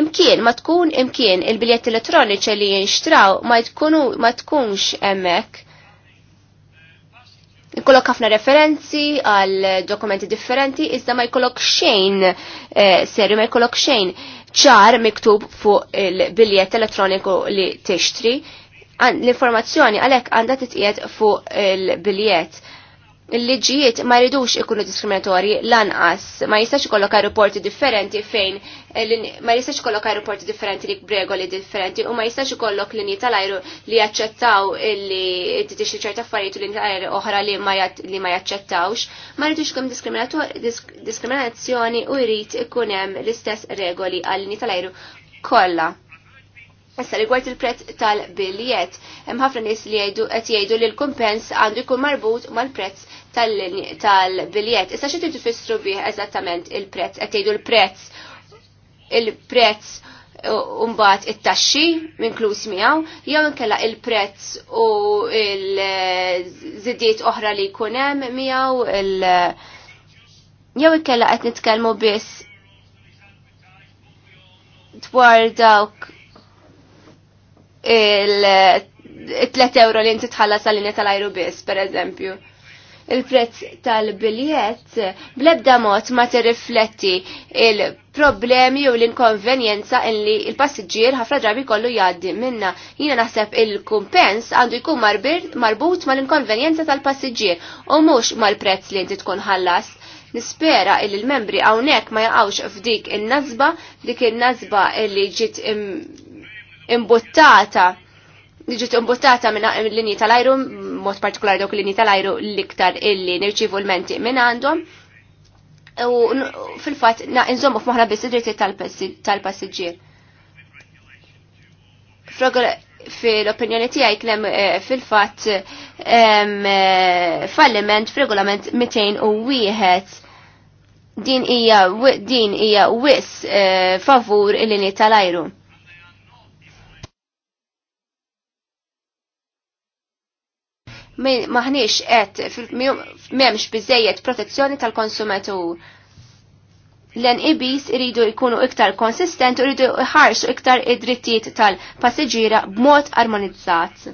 Imkien, ma tkun imkien il-biljetti elettroniċi li jinxtraw ma, tkunu, ma tkunx emmek. Ikollok ħafna referenzi għal dokumenti differenti, iżda ma jkollok xejn, eh, serju ma jkollok xejn ċar miktub fuq il-biljett elettroniku li tixtri, L-informazzjoni għalhekk għandha titqiet fuq il biljet Il-liġijiet ma jridux ikunu diskriminatorji lanqas, ma jistax kollok aeroporti differenti fejn, ma jistax kollok aeroporti differenti li bregoli differenti u ma jistax ikollok linji tal-ajru li jaċċettaw li titixi ċerta affarijiet u linji tal-ajru oħra li ma jaċċettawx, ma jridux kum diskriminazzjoni u jrid ikun hemm l-istess regoli għal linji tal-ajru kollha. Issa rigward il-prezz tal-biljet, hemm ħafna nies li jgħidu qed jgħidu li l-kumpens għandu jkun marbut mal-prezz tal-biljet. Issa xi tfissru bih eżattament il-prezz, qed jgħidu l-prezz il-prezz u mbagħad it-taxxi minkluż miegħu jew inkella il-prezz u l-żidiet oħra li jkun hemm miegħu il- jew inkella qed nitkellmu biss dwar dawk il-3 euro li inti tħallas għal-linja tal-ajru biss, per eżempju. Il-prezz tal-biljett blebda mod ma tirrifletti il-problemi u l-inkonvenjenza li il-passiġġier ħafna drabi kollu jgħaddi minna. Jina naħseb il-kumpens għandu jkun marbut ma l-inkonvenjenza tal-passiġġier u mhux mal-prezz li inti tkun ħallas nispera il membri għawnek ma jaqawx f'dik il-nazba, dik il-nazba li ġit imbuttata ġiet imbottata minna l-linji tal-ajru, mod partikolari dawk l-linji tal-ajru l-iktar illi nirċivu l-menti minn għandhom. U fil-fat, nżommu f biss id-dritti tal-passiġġier. Fil-opinjoni tiegħi klem eh, fil-fatt eh, falliment f'regolament 201 din ija, din hija wis eh, favur il-linji tal-ajru. maħniex qed m'hemmx biżejjed protezzjoni tal-konsumatur. L-NEBs iridu jkunu iktar konsistent u iridu iħarsu iktar id-drittijiet tal-passiġġiera b'mod armonizzat.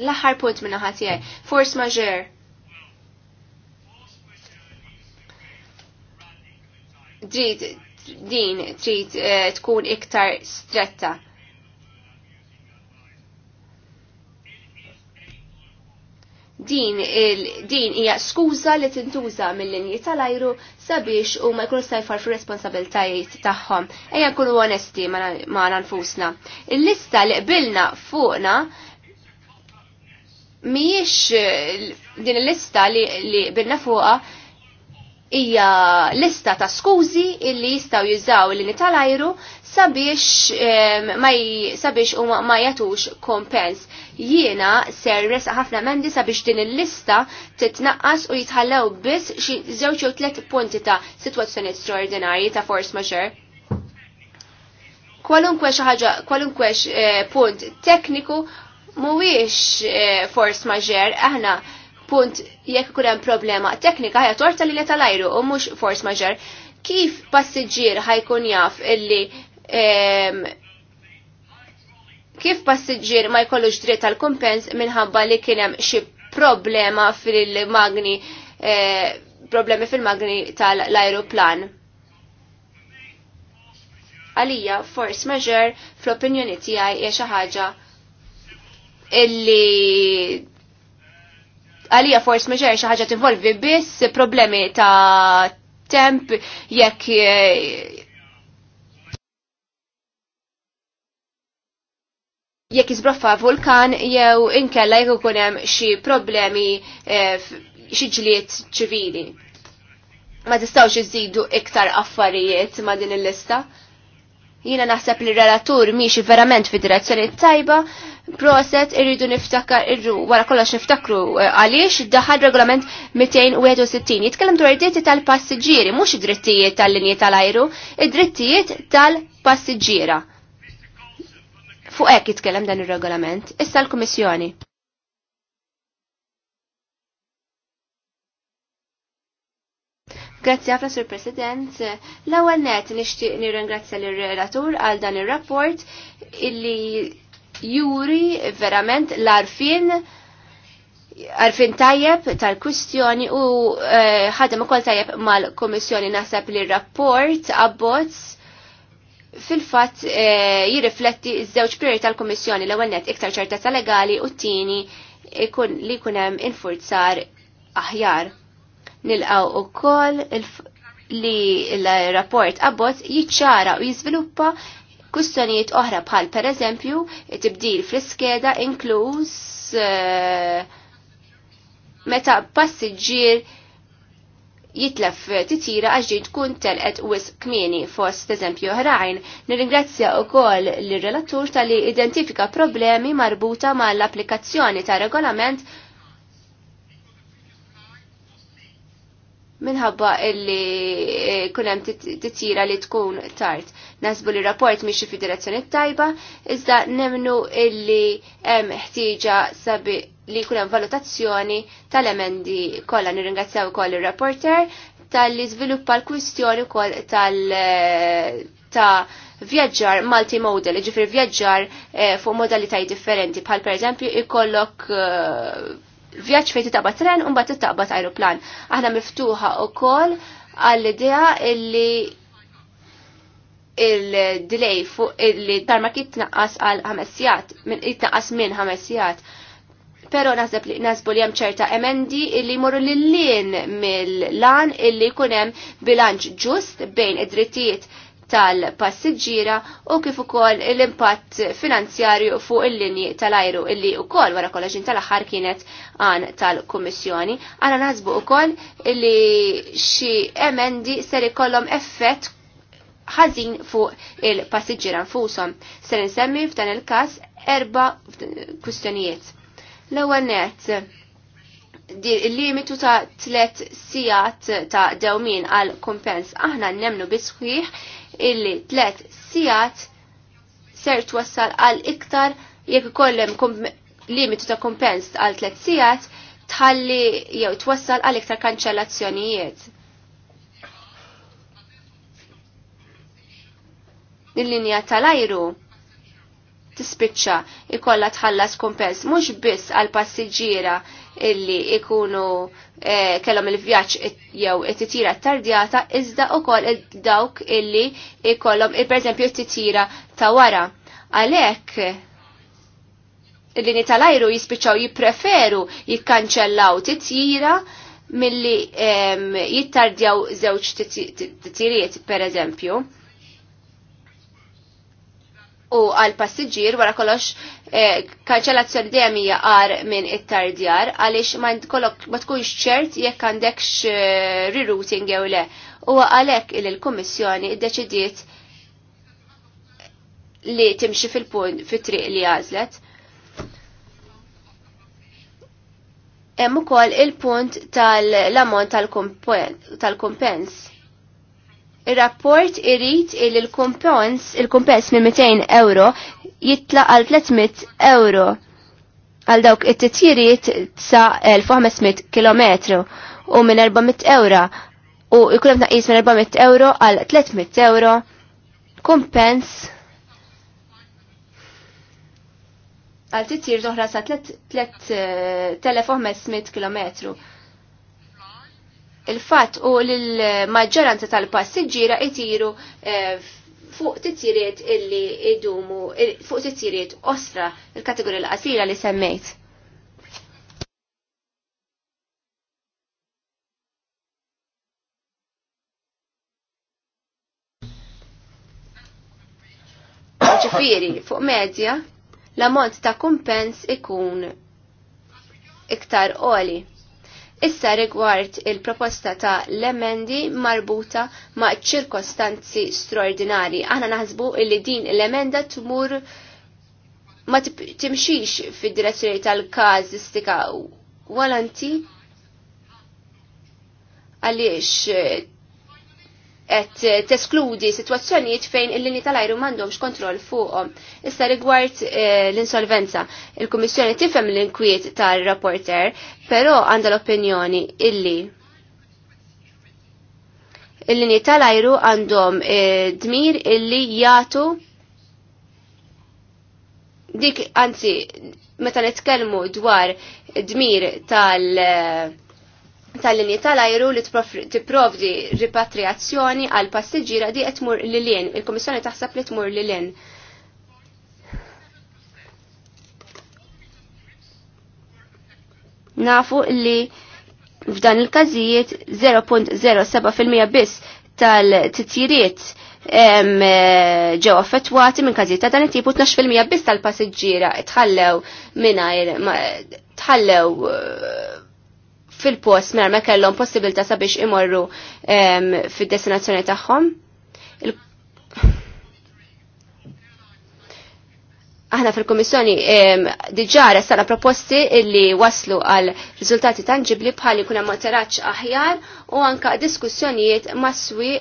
L-aħħar punt minna ħatijaj, force majeure. Drid din trid eh, tkun iktar stretta din din hija skuża li tintuża mill-linji tal-ajru sabiex u ma jkunu stajfar fir responsabiltajiet tagħhom. Ejja nkunu onesti ma nfusna. Il-lista li qbilna fuqna mhijiex eh, din il-lista li qbilna fuqha hija lista ta' skużi illi jistaw jużaw l nitalajru tal-ajru sabiex ma sabiex u ma jatux kompens. Jiena ser resaq ħafna mendi sabiex din il-lista titnaqqas u jitħallew biss xi żewġ jew tliet punti ta' sitwazzjoni straordinarji ta' force majeure. Kwalunkwe xi ħaġa, kwalunkwe eh, punt tekniku mhuwiex eh, force majeure aħna punt jekk ikun hemm problema teknika hija torta li leta l-ajru u mhux force major. Kif passiġġier ħajkun jaf illi kif passiġġier ma jkollux dritt tal kumpens minħabba li kien hemm xi problema fil-magni e, problemi fil-magni tal-ajruplan għalija force major fl-opinjoni tiegħi hija xi ħaġa illi għalija force majeure xi ħaġa tinvolvi biss problemi ta' temp jekk eh, jekk jizbroffa vulkan jew inkella jekk ikun hemm xi problemi eh, xi ġlied ċivili. Ma tistgħux iżidu iktar affarijiet ma' din il-lista. Jina naħseb li relatur miex verament fi direzzjoni tajba, proset irridu niftakar, irru wara kollox niftakru eh, għaliex daħal regolament 261. Jitkellem dwar id-dritti tal-passiġġieri, mhux id-drittijiet tal-linji tal-ajru, id-drittijiet tal-passiġġiera. Fuq hekk jitkellem dan ir-regolament. Issa l-Kummissjoni. Grazzi għafna sur President. L-ewwel net nixtieq nirringrazzja lir-relatur għal dan ir-rapport illi juri verament l-arfin għarfin tajjeb tal-kwistjoni u eh, ħadem ukoll tajjeb mal-Komissjoni naħseb li rapport abbozz fil-fatt eh, jirrifletti ż-żewġ priori tal-Komissjoni l-ewwel net iktar ċertezza legali u t-tieni li jkun hemm infurzar aħjar Nilqaw ukoll li l-rapport abbozz jiċċara u jiżviluppa kustonijiet oħra bħal per eżempju tibdil fl-iskeda inkluż eh, meta passiġġier jitlef titira għax ġid tkun telqet wis kmieni fost eżempju oħrajn. Nirringrazzja wkoll lir relatur tal-li identifika problemi marbuta mal-applikazzjoni ta' regolament minħabba illi eh, kunem titjira li tkun tard. Nasbu li rapport miexi fi direzzjoni tajba, iżda nemnu illi hemm ħtieġa sabi li kunem valutazzjoni tal-emendi kollha nirringrazzjaw ukoll ir-rapporter tal-li żviluppa l-kwistjoni wkoll tal- eh, ta' vjaġġar multimodal, ġifir vjaġġar eh, fuq modalitaj differenti, bħal per eżempju ikollok vjaġġ fejn taqba tren u mbagħad titaqbad ajruplan. Aħna miftuħa wkoll għall-idea illi il-delay fuq illi tarma kif tnaqqas għal ħamessijat, jitnaqqas minn ħamessijat. Pero naħseb li nasbu li hemm ċerta emendi illi jmorru lil-lin mill-lan illi jkun hemm bilanċ ġust bejn id-drittijiet tal-passiġġiera u kif ukoll l-impatt finanzjarju fuq il-linji tal-ajru illi ukoll wara kollox tal-aħħar kienet għan tal-Kummissjoni. Għana nasbu ukoll li xi emendi ser ikollhom effett ħażin fuq il-passiġġiera nfushom. Ser insemmi f'dan il-każ erba' kwistjonijiet. L-ewwel nett il-limitu ta' tlet sijat ta' dewmin għal kumpens aħna nemnu bisħiħ illi tlet sijat ser twassal għal iktar jekk kollem limitu ta' kompens għal tlet sijat tħalli jew twassal għal iktar kanċellazzjonijiet. Il-linja tal-ajru tispiċċa ikolla tħallas kompens mhux biss għal passiġġiera illi ikunu kellhom il-vjaġġ jew it-titira tardjata iżda wkoll dawk illi il pereżempju t-titira ta' wara. Għalhekk l-lini tal-ajru jispiċaw jipreferu jikkanċellaw titjira milli jittardjaw zewċ titiriet per eżempju u għal passiġġier wara kollox eh, kanċellazzjoni dejjem hija qar minn it-tardjar għaliex ma ma tkunx ċert jekk għandekx eh, rerouting jew le. U għalhekk il l-Kummissjoni ddeċidiet li timxi fil-punt fit-triq li għażlet. Hemm ukoll il-punt tal-ammont tal-kumpens. tal ammont tal kumpens tal tal kumpens Il-rapport irrit il il-kumpens il minn 200 euro jitla għal 300 euro għal dawk it-titjiriet sa 1500 km u minn 400 euro u jkunem naqis minn 400 euro għal 300 euro kumpens għal titjir toħra sa 3500 eh, km il-fatt u l-maġġoranza tal-passiġġiera jtiru eh, fuq titjiriet illi idumu, fuq titjiriet osra il-kategorija l-qasira li semmejt. ġifiri fuq medja, l-ammont ta' kumpens ikun iktar oli. Issa rigward il-proposta ta' l-emendi marbuta ma' ċirkostanzi straordinari. Aħna naħsbu illi din l-emenda tmur ma timxix fid-direzzjoni tal-kazistika walanti għaliex qed teskludi sitwazzjonijiet fejn il-linji tal-ajru m'għandhomx kontroll fuqhom. Issa rigward eh, l-insolvenza, il-Kummissjoni tifhem l-inkwiet tar-rapporter, però għandha l-opinjoni illi il-linji tal-ajru għandhom eh, dmir illi jagħtu dik anzi meta nitkellmu dwar dmir tal- tal-linji tal-ajru li tipprovdi ripatriazzjoni għal passiġġiera di qed tmur lilien. Il-Kummissjoni taħseb li tmur lilien. Nafu li f'dan il-każijiet 0.07% biss tal-titjiriet eh, ġew affettwati minn każijiet ta' dan it-tipu 12% biss tal-passiġġiera tħallew mingħajr tħallew eh, fil-post mer mela ma kellhom possibilità sabiex imorru fid-destinazzjoni tagħhom. Aħna fil-Komissjoni diġà ressala proposti illi waslu għal riżultati tangibli bħal jkun hemm materaġġ aħjar u anka diskussjonijiet maswi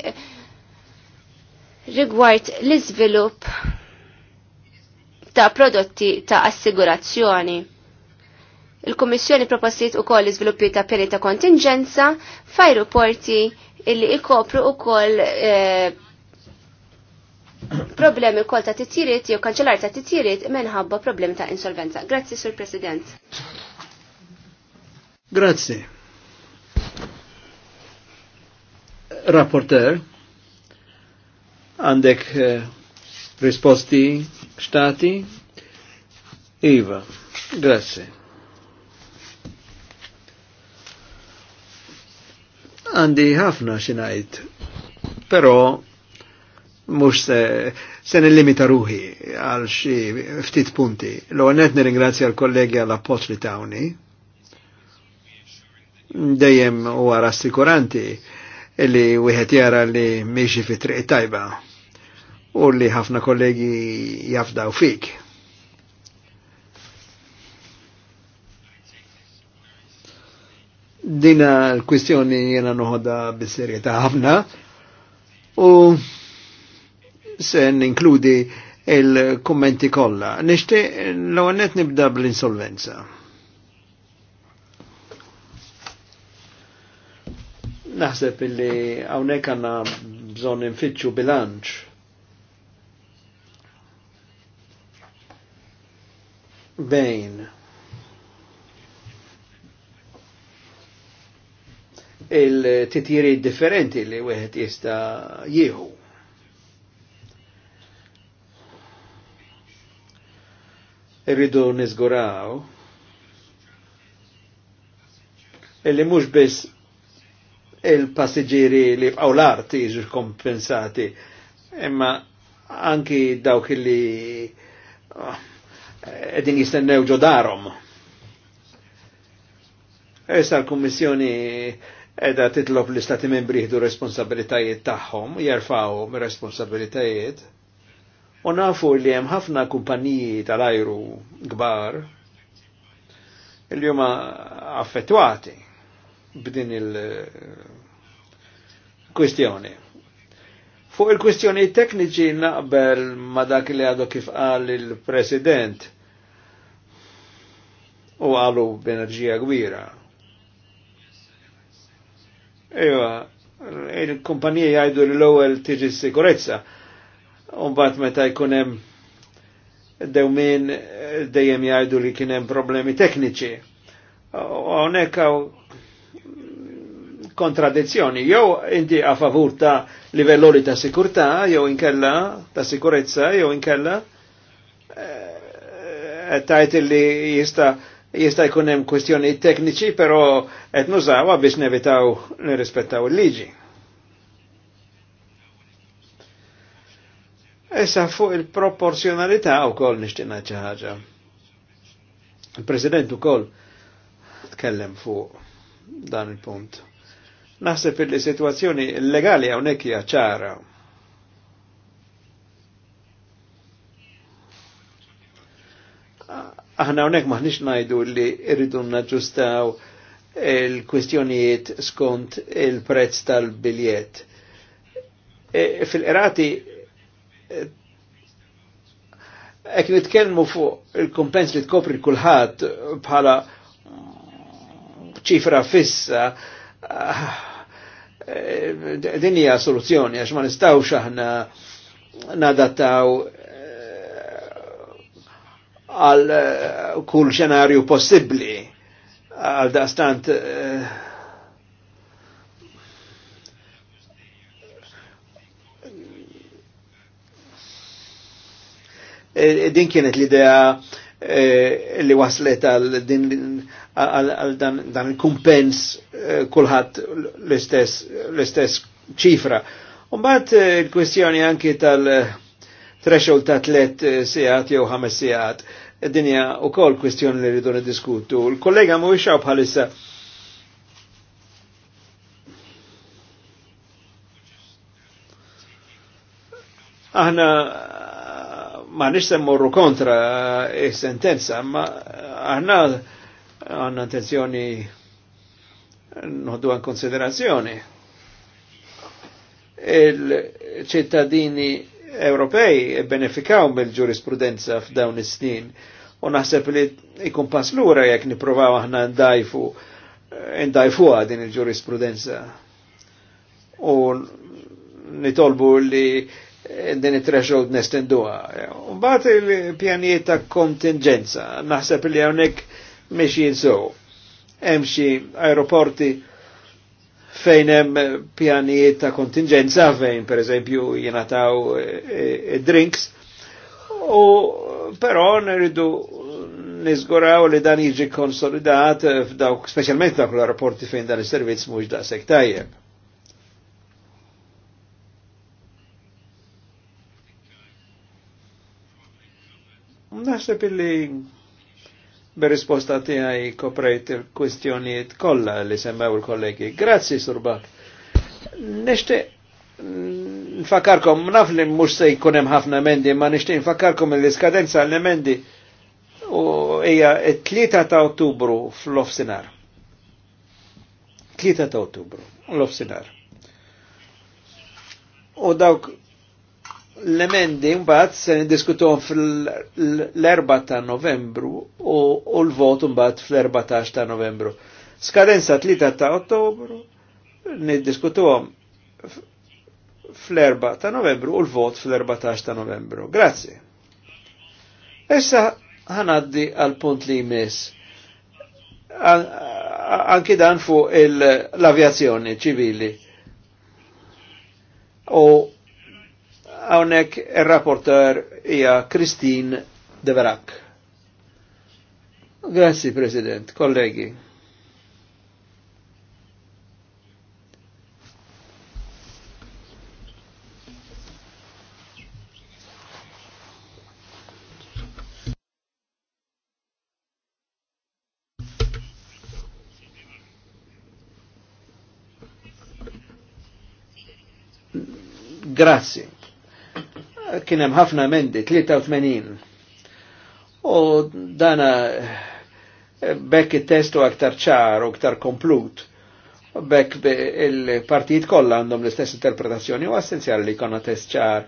rigward l-iżvilupp ta' prodotti ta' assigurazzjoni il kommissjoni propostiet u koll iżviluppi ta' pjani ta' kontingenza f'ajruporti illi ikopru u koll eh, problemi kol ta' titjiriet jew kanċellar ta' titjiriet minħabba problemi ta' insolvenza. Grazzi, Sur President. Grazzi. Rapporteur, għandek eh, risposti stati? Iva, grazie. għandi ħafna xinajt, pero mux se, se nillimita ruħi għal xi ftit punti. L-għonet nirringrazzja l-kollegi għal appoġġ li tawni. Dejjem u rassikuranti li wieħed jara li miexi fitri triq tajba u li ħafna kollegi jafdaw fik. Dina l-kwistjoni jena noħoda bis-serjetà ħafna u se ninkludi il-kommenti kollha. Nixtieq l-għonet nibda bl-insolvenza. naħseb illi għawnek għanna bżon infittxu bilanċ. Bejn il-titjiri differenti li wieħed jista jieħu. Irridu nizguraw illi mhux biss il passiġiri li bqgħu l-art jiġu kompensati, imma anki dawk li ah, edin jistennew ġodarom. Issa l-Kummissjoni edha titlob l-istati membri jihdu responsabilitajiet tagħhom, jerfawhom responsabilitajiet. U nafu li hemm ħafna kumpaniji tal-ajru kbar il huma affettwati b'din il-kwistjoni. Fuq il-kwistjoni tekniċi naqbel ma dak li għadu kif qal il-President u għalu b'enerġija kbira Ewa, il-kumpanija jajdu l-ewwel tiġi sikurezza. Umbagħad meta jkun hemm dewmin dejjem jajdu li kienem problemi tekniċi. Hawnhekk hawn kontradizzjoni. Jew inti a favur ta' livelloli ta' sikurta, jow inkella ta' sikurezza, jow inkella eh, tajt li jista' jista' jkun hemm kwestjoni tekniċi, però qed nużawha biex nevitaw nirrispettaw il-liġi. Issa fuq il-proporzjonalità wkoll nixtieq ngħid xi ħaġa. Il-President ukoll tkellem fuq dan il-punt. Naħseb il-sitwazzjoni legali hawnhekk hija ċara. Aħna hawnhekk maħnix ngħidu li rridu naġġustaw il-kwistjonijiet skont il-prezz tal biljet e, Fil-qrati ek nitkellmu fuq il-kompens li tkopri kulħadd bħala ċifra fissa e, din hija soluzzjoni għax ma nistgħux aħna nadattaw għal eh, kull xenarju possibli għal daqstant uh, din kienet l-idea li waslet għal din għal dan il-kumpens kullħat l-istess ċifra. Umbat il-kwestjoni anki tal-threshold ta' tlet sijat jew ħames sijat id-dinja u kol kwestjoni li rridu diskutu. Il-kollega mu ixaw bħalissa. Aħna uh, ma nix semmorru kontra uh, il-sentenza, ma uh, aħna għanna intenzjoni nħoddu għan konsiderazzjoni. Il-ċittadini Ewropej benefikaw mill-ġurisprudenza f'dawn is-snin u naħseb li jkun pass lura jekk nipprovaw aħna ndajfu eh, ndajfuha din il-ġurisprudenza. U nitolbu li eh, din it-threshold nestenduha. U Mbagħad il-pjanijiet ta' kontingenza, naħseb li hawnhekk mexjin sew. Hemm xi aeroporti fejn hemm eh, pjanijiet ta' kontingenza fejn pereżempju jingħataw eh, eh, drinks u però nridu nizguraw li dan jiġi konsolidat f'dawk, specialment dawk l-rapporti fejn dan is-servizz mhux daqshekk tajjeb. Naħseb illi bir-risposta tiegħi koprejt il-kwistjonijiet kollha li semmew il-kollegi. Grazzi, Surbak. Nixtieq nfakarkom, naf li mhux se jkun hemm ħafna emendi, ma nixtieq nfakarkom il-iskadenza l-emendi u hija t ta' Ottubru fl-ofsinar. 3 ta' Ottubru l-ofsinar. U dawk L-emendi mbaħt se niddiskutuhom fl-4 ta' Novembru u l-vot mbaħt fl-14 ta' Novembru. Skadenza 3 ta' Ottobru niddiskutuhom fl-4 ta' Novembru u l-vot fl-14 ta' Novembru. Grazie. Issa ħanaddi għal punt li jmiss. Anki dan fuq l-avjazzjoni ċivili. U Hawnhekk il rapporter ija Christine Deverak. Grazie, President, kollegi. Grazie kien hemm ħafna emendi 83. U dana eh, bekk it-testu aktar ċar u aktar komplut. Bekk il-partijiet kollha għandhom l-istess interpretazzjoni u essenzjali li jkollna test ċar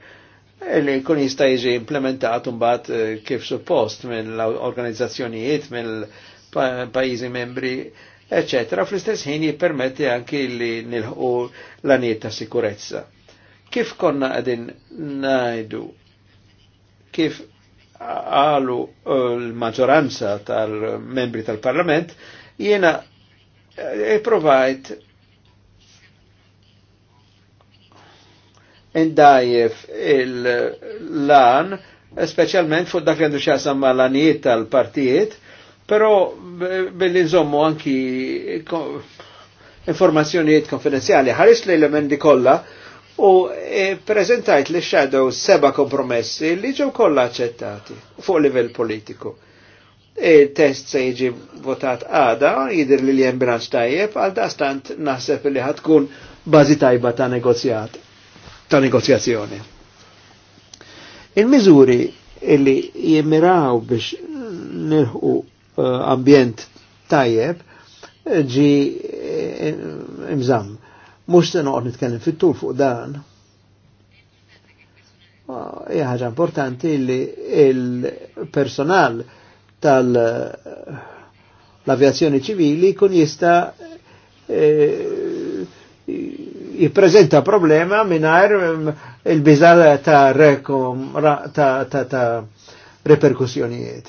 li kun jista' jiġi implementat mbagħad eh, kif suppost minn l-organizzazzjonijiet, mill pajjiżi membri, eccetera, fl-istess ħin jippermetti anki li nilħu l-anijiet ta' sikurezza. Kif konna għedin najdu, kif għalu eh, l-maġoranza tal-membri tal-parlament, jena eh, provajt indajjef il-lan, specialment fuq dak li għandu xasam l-anijiet tal-partijiet, pero billi nżommu anki informazzjonijiet konfidenzjali. Ħaris li l-emendi kolla, u e, prezentajt li xadow seba kompromessi li ġew kollha aċċettati fuq livell politiku. Il-test e, se jiġi votat għada, jidir li li jem bilanċ tajjeb, għal dastant naħseb li ħatkun bazi tajba ta' negozjat, ta' negozjazzjoni. Il-miżuri li jemmiraw biex nirħu uh, ambjent tajjeb ġi imżamm e, e, Mux se noqgħod nitkellem fit-tul fuq dan. Hija ħaġa importanti li il-personal tal-avjazzjoni ċivili kun jista' e, jipprezenta problema mingħajr mm, il biżar ta' rekom ta' ta' ta' reperkussjonijiet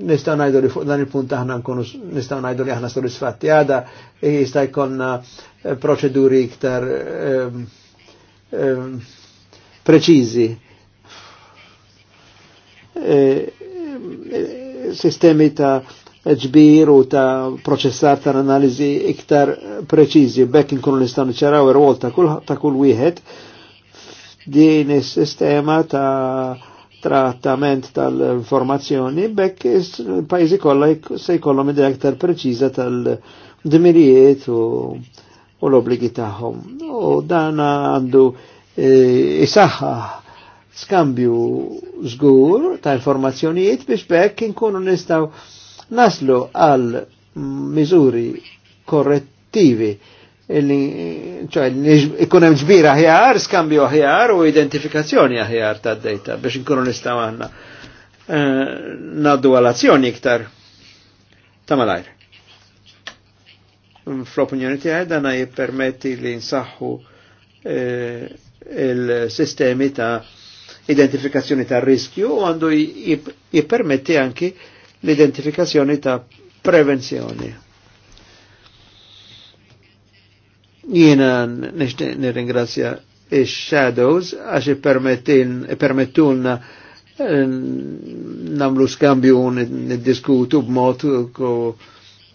nistaw najdu li fuq dan il-punt aħna nkunu nistaw najdu li aħna soddisfatti għada eh, jista' jkollna eh, proċeduri iktar um, ehm, um, ehm, preċiżi. E, eh, sistemi ta' ġbir u ta' proċessar ta' analizi iktar preċiżi bekk nkunu nistaw niċċaraw ir-rwol ta' kull wieħed din is-sistema ta' trattament tal-informazzjoni bekk il-pajzi kolla se jkollhom idea aktar preċiża tal-dmirijiet u, u l-obligi tagħhom. U dan għandu e, isaħħa skambju żgur ta' informazzjonijiet biex bekk inkunu nistgħu naslu għal miżuri korrettivi li ċoj ikun hemm ġbir aħjar, skambju aħjar u identifikazzjoni aħjar tad-dejta biex inkunu nistgħu għandna eh, naddu għal-azzjoni iktar ta' malajr. Fl-opinjoni tiegħi dana jippermetti li nsaħħu eh, il-sistemi ta' identifikazzjoni ta' riskju u għandu jippermetti anki l-identifikazzjoni ta' prevenzjoni. Jiena nirringrazzja ix-shadows għax permettulna eh, namlu skambju niddiskutu b'mod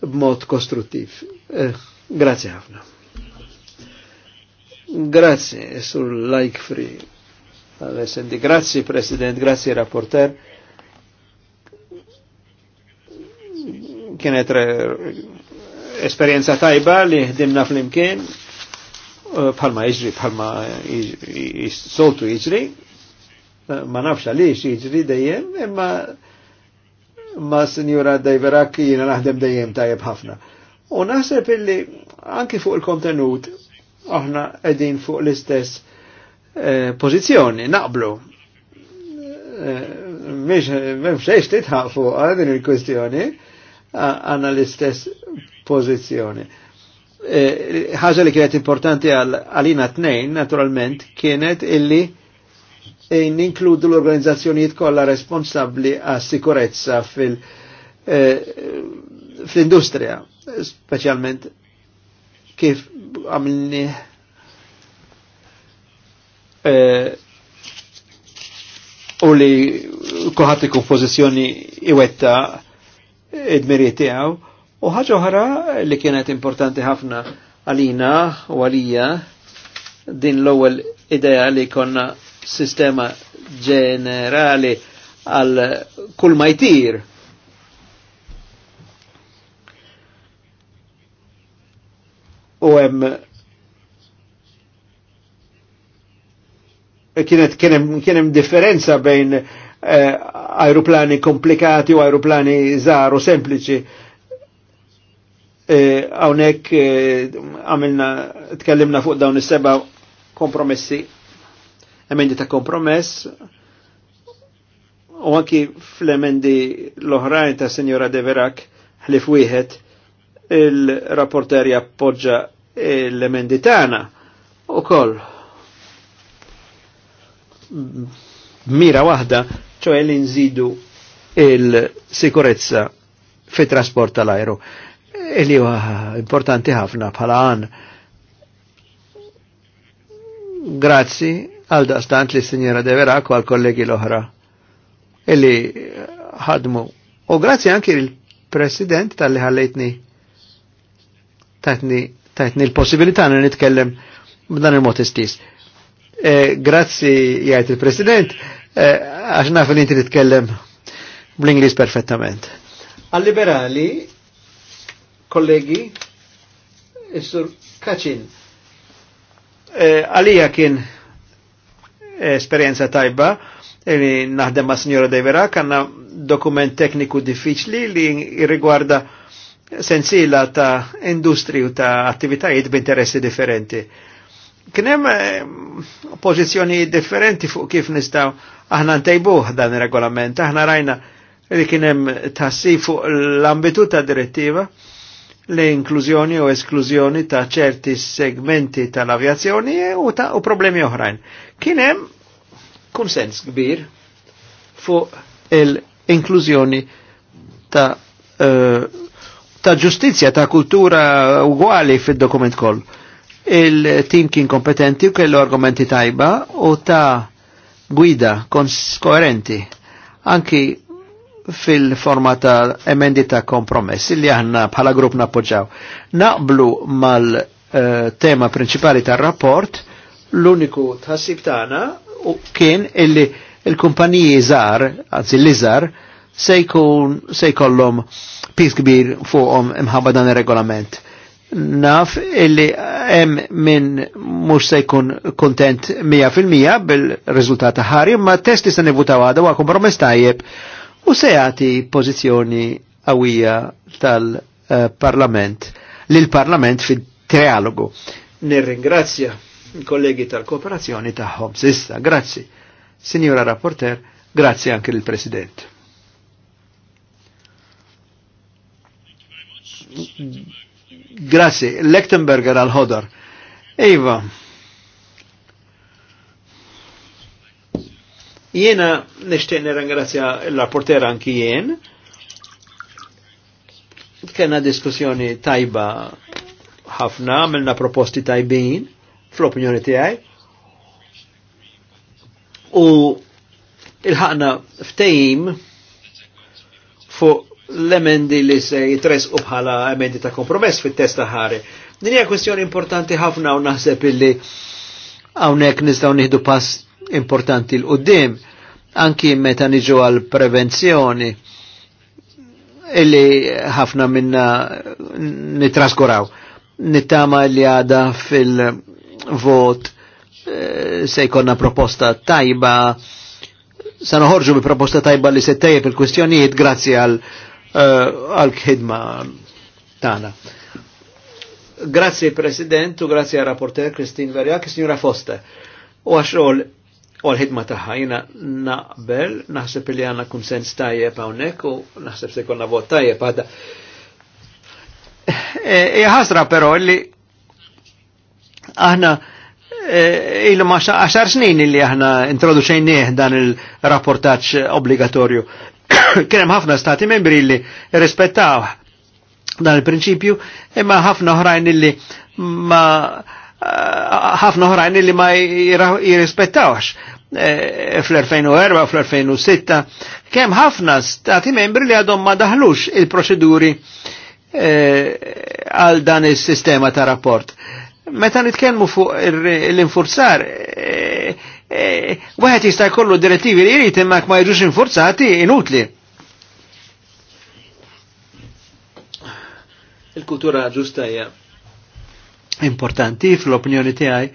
b'mod kostruttiv. Eh, grazie ħafna. Grazie sul like free. Alessandri, grazie President, grazie Rapporter. Kienet eh, esperienza tajba li ħdimna fl-imkien Eh, palma jiġri, bħalma soltu iġri, eh, ma nafx għaliex jiġri dejjem, imma ma sinjura Dajverak jina naħdem dejjem tajjeb ħafna. U naħseb illi anki fuq il-kontenut aħna qegħdin fuq l-istess eh, pozizjoni, naqblu. Mish, memxiex titħafu għadin fuq il-kwestjoni, għandna l-istess pożizzjoni Eh, ħaġa li kienet importanti għalina tnejn, naturalment, kienet illi eh, ninkludu l-organizzazzjonijiet kollha responsabbli għas sikurezza fil-industrija, eh, specialment kif għamilni u li kuħat ikun pożizzjoni iwetta id-miriet tiegħu U ħaġa oħra li kienet importanti ħafna għalina u għalija din l-ewwel idea li konna sistema ġenerali għal kull ma jtir. U hemm kienet kienem differenza bejn eh, aeroplani komplikati u aeroplani żgħar u sempliċi Eh, hawnhekk eh, għamilna tkellimna fuq dawn is-seba kompromessi emendi ta' kompromess u anki fl-emendi l-oħrajn ta' Senjora Deverak ħlif wieħed il-rapporter jappoġġa l-emendi u koll. Mira waħda, ċoħe l inżidu il-sikurezza fit trasport tal-ajru li importanti ħafna bħala għan. Grazzi għal daqstant li s-Sinjera Deverak għal kollegi l-oħra illi ħadmu. U grazzi anki il-President tal-li ħallejtni tajtni tajtni l-possibilità li nitkellem b'dan il-mod istis. E, grazzi jgħid il-President e, għax e, naf li inti nitkellem bl-Inglis perfettament. Għal-liberali kollegi, Is-Sur Kaċin. Eh, għalija kien eh, esperienza tajba, eh, li naħdem ma' Signora Vera, kanna dokument tekniku diffiċli li rigwarda sensila ta' industri u ta' attivitajiet b'interessi differenti. Kienem pozizjoni differenti fuq kif nistaw aħna ntejbuħ dan il-regolament, aħna rajna li kienem tassi fuq l-ambitu ta' direttiva l-inklużjoni u esklużjoni ta' ċerti segmenti tal-avjazzjoni u, ta u problemi oħrajn. Kien hemm kunsens kbir fuq l-inklużjoni ta' uh, ta' ġustizja, ta' kultura uguali fid-dokument koll. Il-tim kien kompetenti u kellu argumenti tajba u ta' gwida koerenti. Anki fil-forma ta' emendi ta' kompromess li għanna bħala grupp nappoġġaw. Naqblu mal-tema eh, principali tar rapport l-uniku tħassib tagħna kien illi il-kumpaniji żgħar, għazzi li żgħar, se jkun se jkollhom pis kbir fuqhom imħabba dan ir-regolament. Naf illi hemm min mhux se jkun kontent 100% bil-riżultat ħari, ma testi se nivutaw għadha huwa kompromess tajjeb u sejati pozizjoni għawija tal-Parlament l parlament fit-trialogu. Nirringrazzja kollegi tal-kooperazzjoni ta' Sissa, grazzi. Signora Rapporter, grazzi anche il president Grazzi, Lechtenberger al hodor Eva. Jena nishtiq nirrangrazzja l-rapporter anki jien. Kena diskussjoni tajba ħafna, għamilna proposti tajbin fl-opinjoni tiegħi. U il-ħakna ftejim fuq l-emendi li se jitres u bħala emendi ta' kompromess fit-testa ħari. Din hija kwestjoni importanti ħafna u naħseb illi hawnhekk nistgħu nieħdu pass importanti l-qoddim, anki meta niġu għal prevenzjoni illi ħafna minna nitraskuraw. Nittama li għada fil-vot eh, se jkonna proposta tajba, sa noħorġu bi proposta tajba li settejja fil-kwistjonijiet grazzi għal eh, għal-khidma tana. Grazie President u grazie al rapporteur Christine Verjak, signora Foster. U għaxol u l-ħidma taħħa jina naqbel, naħseb li għanna konsens tajjeb għawnek u naħseb se konna vot tajjeb għada. Iħasra eh, eh, e, e, pero li aħna eh, il ma għaxar snin li aħna introduċejnieh dan il-rapportaċ obbligatorju. Kienem ħafna stati membri li rispettaw dan il-prinċipju, imma ħafna oħrajn li ma ħafna oħrajn li ma jirrispettawx fl-2004 e, fl-2006 kemm ħafna stati membri li għadhom ma daħlux il-proċeduri e, għal dan is-sistema ta' rapport. Meta nitkellmu fuq l-infurzar, e, Waħed jista' jkollu direttivi li jrid imma ma jiġux infurzati inutli. Il-kultura ġusta hija importanti fl-opinjoni tiegħi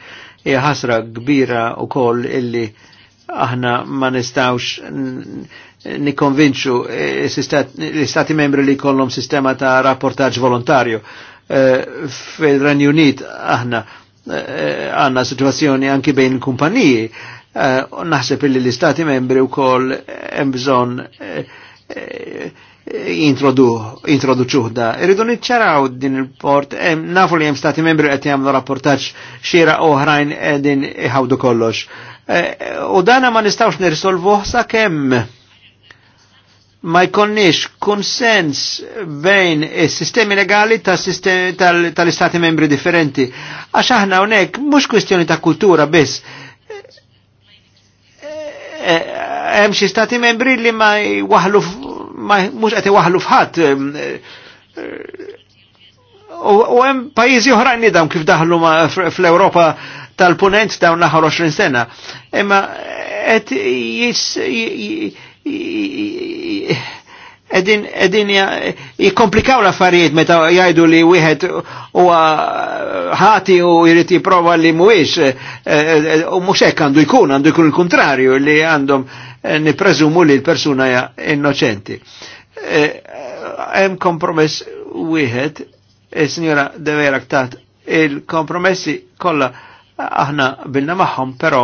hija ħasra kbira wkoll illi aħna ma nistawx nikkonvinċu eh, l-istati membri li kollhom sistema ta' rapportaġġ volontarju. Eh, Fil-Renju Unit aħna eh, għanna situazzjoni anki bejn kumpaniji. Naħseb illi l-istati membri u koll hemm bżonn introduċuħ da. Irridu niċċaraw din il-port, nafu li jem stati membri għet jamlu rapportaċ xira oħrajn din iħawdu kollox. E, u dana ma nistawx nirsolvuħ sa kemm ma jkonniex konsens bejn is-sistemi legali tal-istati tal, membri differenti. Għax aħna hawnhekk mhux kwistjoni ta' kultura biss e, e, hemm xi stati membri li ma jwaħlu ma mhux qed iwaħlu fħadd. U hemm pajjiżi oħrajn li dawn kif daħlu fl-Ewropa tal-punent dawn l-aħħar 20 sena. Imma qed edin, edin jikomplikaw l-affarijiet meta jajdu li wieħed u ħati u jriti prova li mhuwiex eh, eh, u mhux għandu jkun, għandu jkun il-kontrarju li għandhom Eh, nipreżumu li l-persuna hija innoċenti. Eh, hemm kompromess wieħed, is-Sinjora eh, Devera ktat, il-kompromessi kollha aħna bilna magħhom, però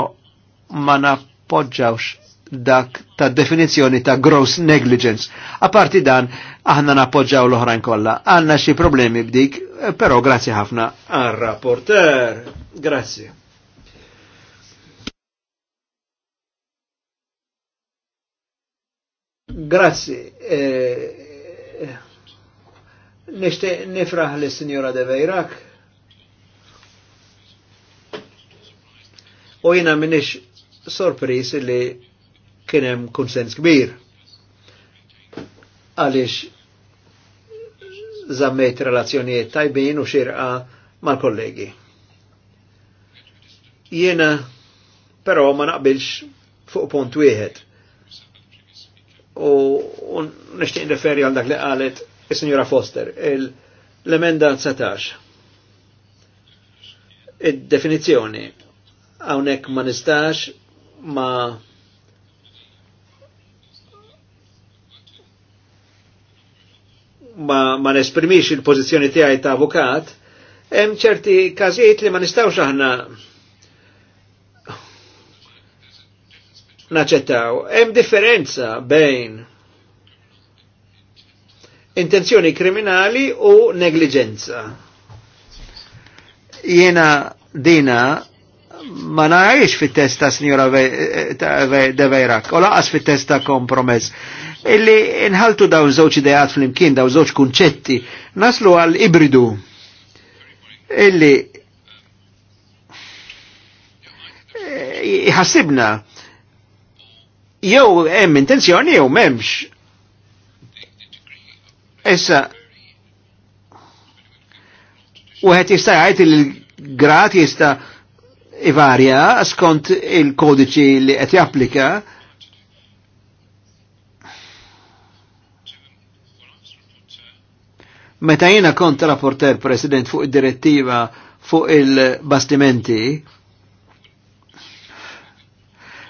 ma nappoġġawx dak ta' definizjoni ta' gross negligence. A parti dan, aħna nappoġġaw l-oħrajn kollha. Għanna xi problemi b'dik, però grazzi ħafna għal rapporter Grazzi. Grazzi. Eh, eh, nishti nifraħ li Sinjora De Vejrak. U jina minix sorpris li kienem konsens kbir. Għalix zammejt relazzjonijiet tajbin u xirqa mal-kollegi. Jiena però ma naqbilx fuq punt wieħed u nishtiq referi għal dak li qalet il-Signora Foster, l-emenda 17. Id-definizzjoni hawnhekk ma nistax ma ma, ma nesprimix il-pożizzjoni tiegħi ta' avukat, hemm ċerti każijiet li ma nistawx aħna naċettaw. Hemm differenza bejn intenzjoni kriminali u negliġenza. Jiena dina ma naħiex fit testa signora de Vejrak, u laqas fit testa kompromess. Illi nħaltu daw żewġ idejat fl-imkien, daw żewġ kunċetti, naslu għal ibridu. Illi jħassibna. Eh, e, jew hemm intenzjoni jew m'hemmx. Issa qed jista' jgħid il-grat jista' ivarja skont il-kodiċi li qed japplika. Meta jiena kont rapporter President fuq id-direttiva fuq il-bastimenti,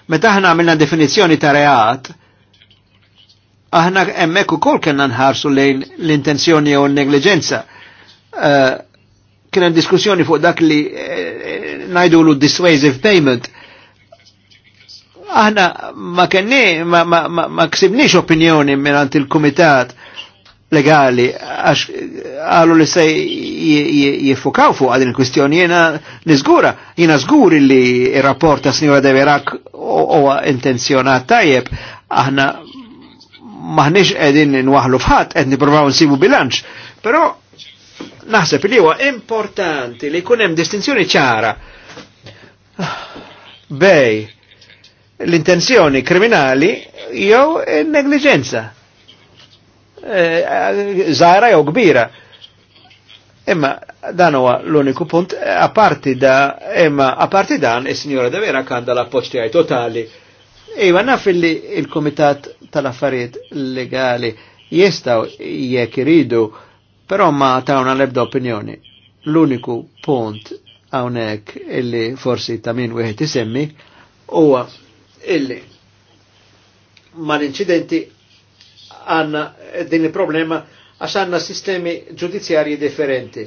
Meta aħna għamilna definizjoni ta' reat, aħna emmek u kol kena nħarsu lejn l-intenzjoni u l-negligenza. Eh, kena diskussjoni fuq dak li eh, najdu l dissuasive payment. Aħna ma kenni, ma, ma, ma, ma ksibniex opinjoni minn il-komitat legali għax għalu li se jifukaw fuq għadin il-kwistjoni jena nizgura, jena zgur li il-rapport ta' snira de Verak u intenzjonat tajjeb, aħna maħnix edin nwaħlu fħat, ed niprofaw nsibu bilanċ, pero naħseb li huwa importanti li kunem distinzjoni ċara bej l-intenzjoni kriminali jew negliġenza Eh, zaħra jew kbira. Imma dan huwa l-uniku punt, aparti da, imma aparti dan, il sinjora da vera kanda l-appoċ għaj totali. Iva naf li il-Komitat tal-Affarijiet Legali jistaw jekk iridu, però ma tawna l-ebda opinjoni. L-uniku punt hawnhekk illi forsi ta' min wieħed isemmi huwa illi ma l-inċidenti għanna din il-problema għax għanna sistemi ġudizzjarji differenti.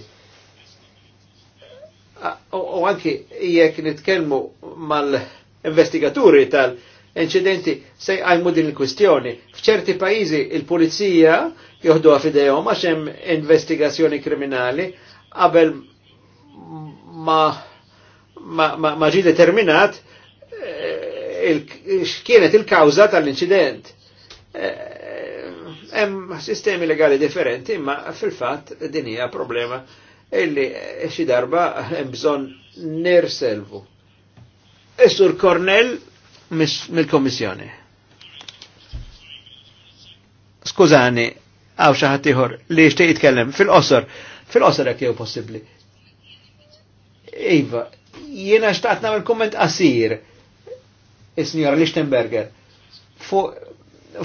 U għanki jek nitkelmu mal-investigaturi tal incidenti se għajmu din il-kwistjoni. F'ċerti pajizi il polizija joħduha fidejhom għax hemm investigazzjoni kriminali qabel ma ma, ma, ma ġi determinat eh, il, x'kienet il kawza tal incident eh, Hemm sistemi legali differenti, imma fil-fatt din hija problema illi xi darba hemm bżonn nirselvu. Is-Sur e Cornell mill-Kommissjoni. Skużani, għaw xi ħadd ieħor li jixtieq jitkellem fil-qosor, fil-qosor jekk jew possibbli. Iva, jiena xtaqt nagħmel kumment qasir is-Sinjora Lichtenberger fuq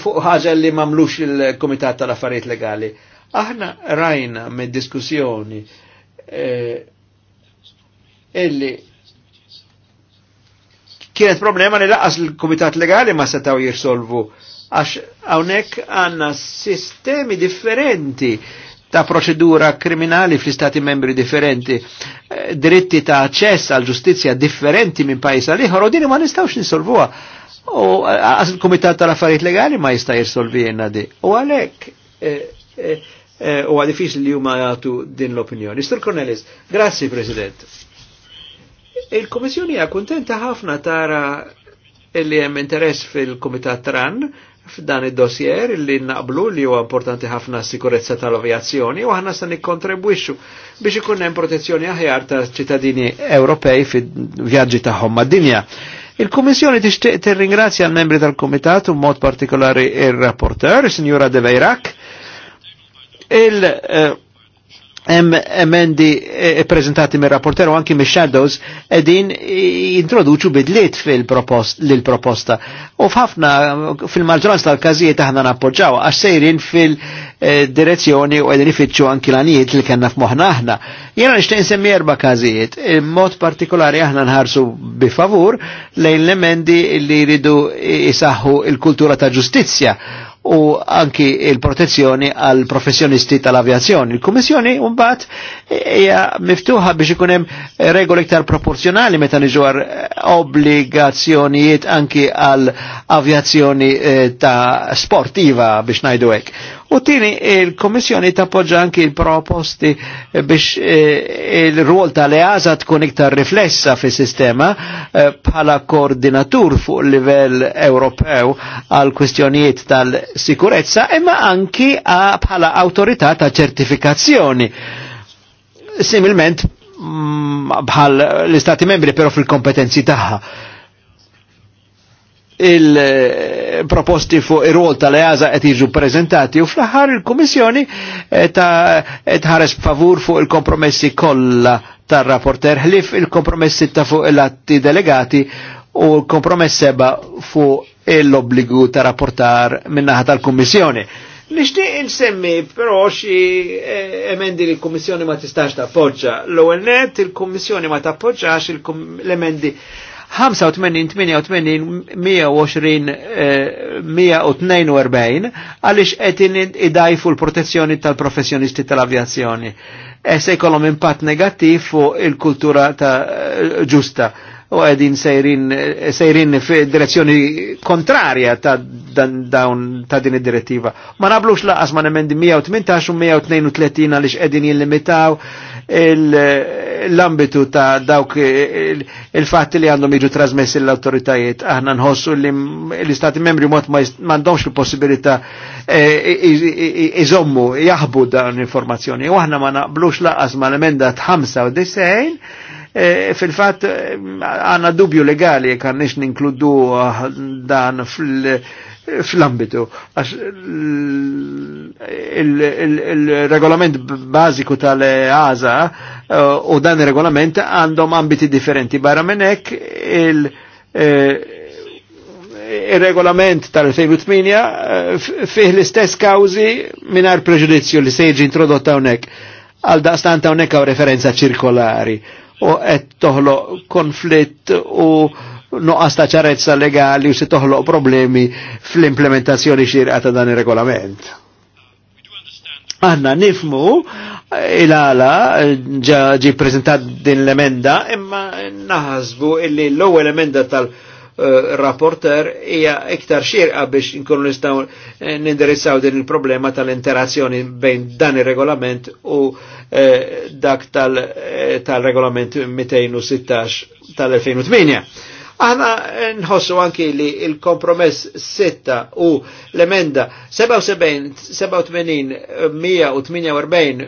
fuq ħaġa li mamlux il-Komitat tal-Affarijiet Legali. Aħna rajna me diskussjoni eh, illi kienet problema li laqas il-Komitat Legali ma setaw jirsolvu għax hawnhekk għandna sistemi differenti ta' proċedura kriminali fl-istati membri differenti, eh, dritti ta' aċċess għal ġustizja differenti minn pajis għal iħor u din ma nistawx nisolvuha U għas il-Komitat tal-Affarijiet Legali ma jista' jirsolvi jenna di. U għalhekk e, e, e, u għadifix li huma jagħtu din l-opinjoni. Sir Cornelis, grazzi President. Il-Komissjoni hija kuntenta ħafna tara li hemm interess fil-Kumitat Tran f'dan id-dossier li naqblu li huwa importanti ħafna sikurezza tal-avjazzjoni u aħna se nikkontribwixxu biex ikun hemm protezzjoni aħjar ta' ċittadini Ewropej fil-vjaġġi tagħhom mad-dinja. Il-Kommissjoni tixtieq tirringrazzja l-membri tal-Kumitat u mod partikolari il-rapporteur, il-Sinjura De Vejrak, il- eh, emendi prezentati mir rapporter u anki mis shadows edin introduċu bidliet fil-proposta. U f'ħafna fil-maġġoranza tal-każijiet aħna nappoġġaw għax sejrin fil-direzzjoni u qegħdin ifittxu anki l-anijiet li kellna f'moħħna aħna. Jiena nixtieq insemmi erba' każijiet. Mod partikolari aħna nħarsu bi favur lejn l-emendi li jridu isaħħu il-kultura ta' ġustizzja u anki il-protezzjoni għal professjonisti tal-avjazzjoni. Il-Kummissjoni mbagħad hija miftuħa biex ikun hemm regoli iktar proporzjonali meta niġu obbligazzjonijiet anki għal avjazzjoni eh, ta' sportiva biex ngħidu hekk. U tini il-Komissjoni tappoġġa anki il-proposti eh, biex eh, il ruol tal-EASA tkun iktar riflessa fis sistema eh, bħala koordinatur fuq livell Ewropew għal kwistjonijiet tal-sikurezza imma anki bħala autorità ta' ċertifikazzjoni. Similment mm, bħal l-Istati membri però fil-kompetenzi taħħa il-proposti fuq ir-rol tal-EASA qed jiġu prezentati u fl-aħħar il-Kummissjoni qed ħares favur fuq il-kompromessi kollha tar-rapporter ħlif il-kompromessi ta' fuq il-atti delegati u l-kompromess seba fuq l-obbligu ta' rapportar minnaħa tal-Kummissjoni. Nishtiq insemmi però xi eh, emendi li l-Kummissjoni ma tistax tappoġġa. L-ewwel il-Kummissjoni ma tappoġġax l-emendi 85-88-122 għalix etin idajfu l-protezzjoni tal-professjonisti tal-avjazzjoni. E se jkollhom impatt negattiv fuq il-kultura ta' ġusta u għedin sejrin, sejrin direzzjoni kontrarja ta' dan dawn ta' din id-direttiva. Ma nablux laqas ma' nemendi 118 u 132 għalix edin jillimitaw l-ambitu ta' dawk il-fatti li għandhom jiġu trasmessi l-autoritajiet. Aħna nħossu li l-istati membri mot ma mandomx il-possibilita eh, iżommu, jaħbu dan informazzjoni. U aħna ma naqblux laqas ma' nemenda emenda 95 eh, fil-fat eh, għanna dubju legali kan nix ninkludu ah, dan fil- fl-ambitu, għax il-regolament bażiku tal aza eh, u dan il-regolament għandhom ambiti differenti. Barra menek eh, il-regolament tal-2008 eh, fih l-istess kawzi minar preġudizzju li seġi introdotta unek għal daqstanta unek għaw referenza ċirkolari u għed toħlo konflitt u uh, noqqas ta' ċarezza legali u se toħloq problemi fl-implementazzjoni xirqa ta' dan ir-regolament. Aħna nifmu il-għala ġi prezentat din l-emenda, imma naħasbu illi l-ewwel emenda tal- rapporter hija iktar xirqa biex nkunu nistgħu nindirizzaw din il-problema tal-interazzjoni bejn dan ir-regolament u e, dak e, tal-regolament 216 tal-2008. Aħna nħossu anki li il-kompromess 6 u l-emenda 77, 87, 148,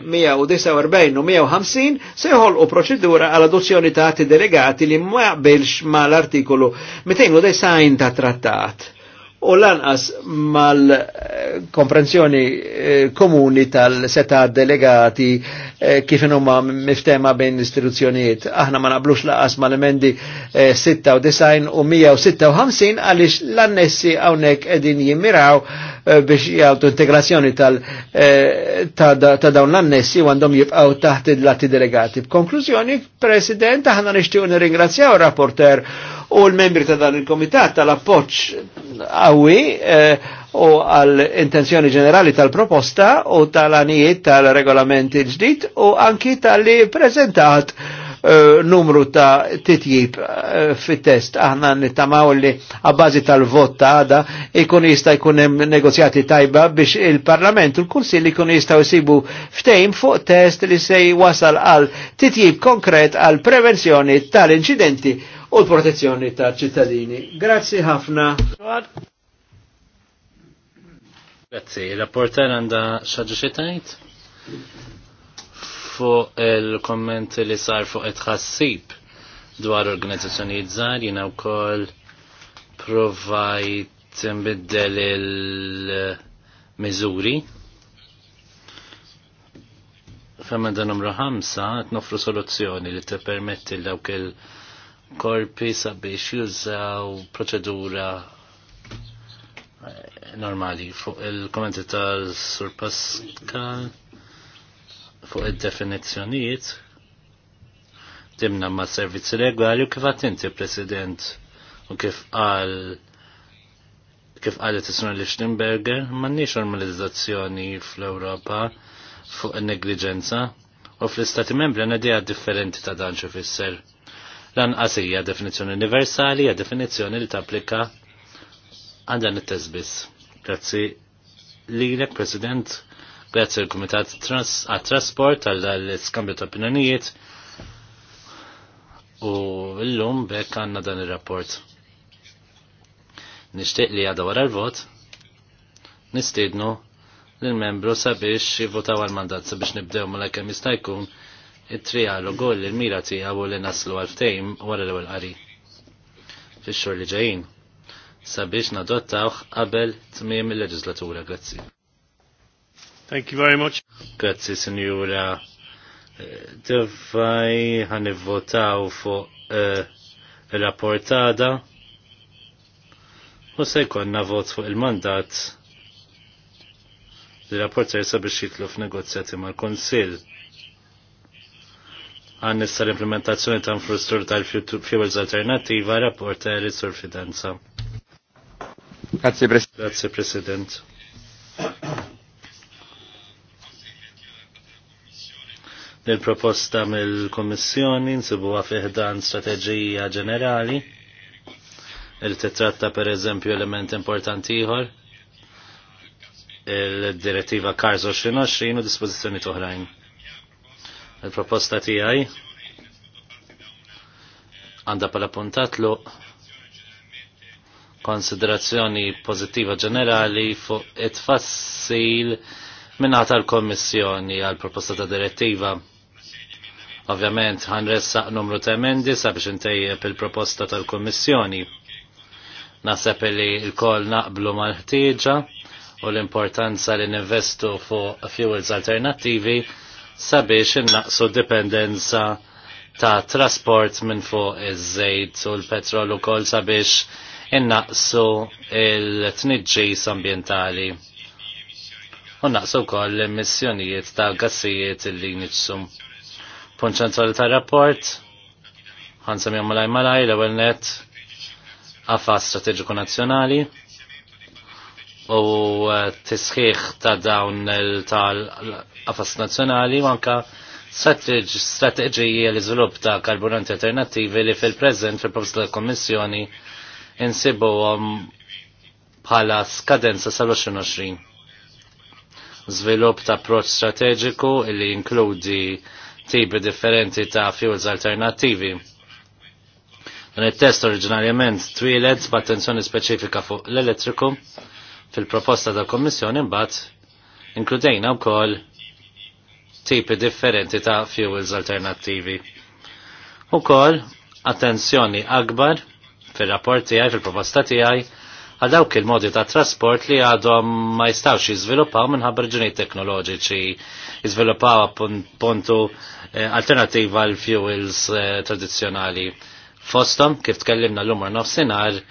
149 u 150 se jħolqu proċedura għal adozzjoni ta' delegati li ma bilx ma l-artikolu 290 ta' trattat u lanqas mal-komprensjoni eh, komuni tal-seta delegati eh, kif huma miftema bejn istituzzjonijiet. Aħna ma nablux laqas mal-emendi 96 eh, u 156 għaliex l-annessi hawnhekk qegħdin jimmiraw biex jgħaltu integrazzjoni tal ta, dawn l-annessi u għandhom jibqgħu taħt il-lati delegati. B'konklużjoni, President, aħna nixtiequ nirringrazzjaw rapporter u l-membri ta' dan il-komitat tal-appoċ għawi eh, u għal-intenzjoni ġenerali tal-proposta u tal-anijiet tal-regolament il-ġdid u anki tal-li prezentat eh, numru ta' titjib eh, fit-test. Aħna nittamaw li għabbażi tal-vot ta' għada ikun jista' jkun hemm negozjati tajba biex il-Parlament u l-Kunsill ikun jistgħu jsibu ftejm fuq test li se wasal għal titjib konkret għal prevenzjoni tal-inċidenti u l-protezzjoni ta' ċittadini. Grazzi ħafna. Grazzi, il-rapporta rapporter għanda xaġġu xittajt? fuq il-komment li sar fuq it-ħassib dwar organizzazzjonijiet żgħar jiena wkoll provajt mbiddel il-miżuri femmen dan numru ħamsa t nofru soluzzjoni li tippermetti l dawk il- korpi sabiex jużaw proċedura eh, normali fuq il-kommenti tal-Sur Pascal fuq il-definizzjonijiet dimna ma' servizzi legali u kif inti President u kif għal kif għalet isna li Schlimberger ma' nix normalizzazzjoni fl-Europa fuq il-negligenza u fl-Istati membri għana differenti ta' dan xifisser. fisser Dan qasija definizzjoni universali hija definizzjoni li tapplika għal dan it-tesbis. Grazzi lilek, President, grazzi l-Kumitat għat-Trasport għall-iskambju ta' opinjonijiet u l-lum bekk għanna dan il-rapport. Nishtiq li għada wara l-vot, nistidnu l-membru sabiex jivvotaw għal-mandat sabiex nibdew mela kemm jista' jkun it-trialogu li l-mira tiegħu li naslu għal-ftejm wara l-ewwel qari fix-xhur li ġejjin sabiex nadottawh qabel tmiem il-leġislatura. Grazzi. Thank you very much. Grazzi, Sinjura. Eh, Devaj għanivvotaw fuq il-rapportada eh, u se jkollna vot fuq il-mandat il rapporter sabiex jitlu f'negozjati mal-Konsil għan nissa l-implementazzjoni ta' infrastruttur tal-fuels alternativa rapport ta' sur Fidenza. Grazie, pres Grazie President. Nil-proposta mill-Kommissjoni nsibu fiħdan strateġija ġenerali il titratta per eżempju element importanti ieħor il-direttiva Cars 2020 u dispożizzjoni oħrajn Il-proposta tiegħi għandha pala puntatlu konsiderazzjoni pozittiva ġenerali fuq it-fassil minna tal-Kommissjoni għal-proposta ta' direttiva. Ovvjament, ħanressaq numru ta' emendi sabiex intejje il-proposta tal-Kommissjoni. Nasab li l koll naqblu mal-ħtieġa u l-importanza li ninvestu fuq fuels alternativi sabiex innaqsu dipendenza ta' trasport minn fuq iż-żejt u l-petrol ukoll sabiex innaqsu il-tniġġis ambientali. U naqsu wkoll l-emissjonijiet ta' gassijiet li niġsu. Punt ċentrali ta' rapport, ħansem jom malaj malaj l-ewwel net għafa strategiku nazzjonali u uh, tisħiħ ta' dawn tal-qafas nazzjonali u anka strateġiji l iżvilupp ta' karburanti alternattivi li fil-preżent fil-proposta tal-Kommissjoni insibu um, bħala skadenza sal-2020. Zvilupp ta' proċ strateġiku li jinkludi tipi differenti ta' fuels alternattivi. Dan it-test oriġinarjament twilet b'attenzjoni speċifika fuq l-elettriku Fil-proposta ta' kommissjoni mbagħad inkludejna wkoll tipi differenti ta' fuels alternattivi. Ukoll attenzjoni akbar fil-rapport tiegħi fil-proposta tiegħi għal dawk il-modi ta' trasport li għadhom ma jistawx jiżviluppaw minħabba raġunijiet teknoloġiċi, jiżviluppaw puntu eh, alternativa għal fuels eh, tradizzjonali. Fostom, kif tkellimna l-umar nofsinhar,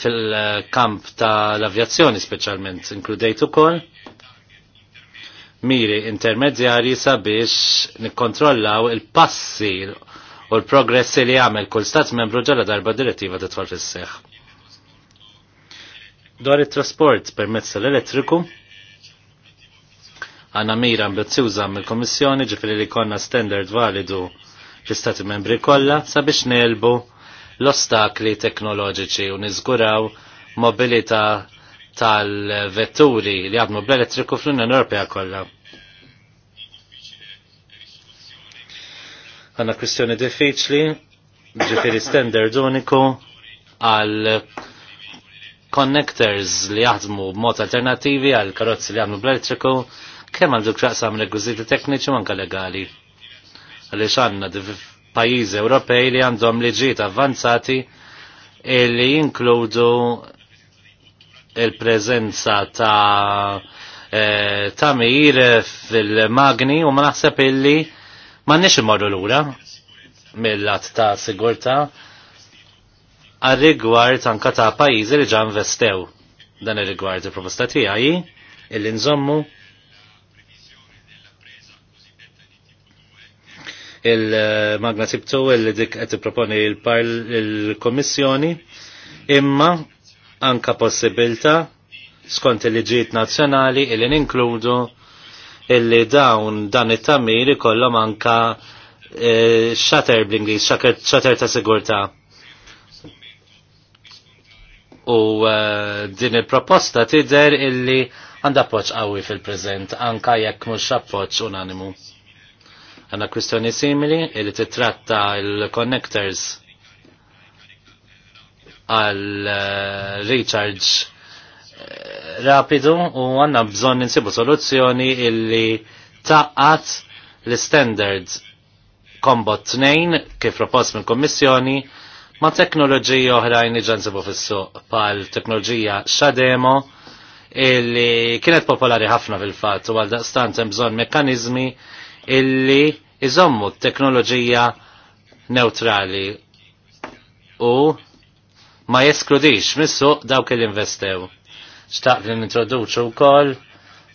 fil-kamp ta' l-avjazzjoni speċjalment inkludejt ukoll miri intermedjari sabiex nikkontrollaw il-passi u l-progressi li għamel kull stat membru ġalla darba direttiva ta' fis-seħ. Dwar it-trasport permezz l-elettriku, għanna mira ambizjuża mill-Komissjoni ġifiri li konna standard validu fl-Stati membri kollha sabiex nelbu l-ostakli teknoloġiċi u niżguraw mobilità tal-vetturi li għadmu bl-elettriku fl-Unjoni Ewropea kollha. Għanna kwistjoni diffiċli, ġifiri standard uniku għal connectors li jaħdmu b'mod alternativi għal karozzi li jaħdmu bl-elettriku, kemm għandu kraqsam rekwiziti tekniċi u anke legali. Għaliex għandna pajjiżi Ewropej li għandhom liġijiet avvanzati li jinkludu il-preżenza ta' eh, ta' tamir fil-magni u ma naħseb illi ma nix imorru lura mill-att ta' sigurta għal-rigward anka ta' pajjiżi li ġan vestew dan ir-rigward il-proposta tiegħi illi nżommu il-Magna Sibtu il dik qed proponi il komissjoni imma anka possibilta skont il-liġijiet nazzjonali illi ninkludu illi dawn dan it-tamir ikollhom anka e, bl-Ingliż, shatter ta' sigurtà. U e, din il-proposta tidher illi għandha appoġġ qawwi fil-preżent anka jekk mhux appoġġ unanimu. Għanna kwistjoni simili li titratta il-connectors għal eh, recharge eh, rapidu u għanna bżon ninsibu soluzzjoni illi taqqat l-standard Combo 2 kif propost mill kommissjoni ma' teknoloġija oħrajn iġansibu fis-suq pal teknoloġija xademo illi kienet popolari ħafna fil-fatt u għal daqstant hemm bżonn mekkaniżmi illi iżommu t-teknoloġija neutrali u ma jeskludix missu dawk il investew Xtaq li nintroduċu wkoll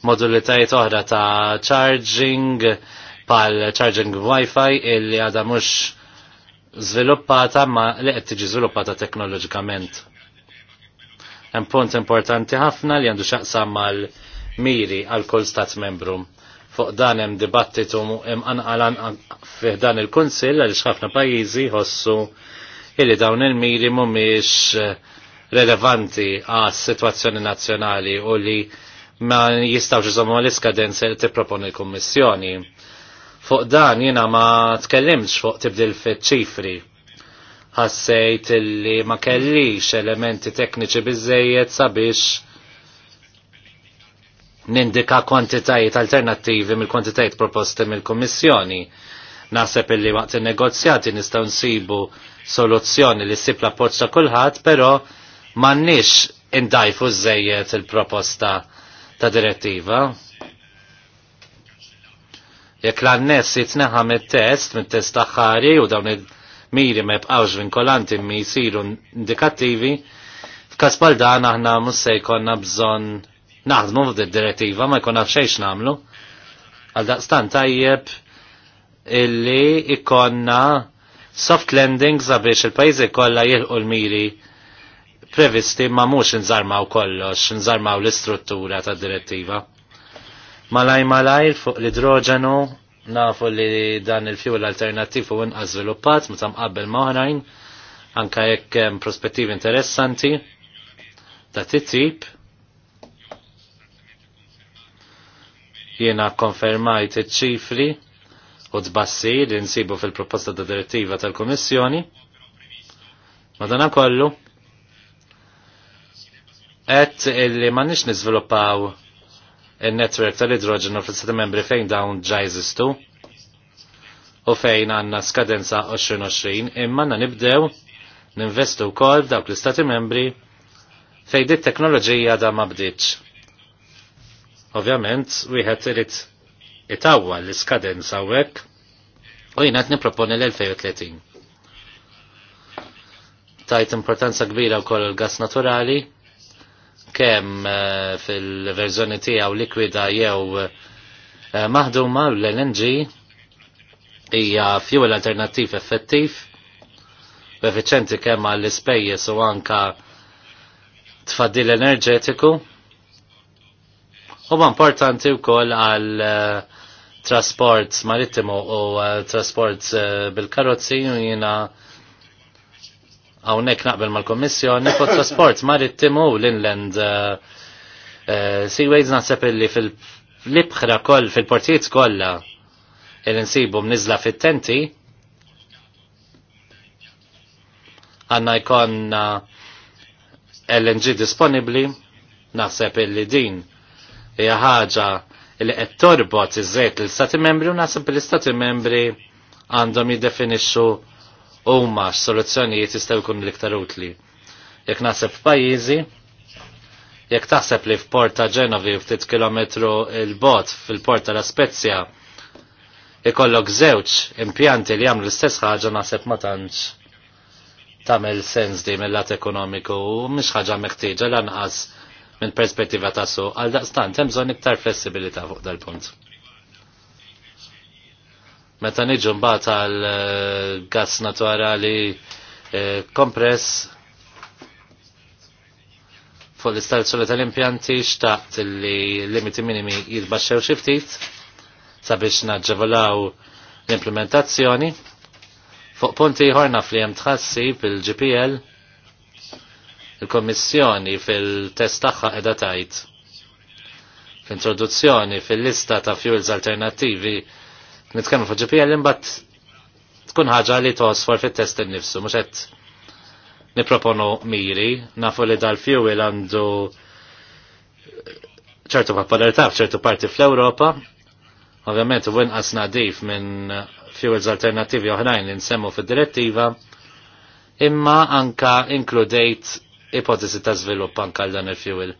modulitajiet oħra ta' charging pal charging wifi illi għada mhux żviluppata ma li qed tiġi żviluppata teknoloġikament. Hemm punt importanti ħafna li għandu x'aqsam mal-miri għal kull stat membru fuq dan hemm dibattitu hemm anqalan fih dan il-Kunsill għaliex ħafna pajjiżi ħossu illi dawn il-miri mhumiex eh, relevanti għas sitwazzjoni nazzjonali u li ma jistawx iżommu l-iskadenza li tipproponi l-Kummissjoni. Fuq dan jiena ma tkellimx fuq tibdil fiċ-ċifri ħassejt illi ma kellix elementi tekniċi biżejjed sabiex nindika kwantitajiet alternattivi mill-kwantitajiet proposti mill-Kommissjoni. Naħseb illi waqt il-negozjati nistaw nsibu soluzzjoni li sib l ta' kulħadd, però m'għandniex indajfu żejjed il-proposta ta' direttiva. Jekk l-annes jitneħam il test mit-test taħħari u dawn il-miri ma jibqgħux vinkolanti mi jsiru indikattivi, f'każ dan aħna mhux se jkollna bżonn naħdmu f'di direttiva ma jkun xejx namlu. Għal daqstan tajjeb illi ikonna soft landing sabiex il-pajzi kollha jilqu l-miri previsti ma mhux nżarmaw kollox, nżarmaw l-istruttura tad direttiva. Malaj malaj fuq l-idroġenu nafu li dan il fjul alternattiv u inqas żviluppat meta mqabbel ma' oħrajn anka jekk prospettivi interessanti ta' titjib Jiena konfermajt iċ-ċifri u tbassir li nsibu fil-proposta ta' direttiva tal-Komissjoni. Madonna kollu, et illi ma nix nizvilupaw il-netwerk tal-idroġenu fl-Stati membri fejn dawn ġajzistu u fejn għanna skadenza 2020 imma na nibdew ninvestu kol dawk l istati membri fejn dit teknoloġija da ma bdiċ Ovvjament, wieħed irid itawwa l-iskadenza hawnhekk u jien qed nipproponi l-2030. Tajt importanza kbira wkoll il-gas naturali kemm eh, fil-verżjoni tiegħu likwida jew eh, maħduma l-LNG hija fjuwel alternattiv effettiv u effiċenti kemm għall ispejjeż u anka tfaddil enerġetiku Huwa importanti wkoll għal eh, trasport marittimu u eh, trasport eh, bil-karozzi u jina hawnhekk naqbel mal komissjoni fuq trasport marittimu u l-inland seaways naħseb illi fil-libħra koll fil-portijiet kollha il-insibu mniżla fit-tenti għanna jkun LNG disponibli, naħseb illi din hija ħaġa li qed torbot iż-żejt l-Stati Membri u nasib l-Stati Membri għandhom jiddefinixxu huma x'soluzzjonijiet jistgħu jkunu l-iktar utli. Jekk naħseb pajjiżi, jekk taħseb li f'Porta Ġenovi ftit kilometru il-bot fil-Porta La Spezia ikollok żewġ impjanti li jagħmlu l-istess ħaġa naħseb ma tantx tagħmel sens di mill-lat ekonomiku u mhix ħaġa meħtieġa lanqas minn perspettiva ta' su għal daqstant hemm bżonn iktar flessibilità fuq dal-punt. Meta niġu mbagħad għal eh, gas naturali eh, kompress fuq l-istazzjoni tal-impjanti xtaqt li limiti minimi jitbaxxew xi ftit sabiex naġġevolaw l-implementazzjoni. Fuq punti ħorna fli hemm tħassib il-GPL Il-Kommissjoni fil-test tagħha qiegħda tajt f'introduzzjoni fil-lista ta' fuels alternattivi nitkellmu fuq GPL imbagħad tkun ħaġa li tosfor fit-test innifsu mhux qed niproponu miri nafu li dal-fuel għandu ċertu popolarità f'ċertu parti fl-Ewropa, ovvjament u inqas nadif minn fuels alternativi oħrajn li nsemmu fid-direttiva, imma anka inkludejt ipotesi ta' żvilupp anke għal dan il-fuel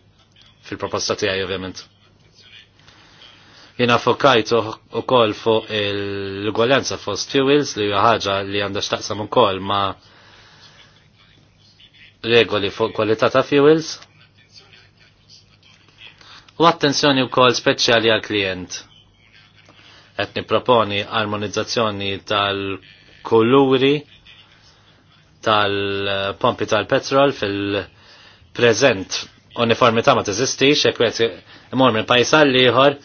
fil-proposta tiegħi ovvjament. Jiena fokajt ukoll fuq il ugwaljanza fost fuels li hija ħaġa li għandha x'taqsam ukoll ma' regoli fuq kwalità ta' fuels. U attenzjoni wkoll speċjali għal klient. Qed nipproponi armonizzazzjoni tal-kuluri tal-pompi tal-petrol fil-prezent uniformità ma teżistix, jekk qed imur minn pajjiż ieħor,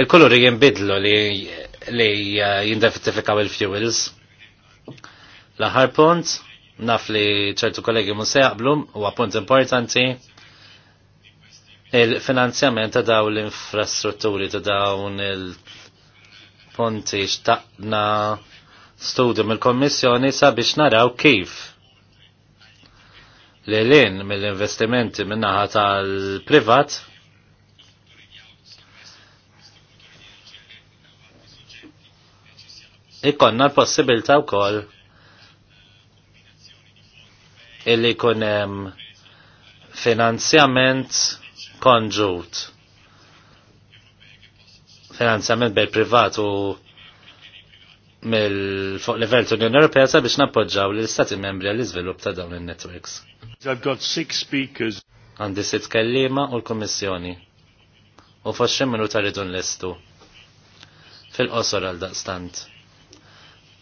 il-kuluri jinbidlu li li eh, il-fuels. L-aħħar punt, naf li ċertu kollegi mhux se jaqblu, huwa punt importanti, il-finanzjament ta' daw l-infrastrutturi ta' dawn il punti xtaqna studju mill-Kommissjoni sabiex naraw kif l-in mill-investimenti minnaħa tal-privat ikonna l-possibilta u koll illi kunem finanzjament konġut finanzjament bel privat u mill-fuq level ta' Unjoni Ewropea sabiex nappoġġaw l istati membri għall iżvilupp ta' dawn in-networks. I've got six speakers. Għandi sitt kellima u l-Kummissjoni. U fosxin minuta rridu nlistu. Fil-qosor għal daqstant.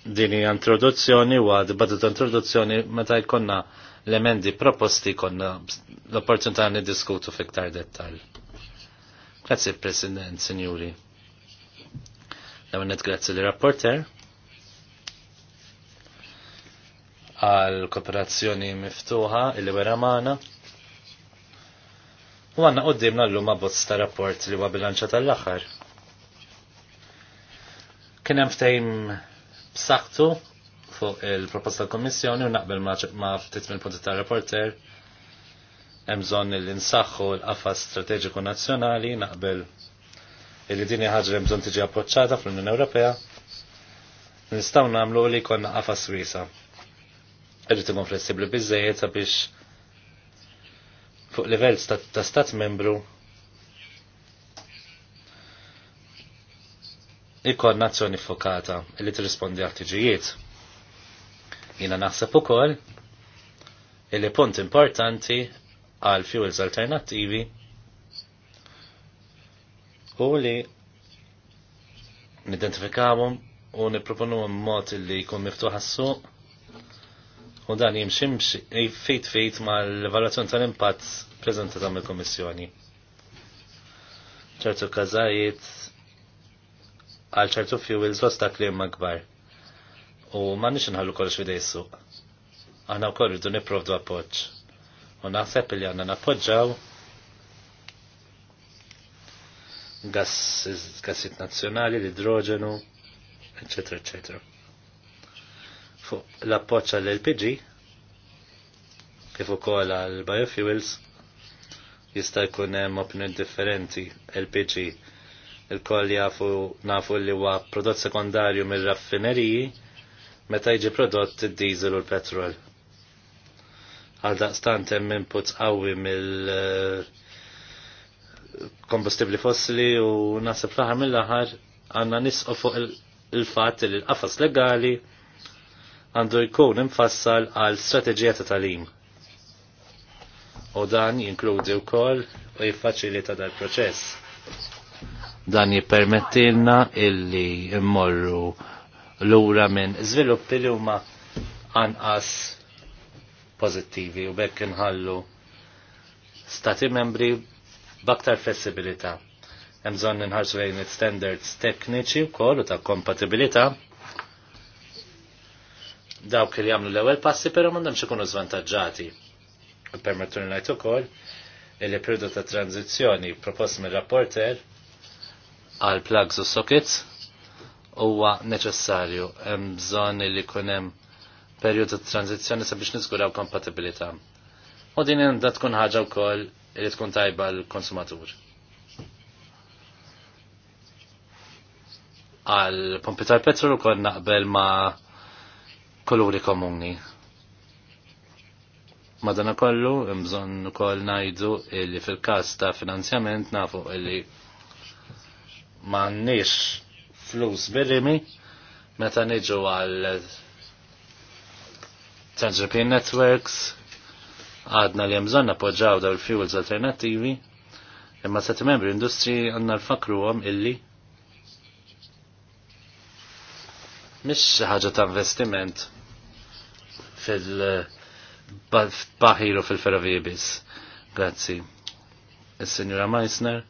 Dini introduzzjoni u għad ta' introduzzjoni meta jkonna l-emendi proposti konna l-opportunità niddiskutu fiktar dettal. Grazie President, Signori. Dawn grazzi li rapporter. għal kooperazzjoni miftuħa illi wera magħna. U għanna qoddimna l-lum bozz ta' rapport li huwa bilanċa tal-aħħar. Kien hemm ftehim b'saqtu fuq il-proposta tal-Kommissjoni u naqbel ma' ftit mill-punti tar-rapporter hemm bżonn li nsaħħu l-qafas strateġiku nazzjonali naqbel illi din ħaġa li bżonn tiġi appoċċata fl-Unjoni Ewropea nistgħu nagħmlu li konna qafas wiesa' irrid ikun flessibbli biżejjed sabiex fuq livell ta' stat membru ikon nazzjoni fokata li tirrispondi għal tiġijiet. Jina naħseb ukoll illi punt importanti għal fuels alternattivi u li nidentifikawhom u nipproponuhom mod li jkun miftuħ għas-suq u dan jimxim fejt fejt mal valazzjon tal-impatt prezentata mill-Kommissjoni. ċertu kazajiet għal ċertu fuels l-ostakli imma U ma nix nħallu kollox fidej suq. Aħna wkoll rridu nipprovdu appoġġ. U naħseb li għandna nappoġġaw gassiet nazzjonali, l-idroġenu, eccetera, eccetera fuq l-appoċ għall-LPG kif ukoll għall biofuels jista' jkun hemm opinjoni differenti LPG il-koll jafu nafu li huwa prodott sekondarju mir-raffineriji meta jiġi prodott id-diesel u l-petrol. Għal daqstant hemm input qawwi mill kombustibli fossili u nasib fl-aħħar mill-aħħar għandna nisqu fuq il-fatt li l-qafas legali għandu jkun imfassal għal strateġija ta' talim. U dan jinkludi wkoll u jiffaċilita dal proċess. Dan jippermettilna illi immorru lura minn żviluppi li huma anqas pożittivi u bekk inħallu stati membri b'aktar flessibilità. Hemm bżonn inħarsu lejn standards tekniċi wkoll u ta' kompatibilità dawk li jagħmlu l-ewwel passi però m'għandhomx ikunu żvantaġġati. Permettu li ngħid ukoll li periodu ta' tranzizjoni propost mir-rapporter għal plugs u sockets huwa neċessarju hemm bżonn li jkun hemm perjodu ta' tranzizzjoni sabiex niżguraw kompatibilità. U din għandha tkun ħaġa wkoll li tkun tajba l-konsumatur. Għal pompi tal-petrol ukoll naqbel ma' koluri komuni. Madana kollu, imżon kol najdu illi fil-kas ta' finanzjament nafu illi mannix flus birrimi meta niġu għal Transeuropean Networks għadna li jemżon appoġġaw daw il-fuels alternativi imma sa' membri industri għanna l-fakru għom illi mis ħaġa ta' investiment fil-baħir u fil-ferrovija biss. Grazzi. Il-Signora Meissner.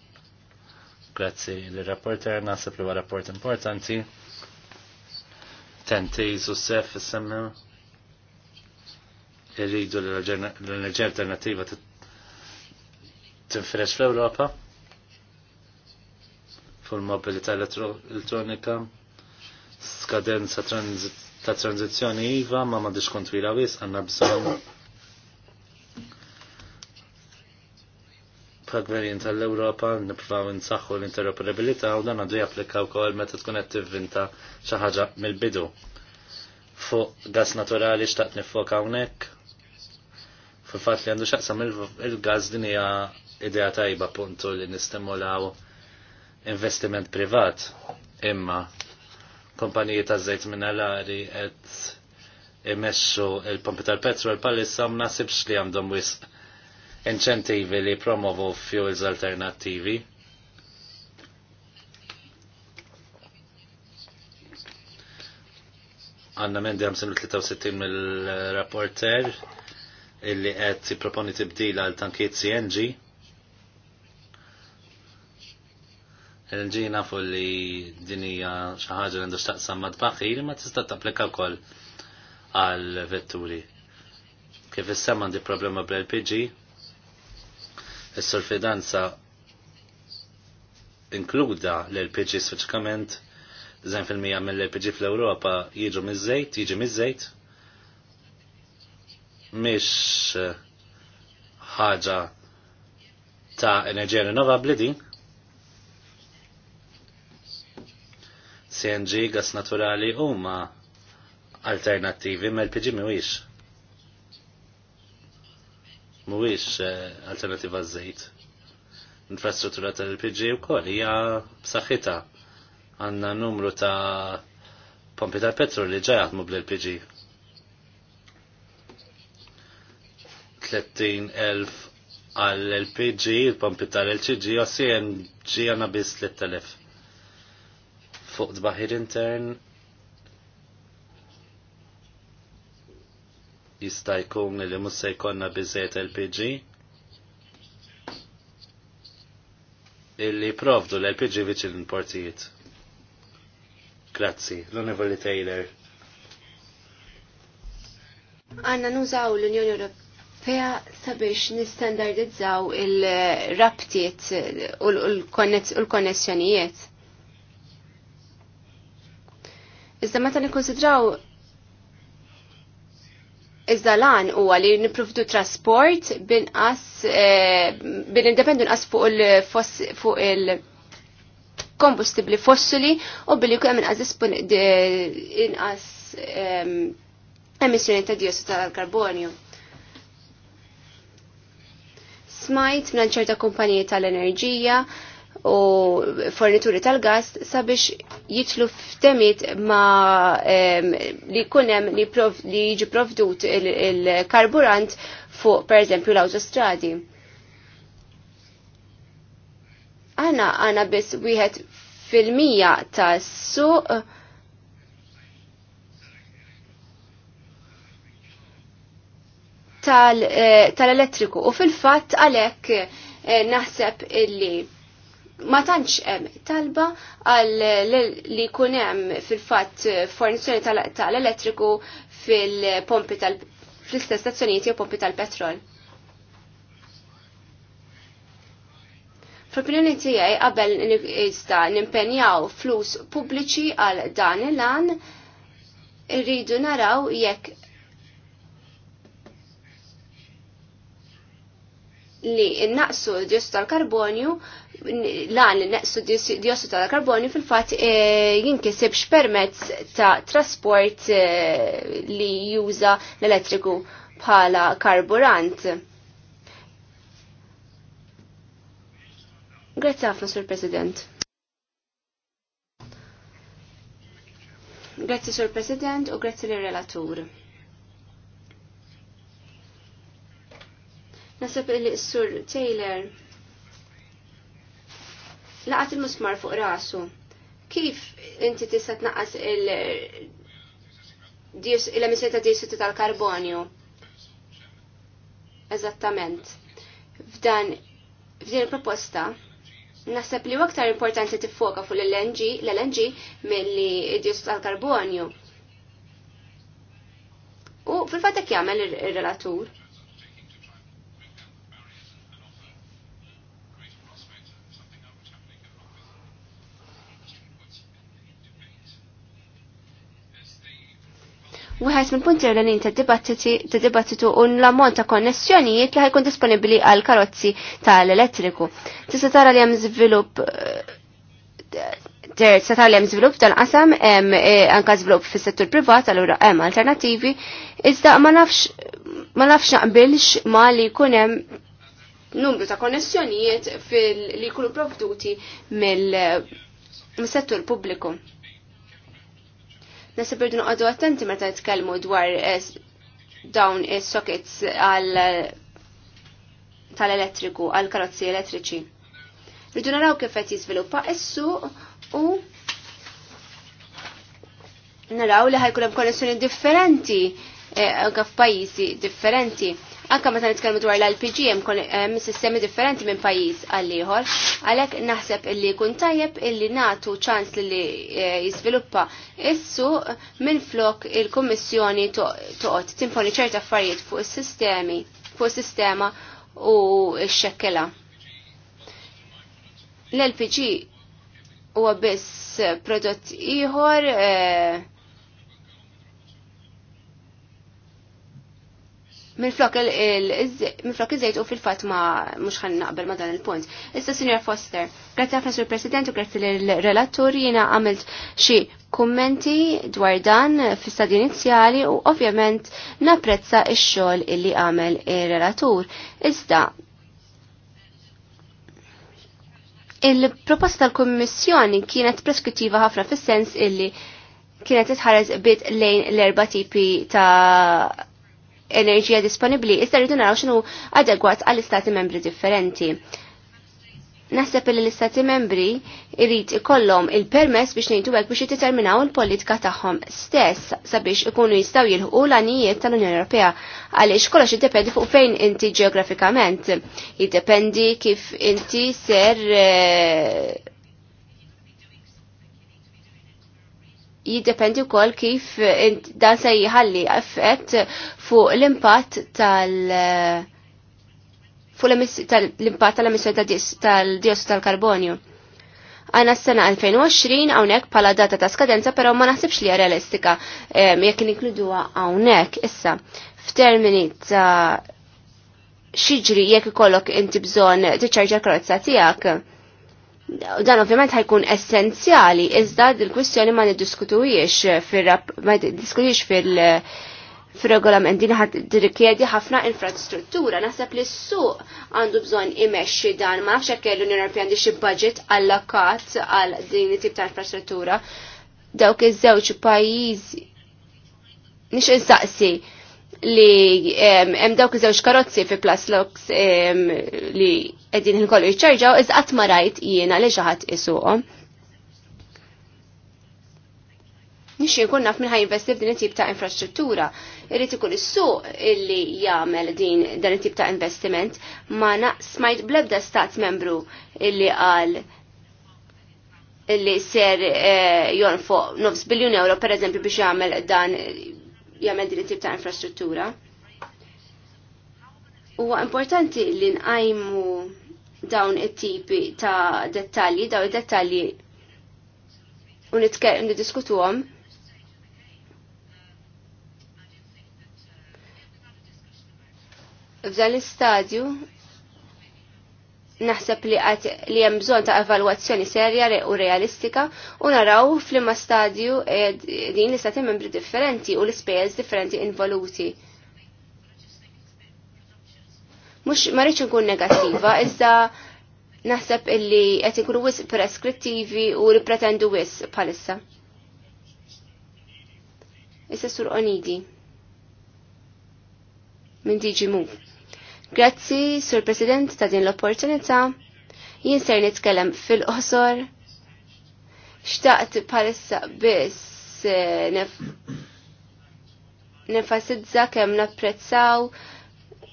Grazzi l-rapporter, nasib li rapport importanti. Tenti Zusef semmi. Irridu l-enerġija alternativa t-infresh fl europa Full mobilità elettronika skadenza ta' tranzizjoni iva ma ma diskont wila wis għanna bżon pagverjen tal-Europa nipprovaw nsaħħu l-interoperabilità u dan għandu japplikaw kol meta tkun qed tivvinta xi ħaġa mill-bidu. Fuq gas naturali xtaqt nifoka hawnhekk. Fil-fatt li għandu xaqsam il-gas din hija idea tajba puntu li nistimulaw investiment privat imma kompaniji ta' zejt minerali qed emessu il-pompi tal-petrol palissa ma nasibx li għandhom wisq incentivi li promovu fuels alternattivi. Għanna mendi 63 mill-rapporter illi qed proponi tibdil għal tankiet CNG il-ġina fu li dinija xaħġa l xtaqsam madbaħi li ma tista tapplika wkoll għal vetturi. Kif issem għandi problema bl-LPG, is-surfidanza inkluda l-LPG sfiċkament mija mill-LPG fl-Ewropa jiġu miż jieġu jiġi miż mhix eh, ħaġa ta' enerġija rinnovabbli din, CNG, gas naturali huma alternattivi ma l-PG mhuwiex. Mhuwiex eh, alternativa żejt. Infrastruttura tal-LPG wkoll hija b'saħħitha. Għandna numru ta' pompi tal petrol li ġaj jaħdmu bl-LPG. 30,000 għall-LPG, il-pompi tal-LPG, u CNG għanna bis 3,000 fuq dbaħir intern jista' jkun li mhux se jkollna biżejjed LPG. Illi provdu l-LPG viċ l-importijiet. Grazzi, l univoli Taylor. Għanna nużaw l-Unjoni Ewropea sabiex nistandardizzaw il-rabtiet u l-konnessjonijiet. Iżda meta nikkonsidraw Iżda lan huwa li nipprovdu trasport binqas eh, bin independu nqas fuq il-fuq il-kombustibli fossili u billi jkun hemm inqas inqas ehm, emissjoni ta' dioxid tal-karbonju. Smajt minn ċerta kumpaniji tal-enerġija u fornituri tal-gas sabiex jitlu f'temiet ma li kunem li, prov, li jiġi provdut il-karburant fuq per eżempju l-autostradi. Aħna għana biss wieħed fil-mija ta' suq eh, tal-elettriku tal u fil-fatt għalek eh, naħseb illi ma tantx hemm talba għal li jkun hemm fil-fatt fornizzjoni tal-elettriku fil-pompi tal fl-istess stazzjonijiet jew pompi tal-petrol. Fl-opinjoni tiegħi qabel nista nimpenjaw flus pubbliċi għal dan il lan irridu naraw jekk li innaqsu d-dioss tal-karbonju lan li neqsu diossu tal-karbonju fil-fat eh, jinkisibx permezz ta' trasport eh, li juża l-elettriku bħala karburant. Grazie ħafna, Sur President. Grazie, Sur President, u grazie li relatur Nasab il-Sur Taylor laqat il-musmar fuq rasu. Kif inti tista' tnaqqas il-emissjoni ta' diossidu tal-karbonju? Eżattament. F'dan f'din il-proposta naħseb li aktar importanti tiffoka fuq l-LNG, l-LNG milli d diossidu tal-karbonju. U fil-fatt jagħmel ir-relatur. Wieħed minn punti ewlenin ta' dibattitu u l-ammont ta' konnessjonijiet li ħajkun disponibbli għal karozzi tal-elettriku. Tista' tara li hemm żvilupp eh, se tal żvilupp tal-qasam hemm eh, anke żvilupp fis-settur privat allura hemm alternattivi, iżda ma nafx ma nafx naqbilx ma li jkun hemm numru ta' konnessjonijiet fil li jkunu provduti mill-settur pubbliku. Nasib irdu noqogħdu attenti meta jitkellmu dwar eh, dawn is-sockets għal eh, tal-elettriku għal karozzi elettriċi. Rridu naraw kif qed jiżviluppa is-suq u naraw li ħajkun hemm konnessjoni differenti eh, anke f'pajjiżi differenti. differenti Anka meta nitkellmu dwar l-LPG eh, hemm sistemi differenti minn pajjiż għal ieħor, għalhekk naħseb illi jkun tajjeb illi nagħtu ċans li eh, jiżviluppa is minn flok il-Kummissjoni toqgħod timponi ċerta affarijiet fuq is-sistemi fuq is-sistema u x-xekkela. L-LPG huwa biss prodott ieħor eh, Minflok iż-żejt u fil-fatt ma mhux naqbel ma dan il-punt. Issa Signor Foster, grazzi ħafna sur President u grazzi l-relatur jiena għamilt xi kummenti dwar dan fil-stadi inizjali u ovvjament napprezza x-xogħol illi għamel il relatur Iżda il-proposta tal-Kommissjoni kienet preskrittiva ħafna fis-sens illi kienet titħares bit lejn l-erba tipi ta' enerġija disponibli, iżda rridu naraw xinu adegwat għall-istati membri differenti. Naħseb li l-istati membri irrid ikollhom il-permess biex ngħidu hekk biex jiddeterminaw il-politika tagħhom stess sabiex ikunu jistgħu jilħqu l-għanijiet tal-Unjoni Ewropea għaliex kollox jiddependi fuq fejn inti ġeografikament. Jiddependi kif inti ser eh, jiddependi wkoll kif eh, dan se jħalli effett fuq l impat tal- fuq l impat tal-emissjoni tal diossu tal-karbonju. Għana s-sena 2020 għawnek pala data ta' skadenza, pero ma naħsibx li realistika eh, jekk nikluduha għawnek issa f'termini ta' xiġri jekk ikollok inti bżon tiċċarġa karozza tiegħek dan ovvjament ħajkun essenzjali, iżda il-kwistjoni ma niddiskutuwiex fil-diskutujiex fil- fil-regolament din rikjedi ħafna infrastruttura. Naħseb li s-suq għandu bżon imexxi dan, ma nafx hekk l-Unjoni Ewropea għandi xi budget allokat għal din it-tip ta' infrastruttura. Dawk iż-żewġ pajjiżi nix insaqsi li hemm dawk iż-żewġ karozzi fi Plaslox li eddin il-kollu jċarġaw, iż qatt ma rajt jiena li xi ħadd isuqhom. Nixi nkun naf minn ħajinvesti f'din it-tip ta' infrastruttura. Irrid ikun is-suq illi jagħmel din dan it-tip ta' investiment ma naqsmajt blebda stat membru illi qal illi ser eh, jonfoq 9 biljun euro per eżempju biex jagħmel dan jagħmel din it-tip ta' infrastruttura. Huwa importanti li nqajmu dawn it-tipi ta' dettalji, dawn id-dettalji u niddiskutuhom. F'dan l-istadju naħseb li għat li hemm bżonn ta' evalwazzjoni serja u realistika u naraw fl-imma stadju eh, din l-istati membri differenti u l-ispejjeż differenti involuti. Mux marriċ nkun negattiva, iżda naħseb illi qed ikunu wis preskrittivi u ripretendu wis palissa. Issa sur onidi. Min diġi mu. Grazzi, Sur President, ta' din l-opportunità. Jien ser nitkellem fil-qosor. Xtaqt palissa biss eh, nef nefasizza kemm napprezzaw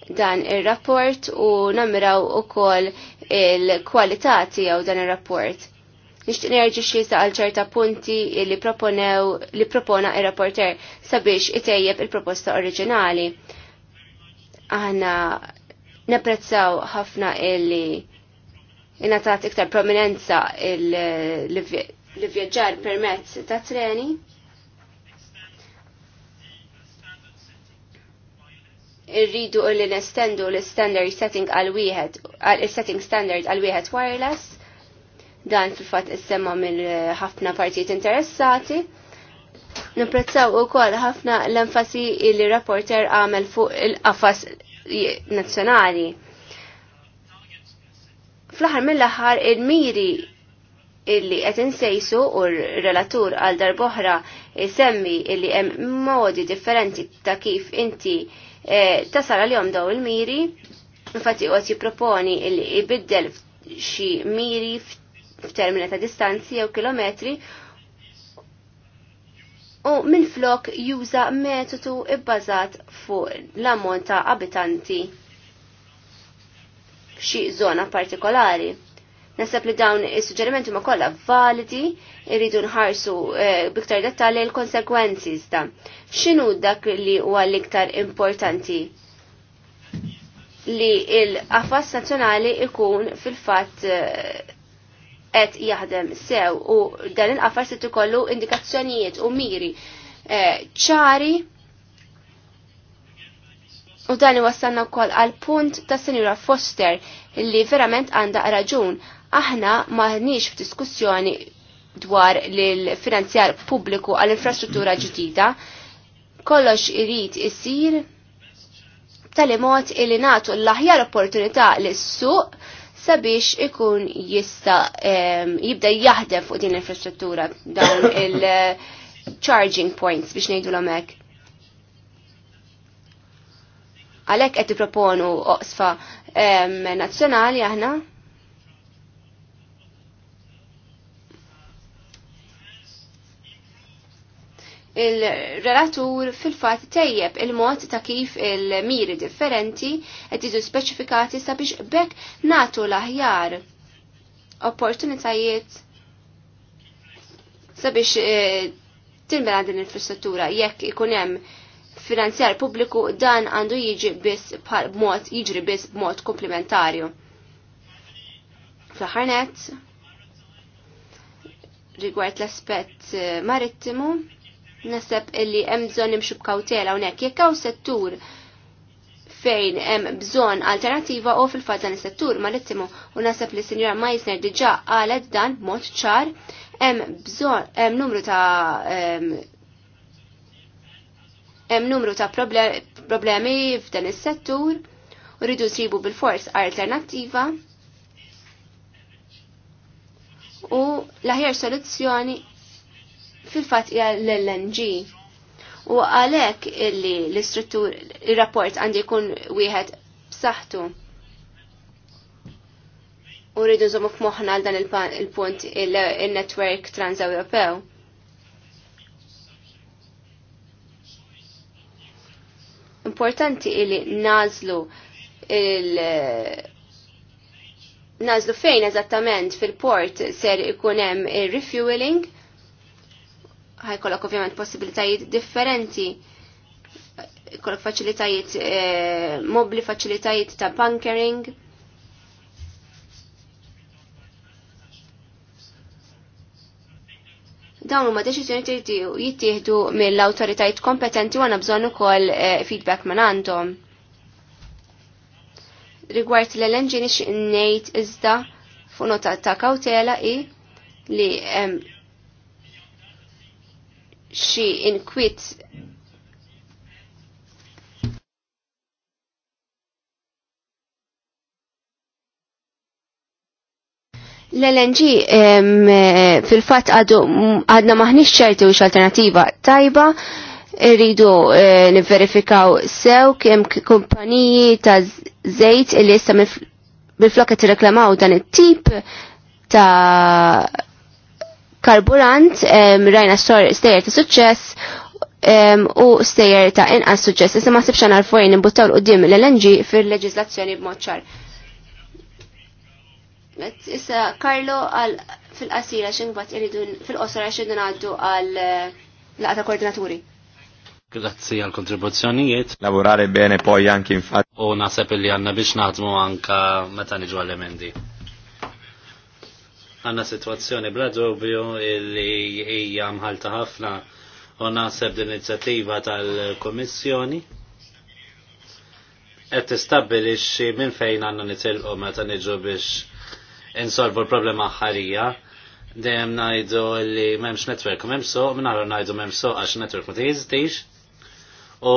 dan ir-rapport u namiraw ukoll il-kwalità tiegħu dan ir-rapport. Nixtieq nerġi' xi saqal ċerta punti li proponew li propona il rapporter sabiex itejjeb il-proposta oriġinali. Aħna napprezzaw ħafna illi inatat iktar prominenza il-vjaġġar permezz ta' treni irridu li nestendu l-standard setting għal wieħed il-setting standard għal wieħed wireless dan fil-fatt issemma mill ħafna partijiet interessati. Nipprezzaw ukoll ħafna l-enfasi li rapporter għamel fuq il-qafas nazzjonali. Fl-aħħar mill-aħħar il-miri illi qed insejsu u r-relatur għal darboħra semmi illi hemm modi differenti ta' kif inti Eh, tasal li jom daw il-miri, infatti għot jiproponi li ibiddel xi miri f'termina ta' distanzi jew kilometri u minn flok juża metodu ibbażat fuq l-ammont ta' abitanti f'xi zona partikolari. Nasab li dawn is-suġġerimenti ma kollha validi, irridu nħarsu eh, biktar dettali l-konsekwenzi ta. X'inhu dak li huwa l-iktar importanti? Li l affas nazzjonali ikun fil-fatt eh, qed jaħdem sew u dan il-qafas se ikollu indikazzjonijiet u miri eh, ċari u dan iwassalna wkoll għal punt ta' Sinjura Foster li verament għandha raġun aħna maħniex f'diskussjoni dwar l-finanzjar pubbliku għall-infrastruttura ġdida, kollox irrit isir tal mod illi natu l-aħjar opportunità l-suq sabiex ikun jista jibda jaħdem fuq din l-infrastruttura dawn il-charging eh, points biex nejdu l-omek. Għalek għetti proponu oqsfa nazzjonali aħna il-relatur fil-fat tejjeb il-mod ta' kif il-miri differenti qed jiġu speċifikati sabiex bekk natu l-aħjar opportunitajiet sabiex e, din l-infrastruttura jekk ikun hemm finanzjar pubbliku dan għandu jiġi biss b'mod jiġri biss b'mod komplementarju. Fl-aħħar rigward l-aspett eh, marittimu Naseb illi hemm bżonn nimxu b'kawtela hawnhekk. Jekk hawn settur fejn hemm bżonn alternattiva u fil-fatt dan is-settur marittimu u naseb li Sinjora Meisner diġà qalet dan b'mod ċar hemm bżonn hemm numru ta' hemm numru ta' problemi f'dan is-settur u rridu sibu bil-fors alternattiva u l-aħjar soluzzjoni fil-fatt hija l-LNG. U għalhekk illi l-istruttur ir-rapport għandi jkun wieħed b'saħħtu. U rridu nżommu f'moħħna għal dan il-punt il-network trans-Ewropew. Importanti illi nażlu il- nażlu fejn eżattament fil-port ser ikun hemm ir-refueling ħajkollok ovvjament possibilitajiet differenti kollok faċilitajiet eh, mobli, faċilitajiet ta' bunkering. Dawn huma deċiżjoni jittieħdu mill-awtoritajiet kompetenti u għandna bżonn ukoll eh, feedback minn għandhom. Rigward l-LNG nix ngħid iżda fuq nota ta' kawtela i li eh, xi inkwit L-LNG fil-fat għadna maħniċ ċerti u alternativa tajba, rridu e, niverifikaw sew kem kumpaniji ta' zejt li jista bil-flokka t-reklamaw dan it-tip ta' karburant, rajna stejjer ta' suċċess u stejer ta' inqas suċċess. Issa ma sibxan għarfojn imbuttaw l qoddim l-LNG fil-leġislazzjoni b'moċċar. ċar. Issa Karlo għal fil-qasira bat iridu fil-qosra xindu għaddu għal eh, laqta koordinaturi. Grazzi għal kontribuzzjonijiet. Lavorare bene poi anki infatti. U nasab li għanna biex naħdmu anka meta niġu għall-emendi għanna situazzjoni bla dubju li hija mħalta ħafna u naħseb l-inizjattiva tal kummissjoni qed tistabbilixxi minn fejn għandna nitilqu meta niġu biex insolvu l-problema ħarija dejjem ngħidu li m'hemmx netwerk u m'hemm soq, minn ngħidu m'hemm soq għax netwerk ma teżistix. U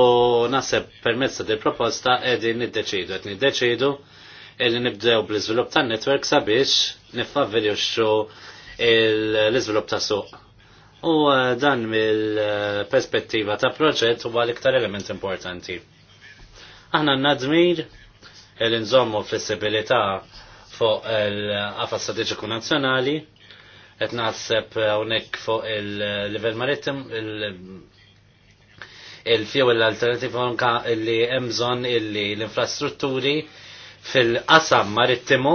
naħseb permezz ta' proposta qegħdin niddeċidu, qed niddeċidu illi nibdew bl-iżvilupp tan-netwerk sabiex xo l-iżvilupp ta' suq. U eh, dan mill-perspettiva ta' proġett huwa l-iktar element importanti. Aħna nadmir l-inżommu flessibilità fuq il għafa strategiku nazzjonali, qed naħseb hawnhekk fuq il level maritim, il-fjew l alternativ anka li emżon illi l-infrastrutturi fil-qasam marittimu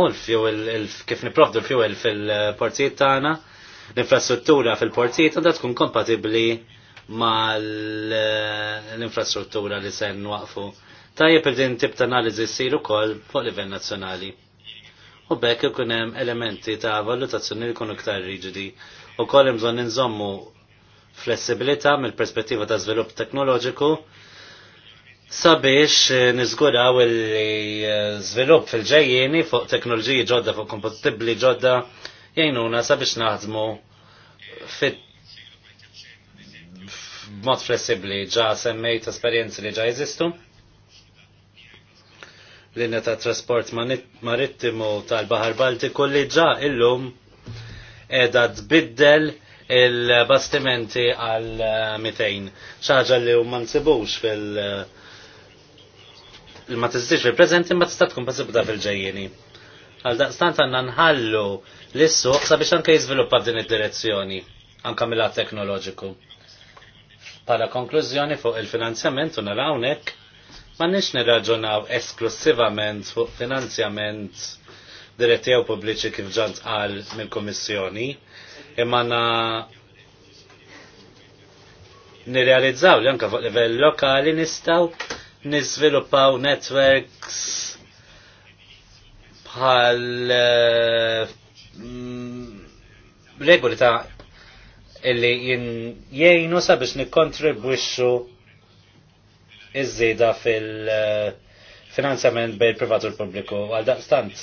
kif niprofdu l-fuel fil-portijiet tagħna, l-infrastruttura fil-portijiet għandha tkun kompatibbli ma l-infrastruttura li se nwaqfu. Tajjeb il-din tip ta' analiżi ssir ukoll fuq livell nazzjonali. U bekk ikun hemm elementi ta' valutazzjoni li jkunu iktar riġidi u koll bżonn inżommu flessibilità mill-perspettiva ta' żvilupp teknoloġiku sabiex eh, nizguraw il-żvilupp eh, fil-ġejjieni fuq teknoloġiji ġodda fuq kompatibbli ġodda jgħinuna sabiex naħdmu fit mod flessibli ġa semmejt esperjenzi li ġa jeżistu. Linja ta' trasport marittimu tal-Bahar Baltiku li ġa illum edha tbiddel il-bastimenti għal 200. Eh, ċaġa li u mansibux fil- uh, ma tistix fil-preżenti ma tista' tkun possibbli fil-ġejjieni. Għal daqstant għandna nħallu l-issuq sabiex anke jiżviluppa f'din id-direzzjoni anke mill teknoloġiku. Bħala konklużjoni fuq il-finanzjament u narawnek, ma nix nirraġunaw esklusivament fuq finanzjament diretti jew pubbliċi kif ġant qal mill-Kummissjoni, imma na nirrealizzaw li anka fuq livell lokali nistaw nizviluppaw networks bħal eh, mm, regoli ta' illi jgħinu sabiex nikkontribwixxu iż-żieda fil-finanzjament eh, bejn privatu u l-pubbliku għal daqstant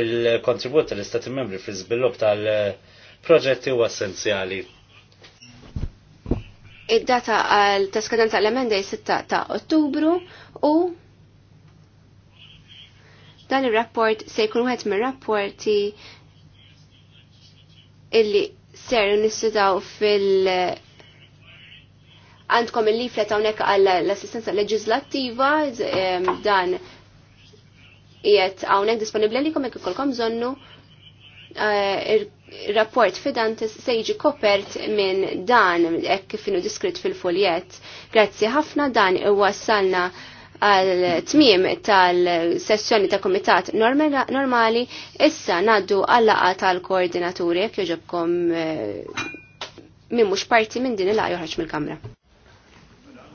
il-kontribut tal-Istati membri fil-żvilupp tal-proġetti eh, huwa essenzjali id-data għal taskadenza l-emenda 6 ta' ottubru u dan il-rapport se jkun wieħed mir-rapporti illi ser nistudaw fil- għandkom il-liflet hawnhekk għall l-assistenza leġislattiva dan qiegħed hawnhekk disponibbli għalikom jekk ikolkom żonnu eh, rapport fidantis se jiġi kopert minn dan hekk kif diskrit fil-foljett. Grazzi ħafna dan iwassalna għal tmiem tal-sessjoni ta' komitat normali, issa naddu għallaqa tal-koordinaturi jekk joġobkom eh, minn mhux parti minn din il-laqgħa mill-kamra.